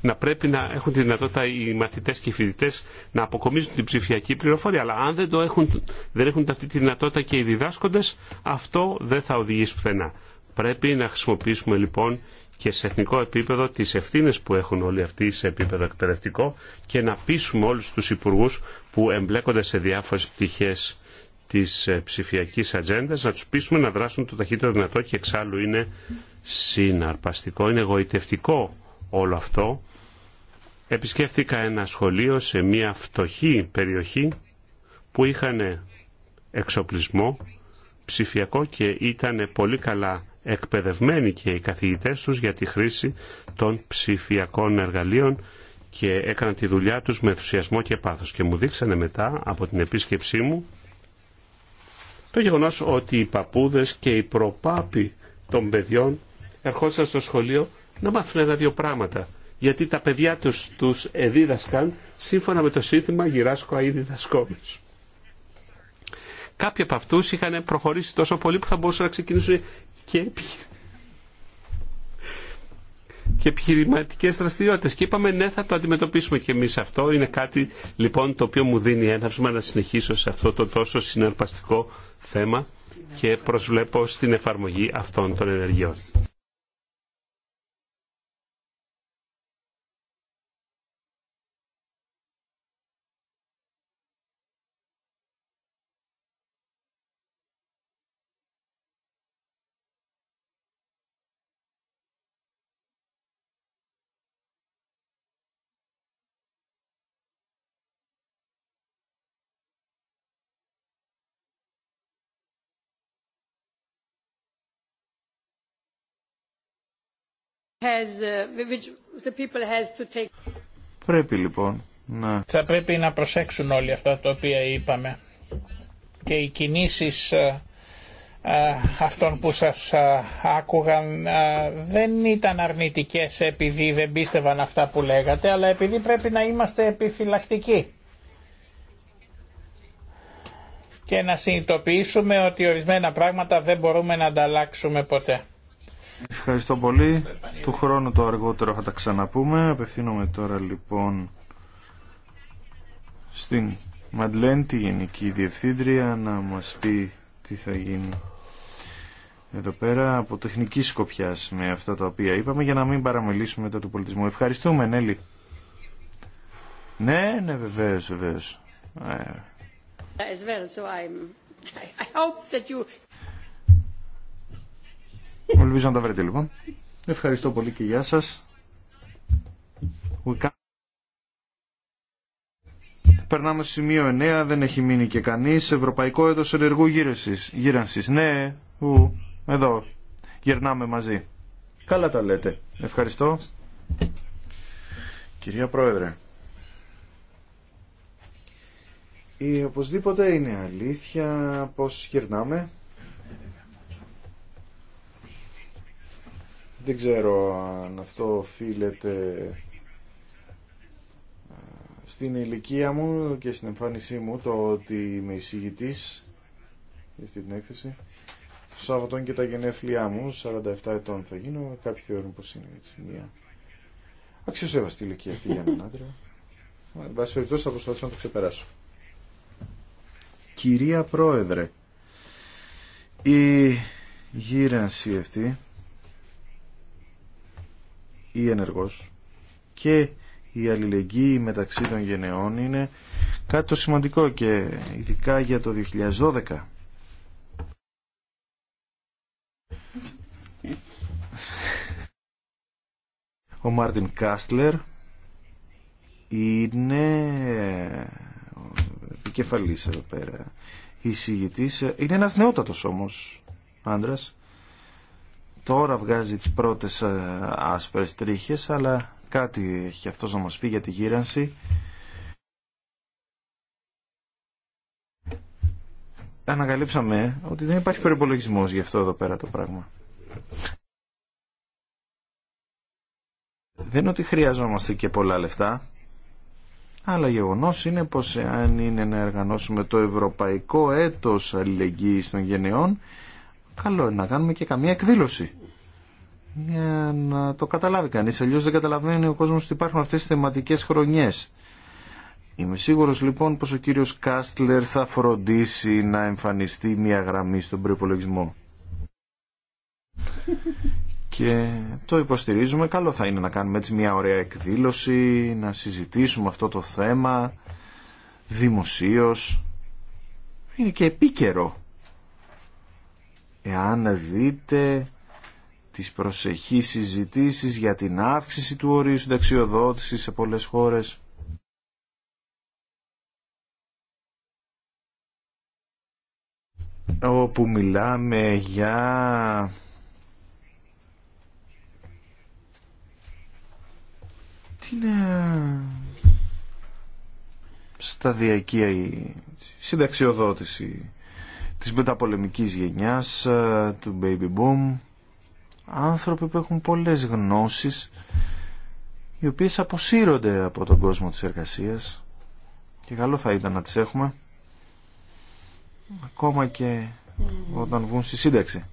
να πρέπει να έχουν τη δυνατότητα οι μαθητές και οι φοιτητές να αποκομίζουν την ψηφιακή πληροφορία. Αλλά αν δεν, το έχουν, δεν έχουν αυτή τη δυνατότητα και οι διδάσκοντες, αυτό δεν θα οδηγήσει πουθενά. Πρέπει να χρησιμοποιήσουμε λοιπόν και σε εθνικό επίπεδο τις ευθύνε που έχουν όλοι αυτοί σε επίπεδο εκπαιδευτικό και να πείσουμε όλους τους υπουργούς που εμπλέκονται σε διάφορες πτυχές της ε, ψηφιακής ατζέντα, να τους πείσουμε να δράσουν το ταχύτερο δυνατό και εξάλλου είναι συναρπαστικό, είναι εγωιτευτικό όλο αυτό. Επισκέφθηκα ένα σχολείο σε μια φτωχή περιοχή που είχαν εξοπλισμό ψηφιακό και ήταν πολύ καλά εκπαιδευμένοι και οι καθηγητές τους για τη χρήση των ψηφιακών εργαλείων και έκανα τη δουλειά τους με ενθουσιασμό και πάθος και μου δείξανε μετά από την επίσκεψή μου το γεγονός ότι οι παππούδες και οι προπάποι των παιδιών ερχόντουσαν στο σχολείο να μάθουν ένα-δύο πράγματα γιατί τα παιδιά τους τους εδίδασκαν σύμφωνα με το σύνθημα «Γυράσκω αίδιδασκόμενος». Κάποιοι από αυτούς είχαν προχωρήσει τόσο πολύ που θα μπορούσαν να ξεκινήσουν και, και επιχειρηματικές δραστηριότητες. Και είπαμε ναι θα το αντιμετωπίσουμε και εμείς αυτό. Είναι κάτι λοιπόν το οποίο μου δίνει έναυσμα να συνεχίσω σε αυτό το τόσο συναρπαστικό θέμα και προσβλέπω στην εφαρμογή αυτών των ενεργειών. Uh, πρέπει λοιπόν να... Θα πρέπει να προσέξουν όλοι αυτά τα οποία είπαμε και οι κινήσεις ε, ε, αυτών που σας ε, άκουγαν δεν ήταν αρνητικές επειδή δεν πίστευαν αυτά που λέγατε αλλά επειδή πρέπει να είμαστε επιφυλακτικοί και να συνειδητοποιήσουμε ότι ορισμένα πράγματα δεν μπορούμε να ανταλλάξουμε ποτέ. Ευχαριστώ πολύ. Του χρόνου το αργότερο θα τα ξαναπούμε. Απευθύνομαι τώρα λοιπόν στην Μαντλέν, τη Γενική Διευθύντρια, να μας πει τι θα γίνει εδώ πέρα από τεχνική σκοπιά με αυτά τα οποία είπαμε για να μην παραμελήσουμε μετά του πολιτισμού. Ευχαριστούμε, Νέλη. Ναι, ναι, βεβαίως, βεβαίως. Ε. so I hope that you... Ελπίζω να τα βρείτε λοιπόν. Ευχαριστώ πολύ και γεια σας. Περνάμε στο σημείο 9, δεν έχει μείνει και κανείς. Ευρωπαϊκό έτος ενεργού γύρωσης. Ναι, ου, εδώ. γυρνάμε μαζί. Καλά τα λέτε. Ευχαριστώ. Κυρία Πρόεδρε. οπωσδήποτε είναι αλήθεια πως γυρνάμε Δεν ξέρω αν αυτό οφείλεται ε, στην ηλικία μου και στην εμφάνισή μου το ότι είμαι εισηγητής για αυτή την έκθεση. Του Σάββατο είναι και τα γενέθλιά μου, 47 ετών θα γίνω, κάποιοι θεωρούν πως είναι έτσι μια αξιοσέβαστη ηλικία αυτή για έναν άντρα. Ε, εν πάση περιπτώσει θα προσπαθήσω να το ξεπεράσω. Κυρία Πρόεδρε, η γύρανση αυτή ή ενεργός και η αλληλεγγύη μεταξύ των γενεών είναι κάτι το σημαντικό και ειδικά για το 2012. Ο Μάρτιν Κάστλερ είναι επικεφαλής εδώ πέρα η συγητής Είναι ένας νεότατος όμως άντρας τώρα βγάζει τις πρώτες ε, άσπρες τρίχες, αλλά κάτι έχει αυτός να μας πει για τη γύρανση. Ανακαλύψαμε ότι δεν υπάρχει προπολογισμό γι' αυτό εδώ πέρα το πράγμα. Δεν ότι χρειαζόμαστε και πολλά λεφτά, αλλά γεγονό είναι πως αν είναι να εργανώσουμε το ευρωπαϊκό έτος αλληλεγγύης των γενεών, καλό είναι να κάνουμε και καμία εκδήλωση για να το καταλάβει κανείς. Αλλιώς δεν καταλαβαίνει ο κόσμος ότι υπάρχουν αυτές τις θεματικές χρονιές. Είμαι σίγουρος λοιπόν πως ο κύριος Κάστλερ θα φροντίσει να εμφανιστεί μια γραμμή στον προπολογισμό. Και το υποστηρίζουμε. Καλό θα είναι να κάνουμε έτσι μια ωραία εκδήλωση, να συζητήσουμε αυτό το θέμα δημοσίως. Είναι και επίκαιρο Εάν δείτε τις προσεχείς συζητήσεις για την αύξηση του ορίου συνταξιοδότησης σε πολλές χώρες, όπου μιλάμε για την ε, σταδιακή συνταξιοδότηση της μεταπολεμικής γενιάς, ε, του baby boom, άνθρωποι που έχουν πολλές γνώσεις, οι οποίες αποσύρονται από τον κόσμο της εργασίας και καλό θα ήταν να τις έχουμε, ακόμα και όταν βγουν στη σύνταξη.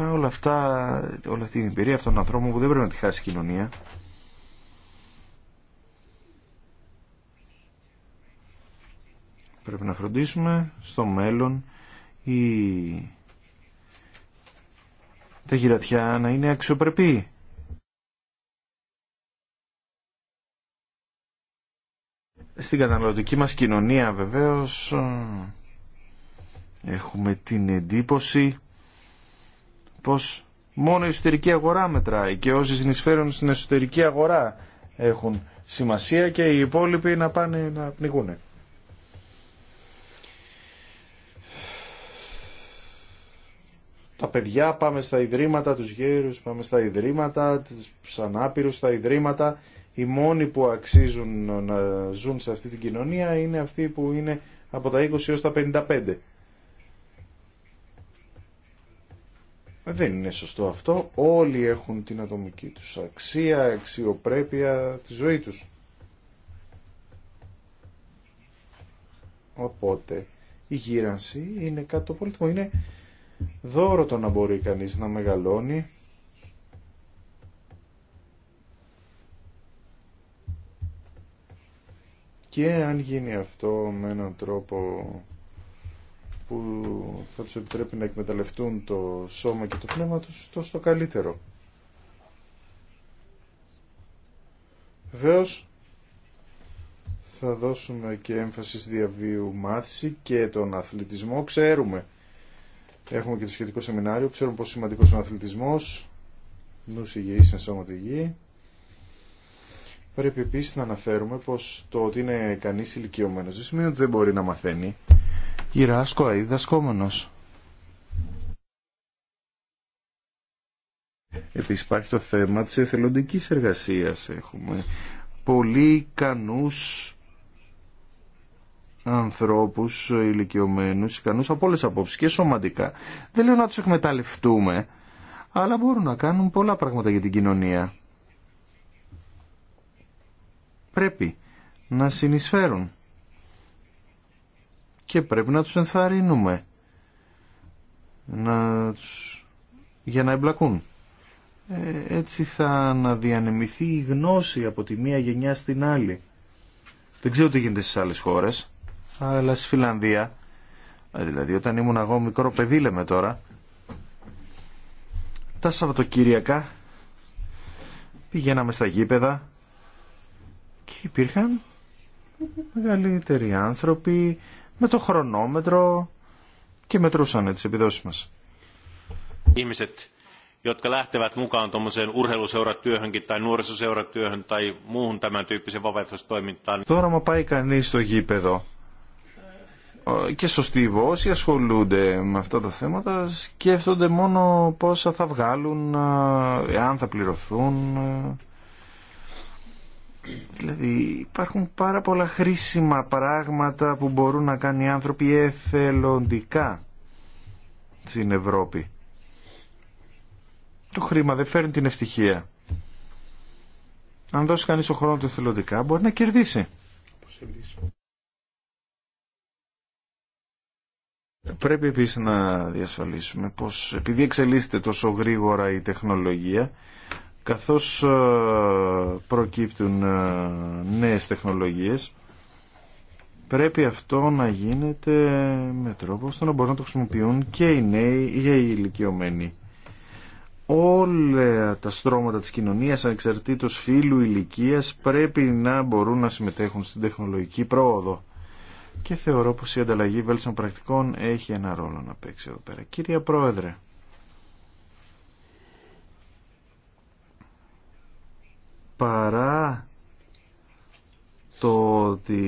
Όλα αυτά, όλη αυτή η εμπειρία αυτών των ανθρώπων που δεν πρέπει να τη χάσει η κοινωνία πρέπει να φροντίσουμε στο μέλλον η... τα γυρατιά να είναι αξιοπρεπή. Στην καταναλωτική μας κοινωνία βεβαίως ε, έχουμε την εντύπωση πως μόνο η εσωτερική αγορά μετράει και όσοι συνεισφέρουν στην εσωτερική αγορά έχουν σημασία και οι υπόλοιποι να πάνε να πνιγούνε τα παιδιά πάμε στα ιδρύματα, τους γέρους πάμε στα ιδρύματα, τους ανάπηρους στα ιδρύματα. Οι μόνοι που αξίζουν να ζουν σε αυτή την κοινωνία είναι αυτοί που είναι από τα 20 έως τα 55. Δεν είναι σωστό αυτό. Όλοι έχουν την ατομική τους αξία, αξιοπρέπεια, τη ζωή τους. Οπότε η γύρανση είναι κάτι το πολύτιμο. Είναι δώρο το να μπορεί κανείς να μεγαλώνει και αν γίνει αυτό με έναν τρόπο που θα τους επιτρέπει να εκμεταλλευτούν το σώμα και το πνεύμα τους τόσο το καλύτερο. Βεβαίω θα δώσουμε και έμφαση στη διαβίου μάθηση και τον αθλητισμό. Ξέρουμε Έχουμε και το σχετικό σεμινάριο. Ξέρουμε πόσο σημαντικό είναι ο αθλητισμό. Νου υγιή, τη υγιή. Πρέπει επίση να αναφέρουμε πω το ότι είναι κανεί ηλικιωμένο δεν σημαίνει ότι δεν μπορεί να μαθαίνει. Γυράσκο αή δασκόμενο. Επίσης υπάρχει το θέμα της εθελοντική εργασίας. Έχουμε πολύ ικανούς ανθρώπους ηλικιωμένους, ικανούς από όλες απόψεις και σωματικά. Δεν λέω να τους εκμεταλλευτούμε, αλλά μπορούν να κάνουν πολλά πράγματα για την κοινωνία. Πρέπει να συνεισφέρουν και πρέπει να τους ενθαρρύνουμε να τους... για να εμπλακούν. Ε, έτσι θα αναδιανεμηθεί η γνώση από τη μία γενιά στην άλλη. Δεν ξέρω τι γίνεται στις άλλες χώρες αλλά στη Φιλανδία, δηλαδή όταν ήμουν εγώ μικρό παιδί λέμε τώρα, τα Σαββατοκύριακα πηγαίναμε στα γήπεδα και υπήρχαν μεγαλύτεροι άνθρωποι με το χρονόμετρο και μετρούσαν τις επιδόσεις μας. Ihmiset, jotka lähtevät mukaan tuommoiseen urheiluseuratyöhönkin tai nuorisoseuratyöhön tai muuhun tämän tyyppiseen vapaaehtoistoimintaan. Τώρα, μα πάει κανείς στο γήπεδο και σωστοί όσοι ασχολούνται με αυτά τα θέματα σκέφτονται μόνο πόσα θα βγάλουν, εάν θα πληρωθούν. Δηλαδή υπάρχουν πάρα πολλά χρήσιμα πράγματα που μπορούν να κάνουν οι άνθρωποι εθελοντικά στην Ευρώπη. Το χρήμα δεν φέρνει την ευτυχία. Αν δώσει κανείς ο χρόνο του εθελοντικά μπορεί να κερδίσει. Πρέπει επίσης να διασφαλίσουμε πως επειδή εξελίσσεται τόσο γρήγορα η τεχνολογία καθώς ε, προκύπτουν ε, νέες τεχνολογίες πρέπει αυτό να γίνεται με τρόπο ώστε να μπορούν να το χρησιμοποιούν και οι νέοι για οι ηλικιωμένοι. Όλα τα στρώματα της κοινωνίας ανεξαρτήτως φύλου ηλικίας πρέπει να μπορούν να συμμετέχουν στην τεχνολογική πρόοδο και θεωρώ πως η ανταλλαγή βέλτιστων πρακτικών έχει ένα ρόλο να παίξει εδώ πέρα. Κύριε Πρόεδρε, παρά το ότι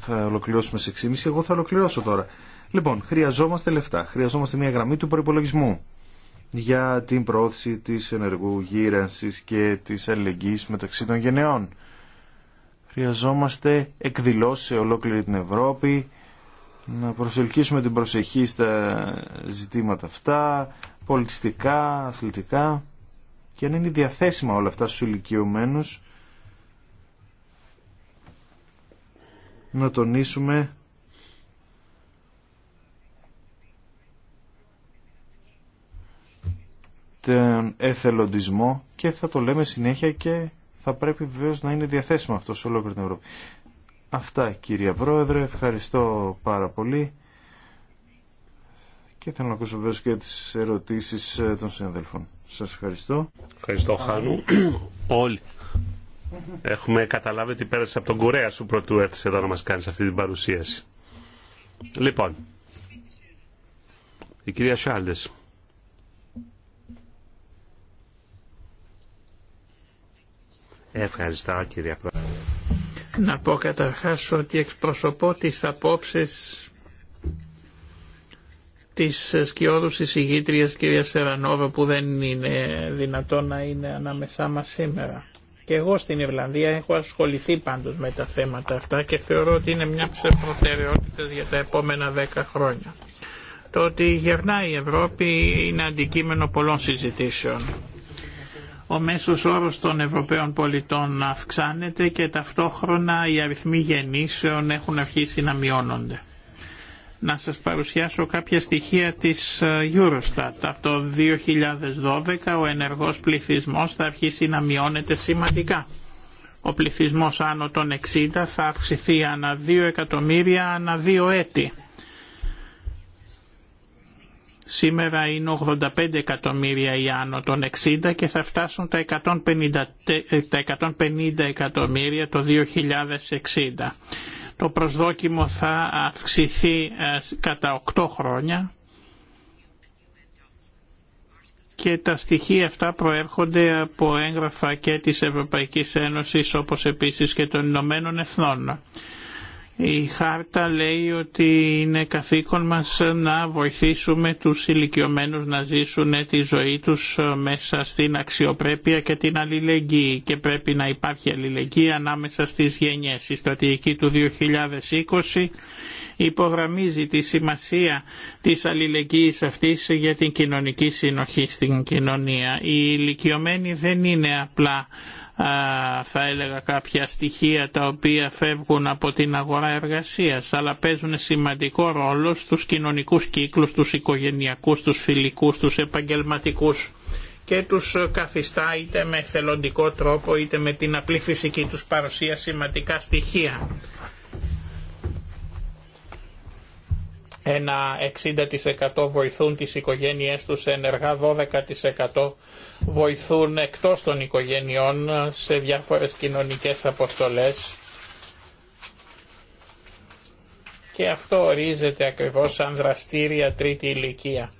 θα ολοκληρώσουμε σε 6,5, εγώ θα ολοκληρώσω τώρα. Λοιπόν, χρειαζόμαστε λεφτά, χρειαζόμαστε μια γραμμή του προπολογισμού για την πρόθεση της ενεργού γύρανσης και της αλληλεγγύης μεταξύ των γενεών. Χρειαζόμαστε εκδηλώσεις σε ολόκληρη την Ευρώπη, να προσελκύσουμε την προσεχή στα ζητήματα αυτά, πολιτιστικά, αθλητικά και να είναι διαθέσιμα όλα αυτά στους ηλικιωμένους να τονίσουμε τον ε, εθελοντισμό και θα το λέμε συνέχεια και θα πρέπει βεβαίω να είναι διαθέσιμο αυτό σε ολόκληρη την Ευρώπη. Αυτά κυρία Πρόεδρε, ευχαριστώ πάρα πολύ και θέλω να ακούσω βεβαίω και τις ερωτήσεις ε, των συναδέλφων. Σας ευχαριστώ. Ευχαριστώ Χάνου. Όλοι. Έχουμε καταλάβει ότι πέρασε από τον κουρέα σου πρωτού έρθεις εδώ να μας κάνεις αυτή την παρουσίαση. Λοιπόν, η κυρία Σάλτες. Ευχαριστώ κύριε Πρόεδρε. Να πω καταρχάς ότι εξπροσωπώ τις απόψεις της σκιώδους εισηγήτριας κυρία Σερανόβα που δεν είναι δυνατόν να είναι ανάμεσά μας σήμερα. Και εγώ στην Ιρλανδία έχω ασχοληθεί πάντως με τα θέματα αυτά και θεωρώ ότι είναι μια προτεραιότητε για τα επόμενα δέκα χρόνια. Το ότι γερνάει η Ευρώπη είναι αντικείμενο πολλών συζητήσεων ο μέσος όρος των Ευρωπαίων πολιτών αυξάνεται και ταυτόχρονα οι αριθμοί γεννήσεων έχουν αρχίσει να μειώνονται. Να σας παρουσιάσω κάποια στοιχεία της ε, Eurostat. Από το 2012 ο ενεργός πληθυσμός θα αρχίσει να μειώνεται σημαντικά. Ο πληθυσμός άνω των 60 θα αυξηθεί ανά 2 εκατομμύρια ανά 2 έτη Σήμερα είναι 85 εκατομμύρια οι άνω των 60 και θα φτάσουν τα 150, ε, τα 150 εκατομμύρια το 2060. Το προσδόκιμο θα αυξηθεί ε, κατά 8 χρόνια και τα στοιχεία αυτά προέρχονται από έγγραφα και της Ευρωπαϊκής Ένωσης όπως επίσης και των Ηνωμένων Εθνών. Η χάρτα λέει ότι είναι καθήκον μας να βοηθήσουμε τους ηλικιωμένους να ζήσουν τη ζωή τους μέσα στην αξιοπρέπεια και την αλληλεγγύη και πρέπει να υπάρχει αλληλεγγύη ανάμεσα στις γενιές. Η στρατηγική του 2020 υπογραμμίζει τη σημασία της αλληλεγγύης αυτής για την κοινωνική συνοχή στην κοινωνία. Οι ηλικιωμένοι δεν είναι απλά θα έλεγα κάποια στοιχεία τα οποία φεύγουν από την αγορά εργασίας αλλά παίζουν σημαντικό ρόλο στους κοινωνικούς κύκλους, τους οικογενειακούς, τους φιλικούς, τους επαγγελματικούς και τους καθιστά είτε με θελοντικό τρόπο είτε με την απλή φυσική τους παρουσία σημαντικά στοιχεία. ένα 60% βοηθούν τις οικογένειές τους ενεργά, 12% βοηθούν εκτός των οικογένειών σε διάφορες κοινωνικές αποστολές. Και αυτό ορίζεται ακριβώς σαν δραστήρια τρίτη ηλικία.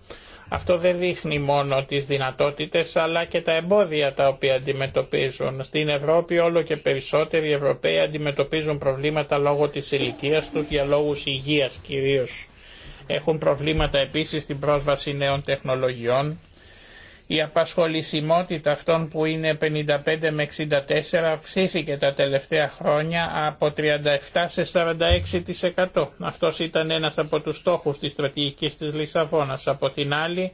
Αυτό δεν δείχνει μόνο τις δυνατότητες αλλά και τα εμπόδια τα οποία αντιμετωπίζουν. Στην Ευρώπη όλο και περισσότεροι Ευρωπαίοι αντιμετωπίζουν προβλήματα λόγω της ηλικίας τους για λόγους υγείας κυρίως. Έχουν προβλήματα επίσης στην πρόσβαση νέων τεχνολογιών. Η απασχολησιμότητα αυτών που είναι 55 με 64 αυξήθηκε τα τελευταία χρόνια από 37 σε 46%. Αυτός ήταν ένας από τους στόχους της στρατηγικής της Λισαβόνας. Από την άλλη,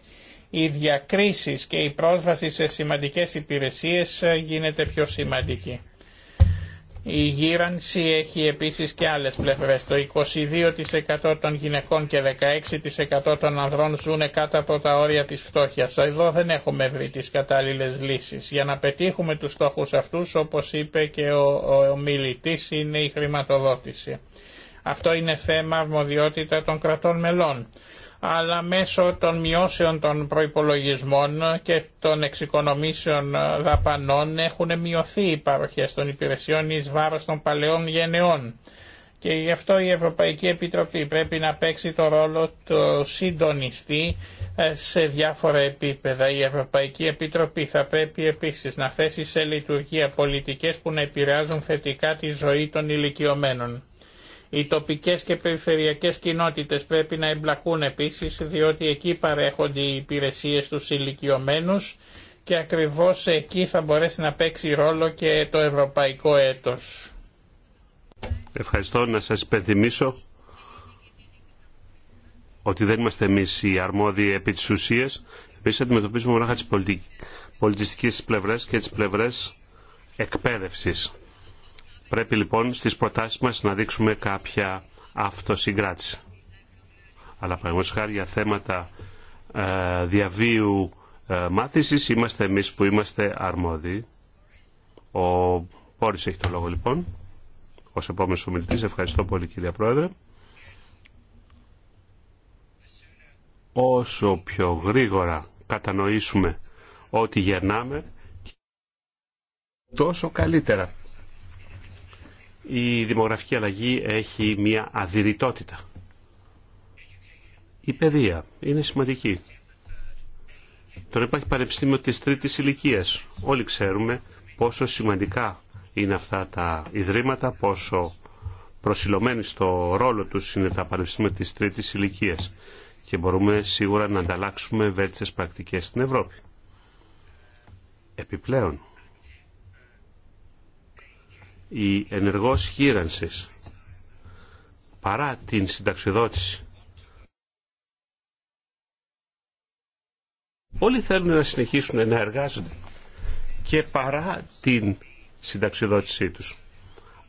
οι διακρίσεις και η πρόσβαση σε σημαντικές υπηρεσίες ε, γίνεται πιο σημαντική. Η γύρανση έχει επίσης και άλλες πλευρές. Το 22% των γυναικών και 16% των ανδρών ζουν κάτω από τα όρια της φτώχειας. Εδώ δεν έχουμε βρει τις κατάλληλες λύσεις. Για να πετύχουμε τους στόχους αυτούς, όπως είπε και ο, ο μιλητής, είναι η χρηματοδότηση. Αυτό είναι θέμα αρμοδιότητα των κρατών μελών αλλά μέσω των μειώσεων των προϋπολογισμών και των εξοικονομήσεων δαπανών έχουν μειωθεί οι παροχές των υπηρεσιών εις βάρος των παλαιών γενεών. Και γι' αυτό η Ευρωπαϊκή Επιτροπή πρέπει να παίξει το ρόλο του συντονιστή ε, σε διάφορα επίπεδα. Η Ευρωπαϊκή Επιτροπή θα πρέπει επίσης να θέσει σε λειτουργία πολιτικές που να επηρεάζουν θετικά τη ζωή των ηλικιωμένων. Οι τοπικές και περιφερειακές κοινότητες πρέπει να εμπλακούν επίσης διότι εκεί παρέχονται οι υπηρεσίες του ηλικιωμένου και ακριβώς εκεί θα μπορέσει να παίξει ρόλο και το ευρωπαϊκό έτος. Ευχαριστώ να σας υπενθυμίσω ότι δεν είμαστε εμείς οι αρμόδιοι επί της ουσίας. Εμείς αντιμετωπίζουμε μονάχα τις πολιτιστικές πλευρές και τις πλευρές εκπαίδευσης. Πρέπει λοιπόν στις προτάσεις μας να δείξουμε κάποια αυτοσυγκράτηση. Αλλά πραγματικά χάρη για θέματα ε, διαβίου ε, μάθησης είμαστε εμείς που είμαστε αρμόδιοι. Ο Πόρης έχει το λόγο λοιπόν. Ως επόμενος ομιλητής ευχαριστώ πολύ κυρία Πρόεδρε. Όσο πιο γρήγορα κατανοήσουμε ότι γερνάμε, τόσο καλύτερα η δημογραφική αλλαγή έχει μία αδηρητότητα. Η παιδεία είναι σημαντική. Τώρα υπάρχει πανεπιστήμιο της τρίτης ηλικίας. Όλοι ξέρουμε πόσο σημαντικά είναι αυτά τα ιδρύματα, πόσο προσιλωμένοι στο ρόλο τους είναι τα πανεπιστήμια της τρίτης ηλικίας και μπορούμε σίγουρα να ανταλλάξουμε βέλτιστες πρακτικές στην Ευρώπη. Επιπλέον, η ενεργός χείρανσης παρά την συνταξιδότηση. Όλοι θέλουν να συνεχίσουν να εργάζονται και παρά την συνταξιδότησή τους.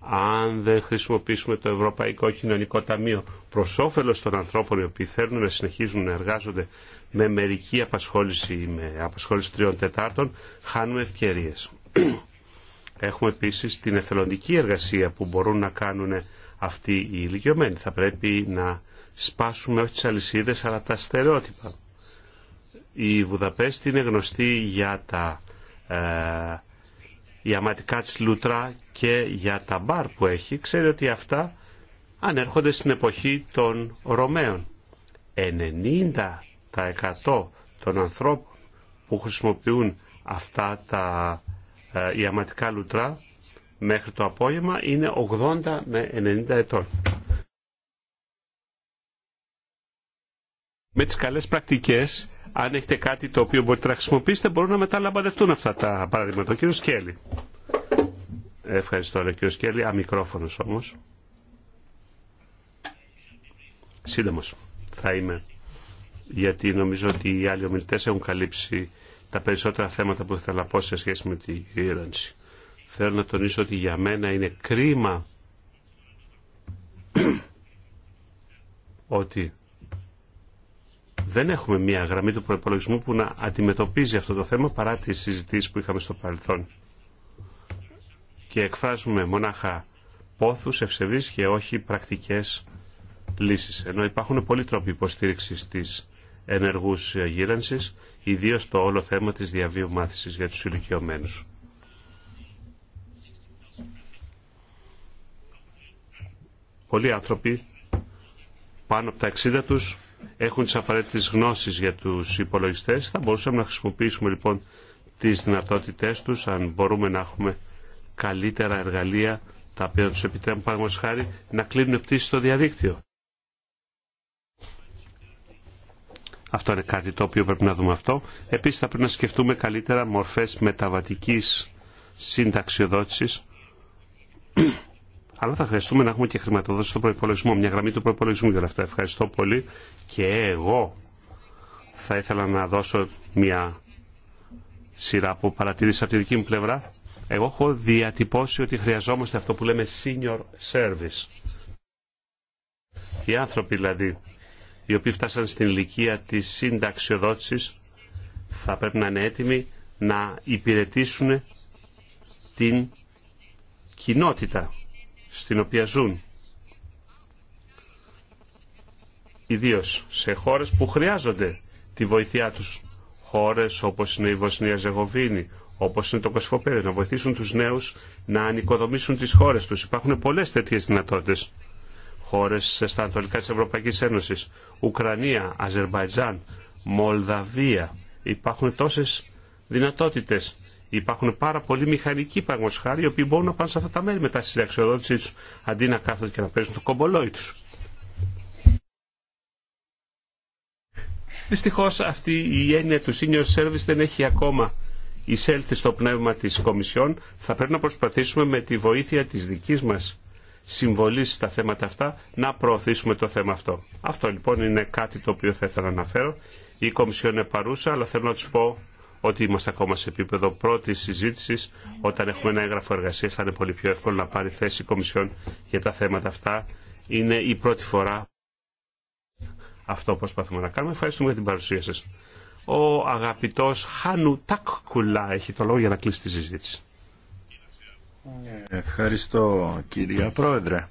Αν δεν χρησιμοποιήσουμε το Ευρωπαϊκό Κοινωνικό Ταμείο προς όφελος των ανθρώπων οι οποίοι θέλουν να συνεχίζουν να εργάζονται με μερική απασχόληση ή με απασχόληση τριών τετάρτων, χάνουμε ευκαιρίες. Έχουμε επίσης την εθελοντική εργασία που μπορούν να κάνουν αυτοί οι ηλικιωμένοι. Θα πρέπει να σπάσουμε όχι τι αλυσίδε, αλλά τα στερεότυπα. Η Βουδαπέστη είναι γνωστή για τα ε, ιαματικά της λουτρά και για τα μπαρ που έχει. Ξέρετε ότι αυτά ανέρχονται στην εποχή των Ρωμαίων. 90% των ανθρώπων που χρησιμοποιούν αυτά τα ε, η αματικά λουτρά μέχρι το απόγευμα είναι 80 με 90 ετών. Με τις καλές πρακτικές, αν έχετε κάτι το οποίο μπορείτε να χρησιμοποιήσετε, μπορούν να μεταλαμπαδευτούν αυτά τα παραδείγματα. Ο κύριος Σκέλη. Ευχαριστώ, ρε κύριο Σκέλη. Αμικρόφωνος όμως. Σύντομος θα είμαι. Γιατί νομίζω ότι οι άλλοι ομιλητές έχουν καλύψει τα περισσότερα θέματα που ήθελα να πω σε σχέση με τη γύρανση. Θέλω να τονίσω ότι για μένα είναι κρίμα ότι δεν έχουμε μια γραμμή του προπολογισμού που να αντιμετωπίζει αυτό το θέμα παρά τις συζητήσεις που είχαμε στο παρελθόν. Και εκφράζουμε μονάχα πόθους, ευσεβείς και όχι πρακτικές λύσεις. Ενώ υπάρχουν πολλοί τρόποι υποστήριξης της Ενεργού γύρανση, ιδίως το όλο θέμα της διαβίου για τους ηλικιωμένου. Πολλοί άνθρωποι, πάνω από τα 60 τους, έχουν τις απαραίτητες γνώσεις για τους υπολογιστές. Θα μπορούσαμε να χρησιμοποιήσουμε λοιπόν τις δυνατότητές τους, αν μπορούμε να έχουμε καλύτερα εργαλεία τα οποία τους επιτρέπουν, παραδείγματος χάρη, να κλείνουν πτήσει στο διαδίκτυο. Αυτό είναι κάτι το οποίο πρέπει να δούμε αυτό. Επίσης θα πρέπει να σκεφτούμε καλύτερα μορφές μεταβατικής συνταξιοδότησης. Αλλά θα χρειαστούμε να έχουμε και χρηματοδότηση στο προπολογισμό, μια γραμμή του προπολογισμού για αυτό. αυτά. Ευχαριστώ πολύ και εγώ θα ήθελα να δώσω μια σειρά που παρατηρήσα από τη δική μου πλευρά. Εγώ έχω διατυπώσει ότι χρειαζόμαστε αυτό που λέμε senior service. Οι άνθρωποι δηλαδή οι οποίοι φτάσαν στην ηλικία της συνταξιοδότησης θα πρέπει να είναι έτοιμοι να υπηρετήσουν την κοινότητα στην οποία ζουν. Ιδίως σε χώρες που χρειάζονται τη βοήθειά τους. Χώρες όπως είναι η Βοσνία Ζεγοβίνη, όπως είναι το Κοσφοπέδιο, να βοηθήσουν τους νέους να ανοικοδομήσουν τις χώρες τους. Υπάρχουν πολλές τέτοιες δυνατότητες χώρες στα ανατολικά της Ευρωπαϊκής Ένωσης. Ουκρανία, Αζερβαϊτζάν, Μολδαβία. Υπάρχουν τόσες δυνατότητες. Υπάρχουν πάρα πολλοί μηχανικοί παγκοσχάροι χάρη οι οποίοι μπορούν να πάνε σε αυτά τα μέρη μετά στη συνταξιοδότησή τους αντί να κάθονται και να παίζουν το κομπολόι τους. Δυστυχώς αυτή η έννοια του senior service δεν έχει ακόμα εισέλθει στο πνεύμα της Κομισιόν. Θα πρέπει να προσπαθήσουμε με τη βοήθεια της δικής μας Συμβολήσει στα θέματα αυτά να προωθήσουμε το θέμα αυτό. Αυτό λοιπόν είναι κάτι το οποίο θα ήθελα να αναφέρω. Η Κομισιόν είναι παρούσα, αλλά θέλω να του πω ότι είμαστε ακόμα σε επίπεδο πρώτη συζήτηση. Όταν έχουμε ένα έγγραφο εργασία, θα είναι πολύ πιο εύκολο να πάρει θέση η Κομισιόν για τα θέματα αυτά. Είναι η πρώτη φορά αυτό προσπαθούμε να κάνουμε. Ευχαριστούμε για την παρουσία σα. Ο αγαπητό Χάνου Τάκκουλα έχει το λόγο για να κλείσει τη συζήτηση. Ευχαριστώ κυρία Πρόεδρε.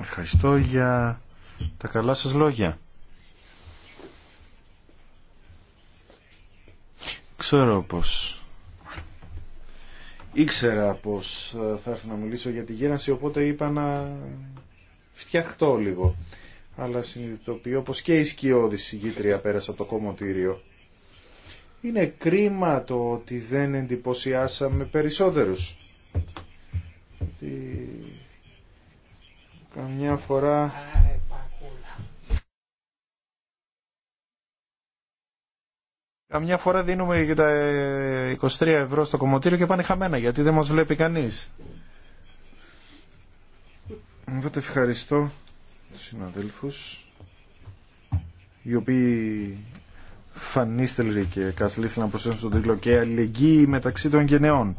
Ευχαριστώ για τα καλά σας λόγια. Ξέρω πως... Ήξερα πως θα έρθω να μιλήσω για τη γέναση, οπότε είπα να φτιαχτώ λίγο. Αλλά συνειδητοποιώ πως και η σκιώδη συγκήτρια πέρασε από το κομμωτήριο. Είναι κρίμα το ότι δεν εντυπωσιάσαμε περισσότερους. καμιά φορά... Καμιά φορά δίνουμε και τα 23 ε, ευρώ στο κομμωτήριο και πάνε χαμένα γιατί δεν μας βλέπει κανείς. Οπότε ευχαριστώ τους συναδέλφους οι οποίοι Φανίστελρη και Κασλή να προσθέσω στον τίτλο και αλληλεγγύη μεταξύ των γενεών.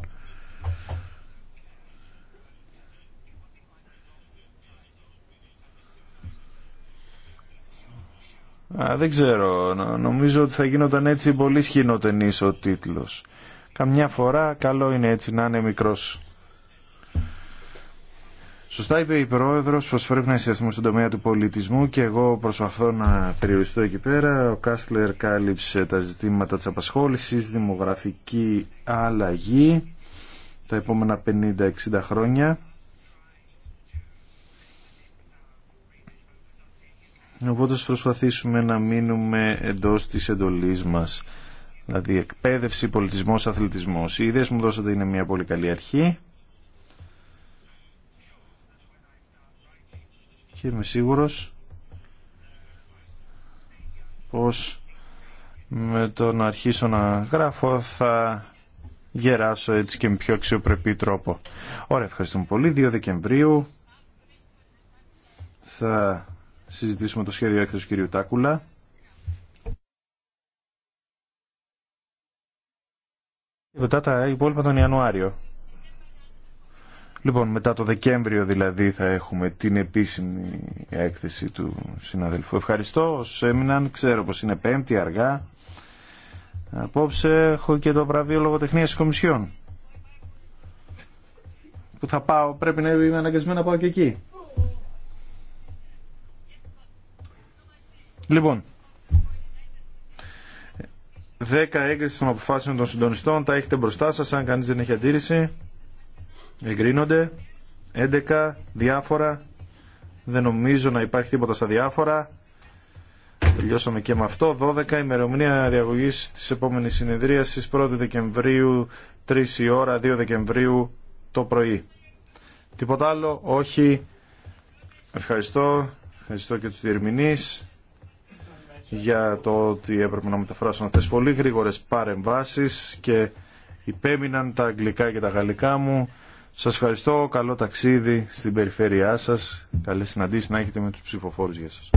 δεν ξέρω. Νομίζω ότι θα γίνονταν έτσι πολύ σχηνοτενής ο τίτλος. Καμιά φορά καλό είναι έτσι να είναι μικρός. Σωστά είπε η Πρόεδρο πω πρέπει να εστιαστούμε στον τομέα του πολιτισμού και εγώ προσπαθώ να περιοριστώ εκεί πέρα. Ο Κάστλερ κάλυψε τα ζητήματα τη απασχόληση, δημογραφική αλλαγή τα επόμενα 50-60 χρόνια. Οπότε προσπαθήσουμε να μείνουμε εντός της εντολής μας. Δηλαδή εκπαίδευση, πολιτισμός, αθλητισμός. Οι ιδέες μου δώσατε είναι μια πολύ καλή αρχή. είμαι σίγουρος πως με το να αρχίσω να γράφω θα γεράσω έτσι και με πιο αξιοπρεπή τρόπο. Ωραία, ευχαριστούμε πολύ. 2 Δεκεμβρίου θα συζητήσουμε το σχέδιο έκθεση του κυρίου Τάκουλα. Μετά τα υπόλοιπα τον Ιανουάριο. Λοιπόν, μετά το Δεκέμβριο δηλαδή θα έχουμε την επίσημη έκθεση του συναδελφού. Ευχαριστώ. Ως έμειναν, ξέρω πως είναι πέμπτη αργά. Απόψε έχω και το βραβείο λογοτεχνίας της Κομισιόν. Που θα πάω, πρέπει να είμαι αναγκασμένο να πάω και εκεί. Λοιπόν, 10 έγκριση των αποφάσεων των συντονιστών, τα έχετε μπροστά σας, αν κανείς δεν έχει αντίρρηση εγκρίνονται 11 διάφορα δεν νομίζω να υπάρχει τίποτα στα διάφορα τελειώσαμε και με αυτό 12 ημερομηνία διαγωγής της επόμενης συνεδρίασης 1 Δεκεμβρίου 3 η ώρα 2 Δεκεμβρίου το πρωί τίποτα άλλο όχι ευχαριστώ ευχαριστώ και του διερμηνείς για το ότι έπρεπε να μεταφράσουν αυτές πολύ γρήγορε παρεμβάσει και υπέμειναν τα αγγλικά και τα γαλλικά μου σας ευχαριστώ, καλό ταξίδι στην περιφέρειά σας, καλές συναντήσεις να έχετε με τους ψηφοφόρους για σας.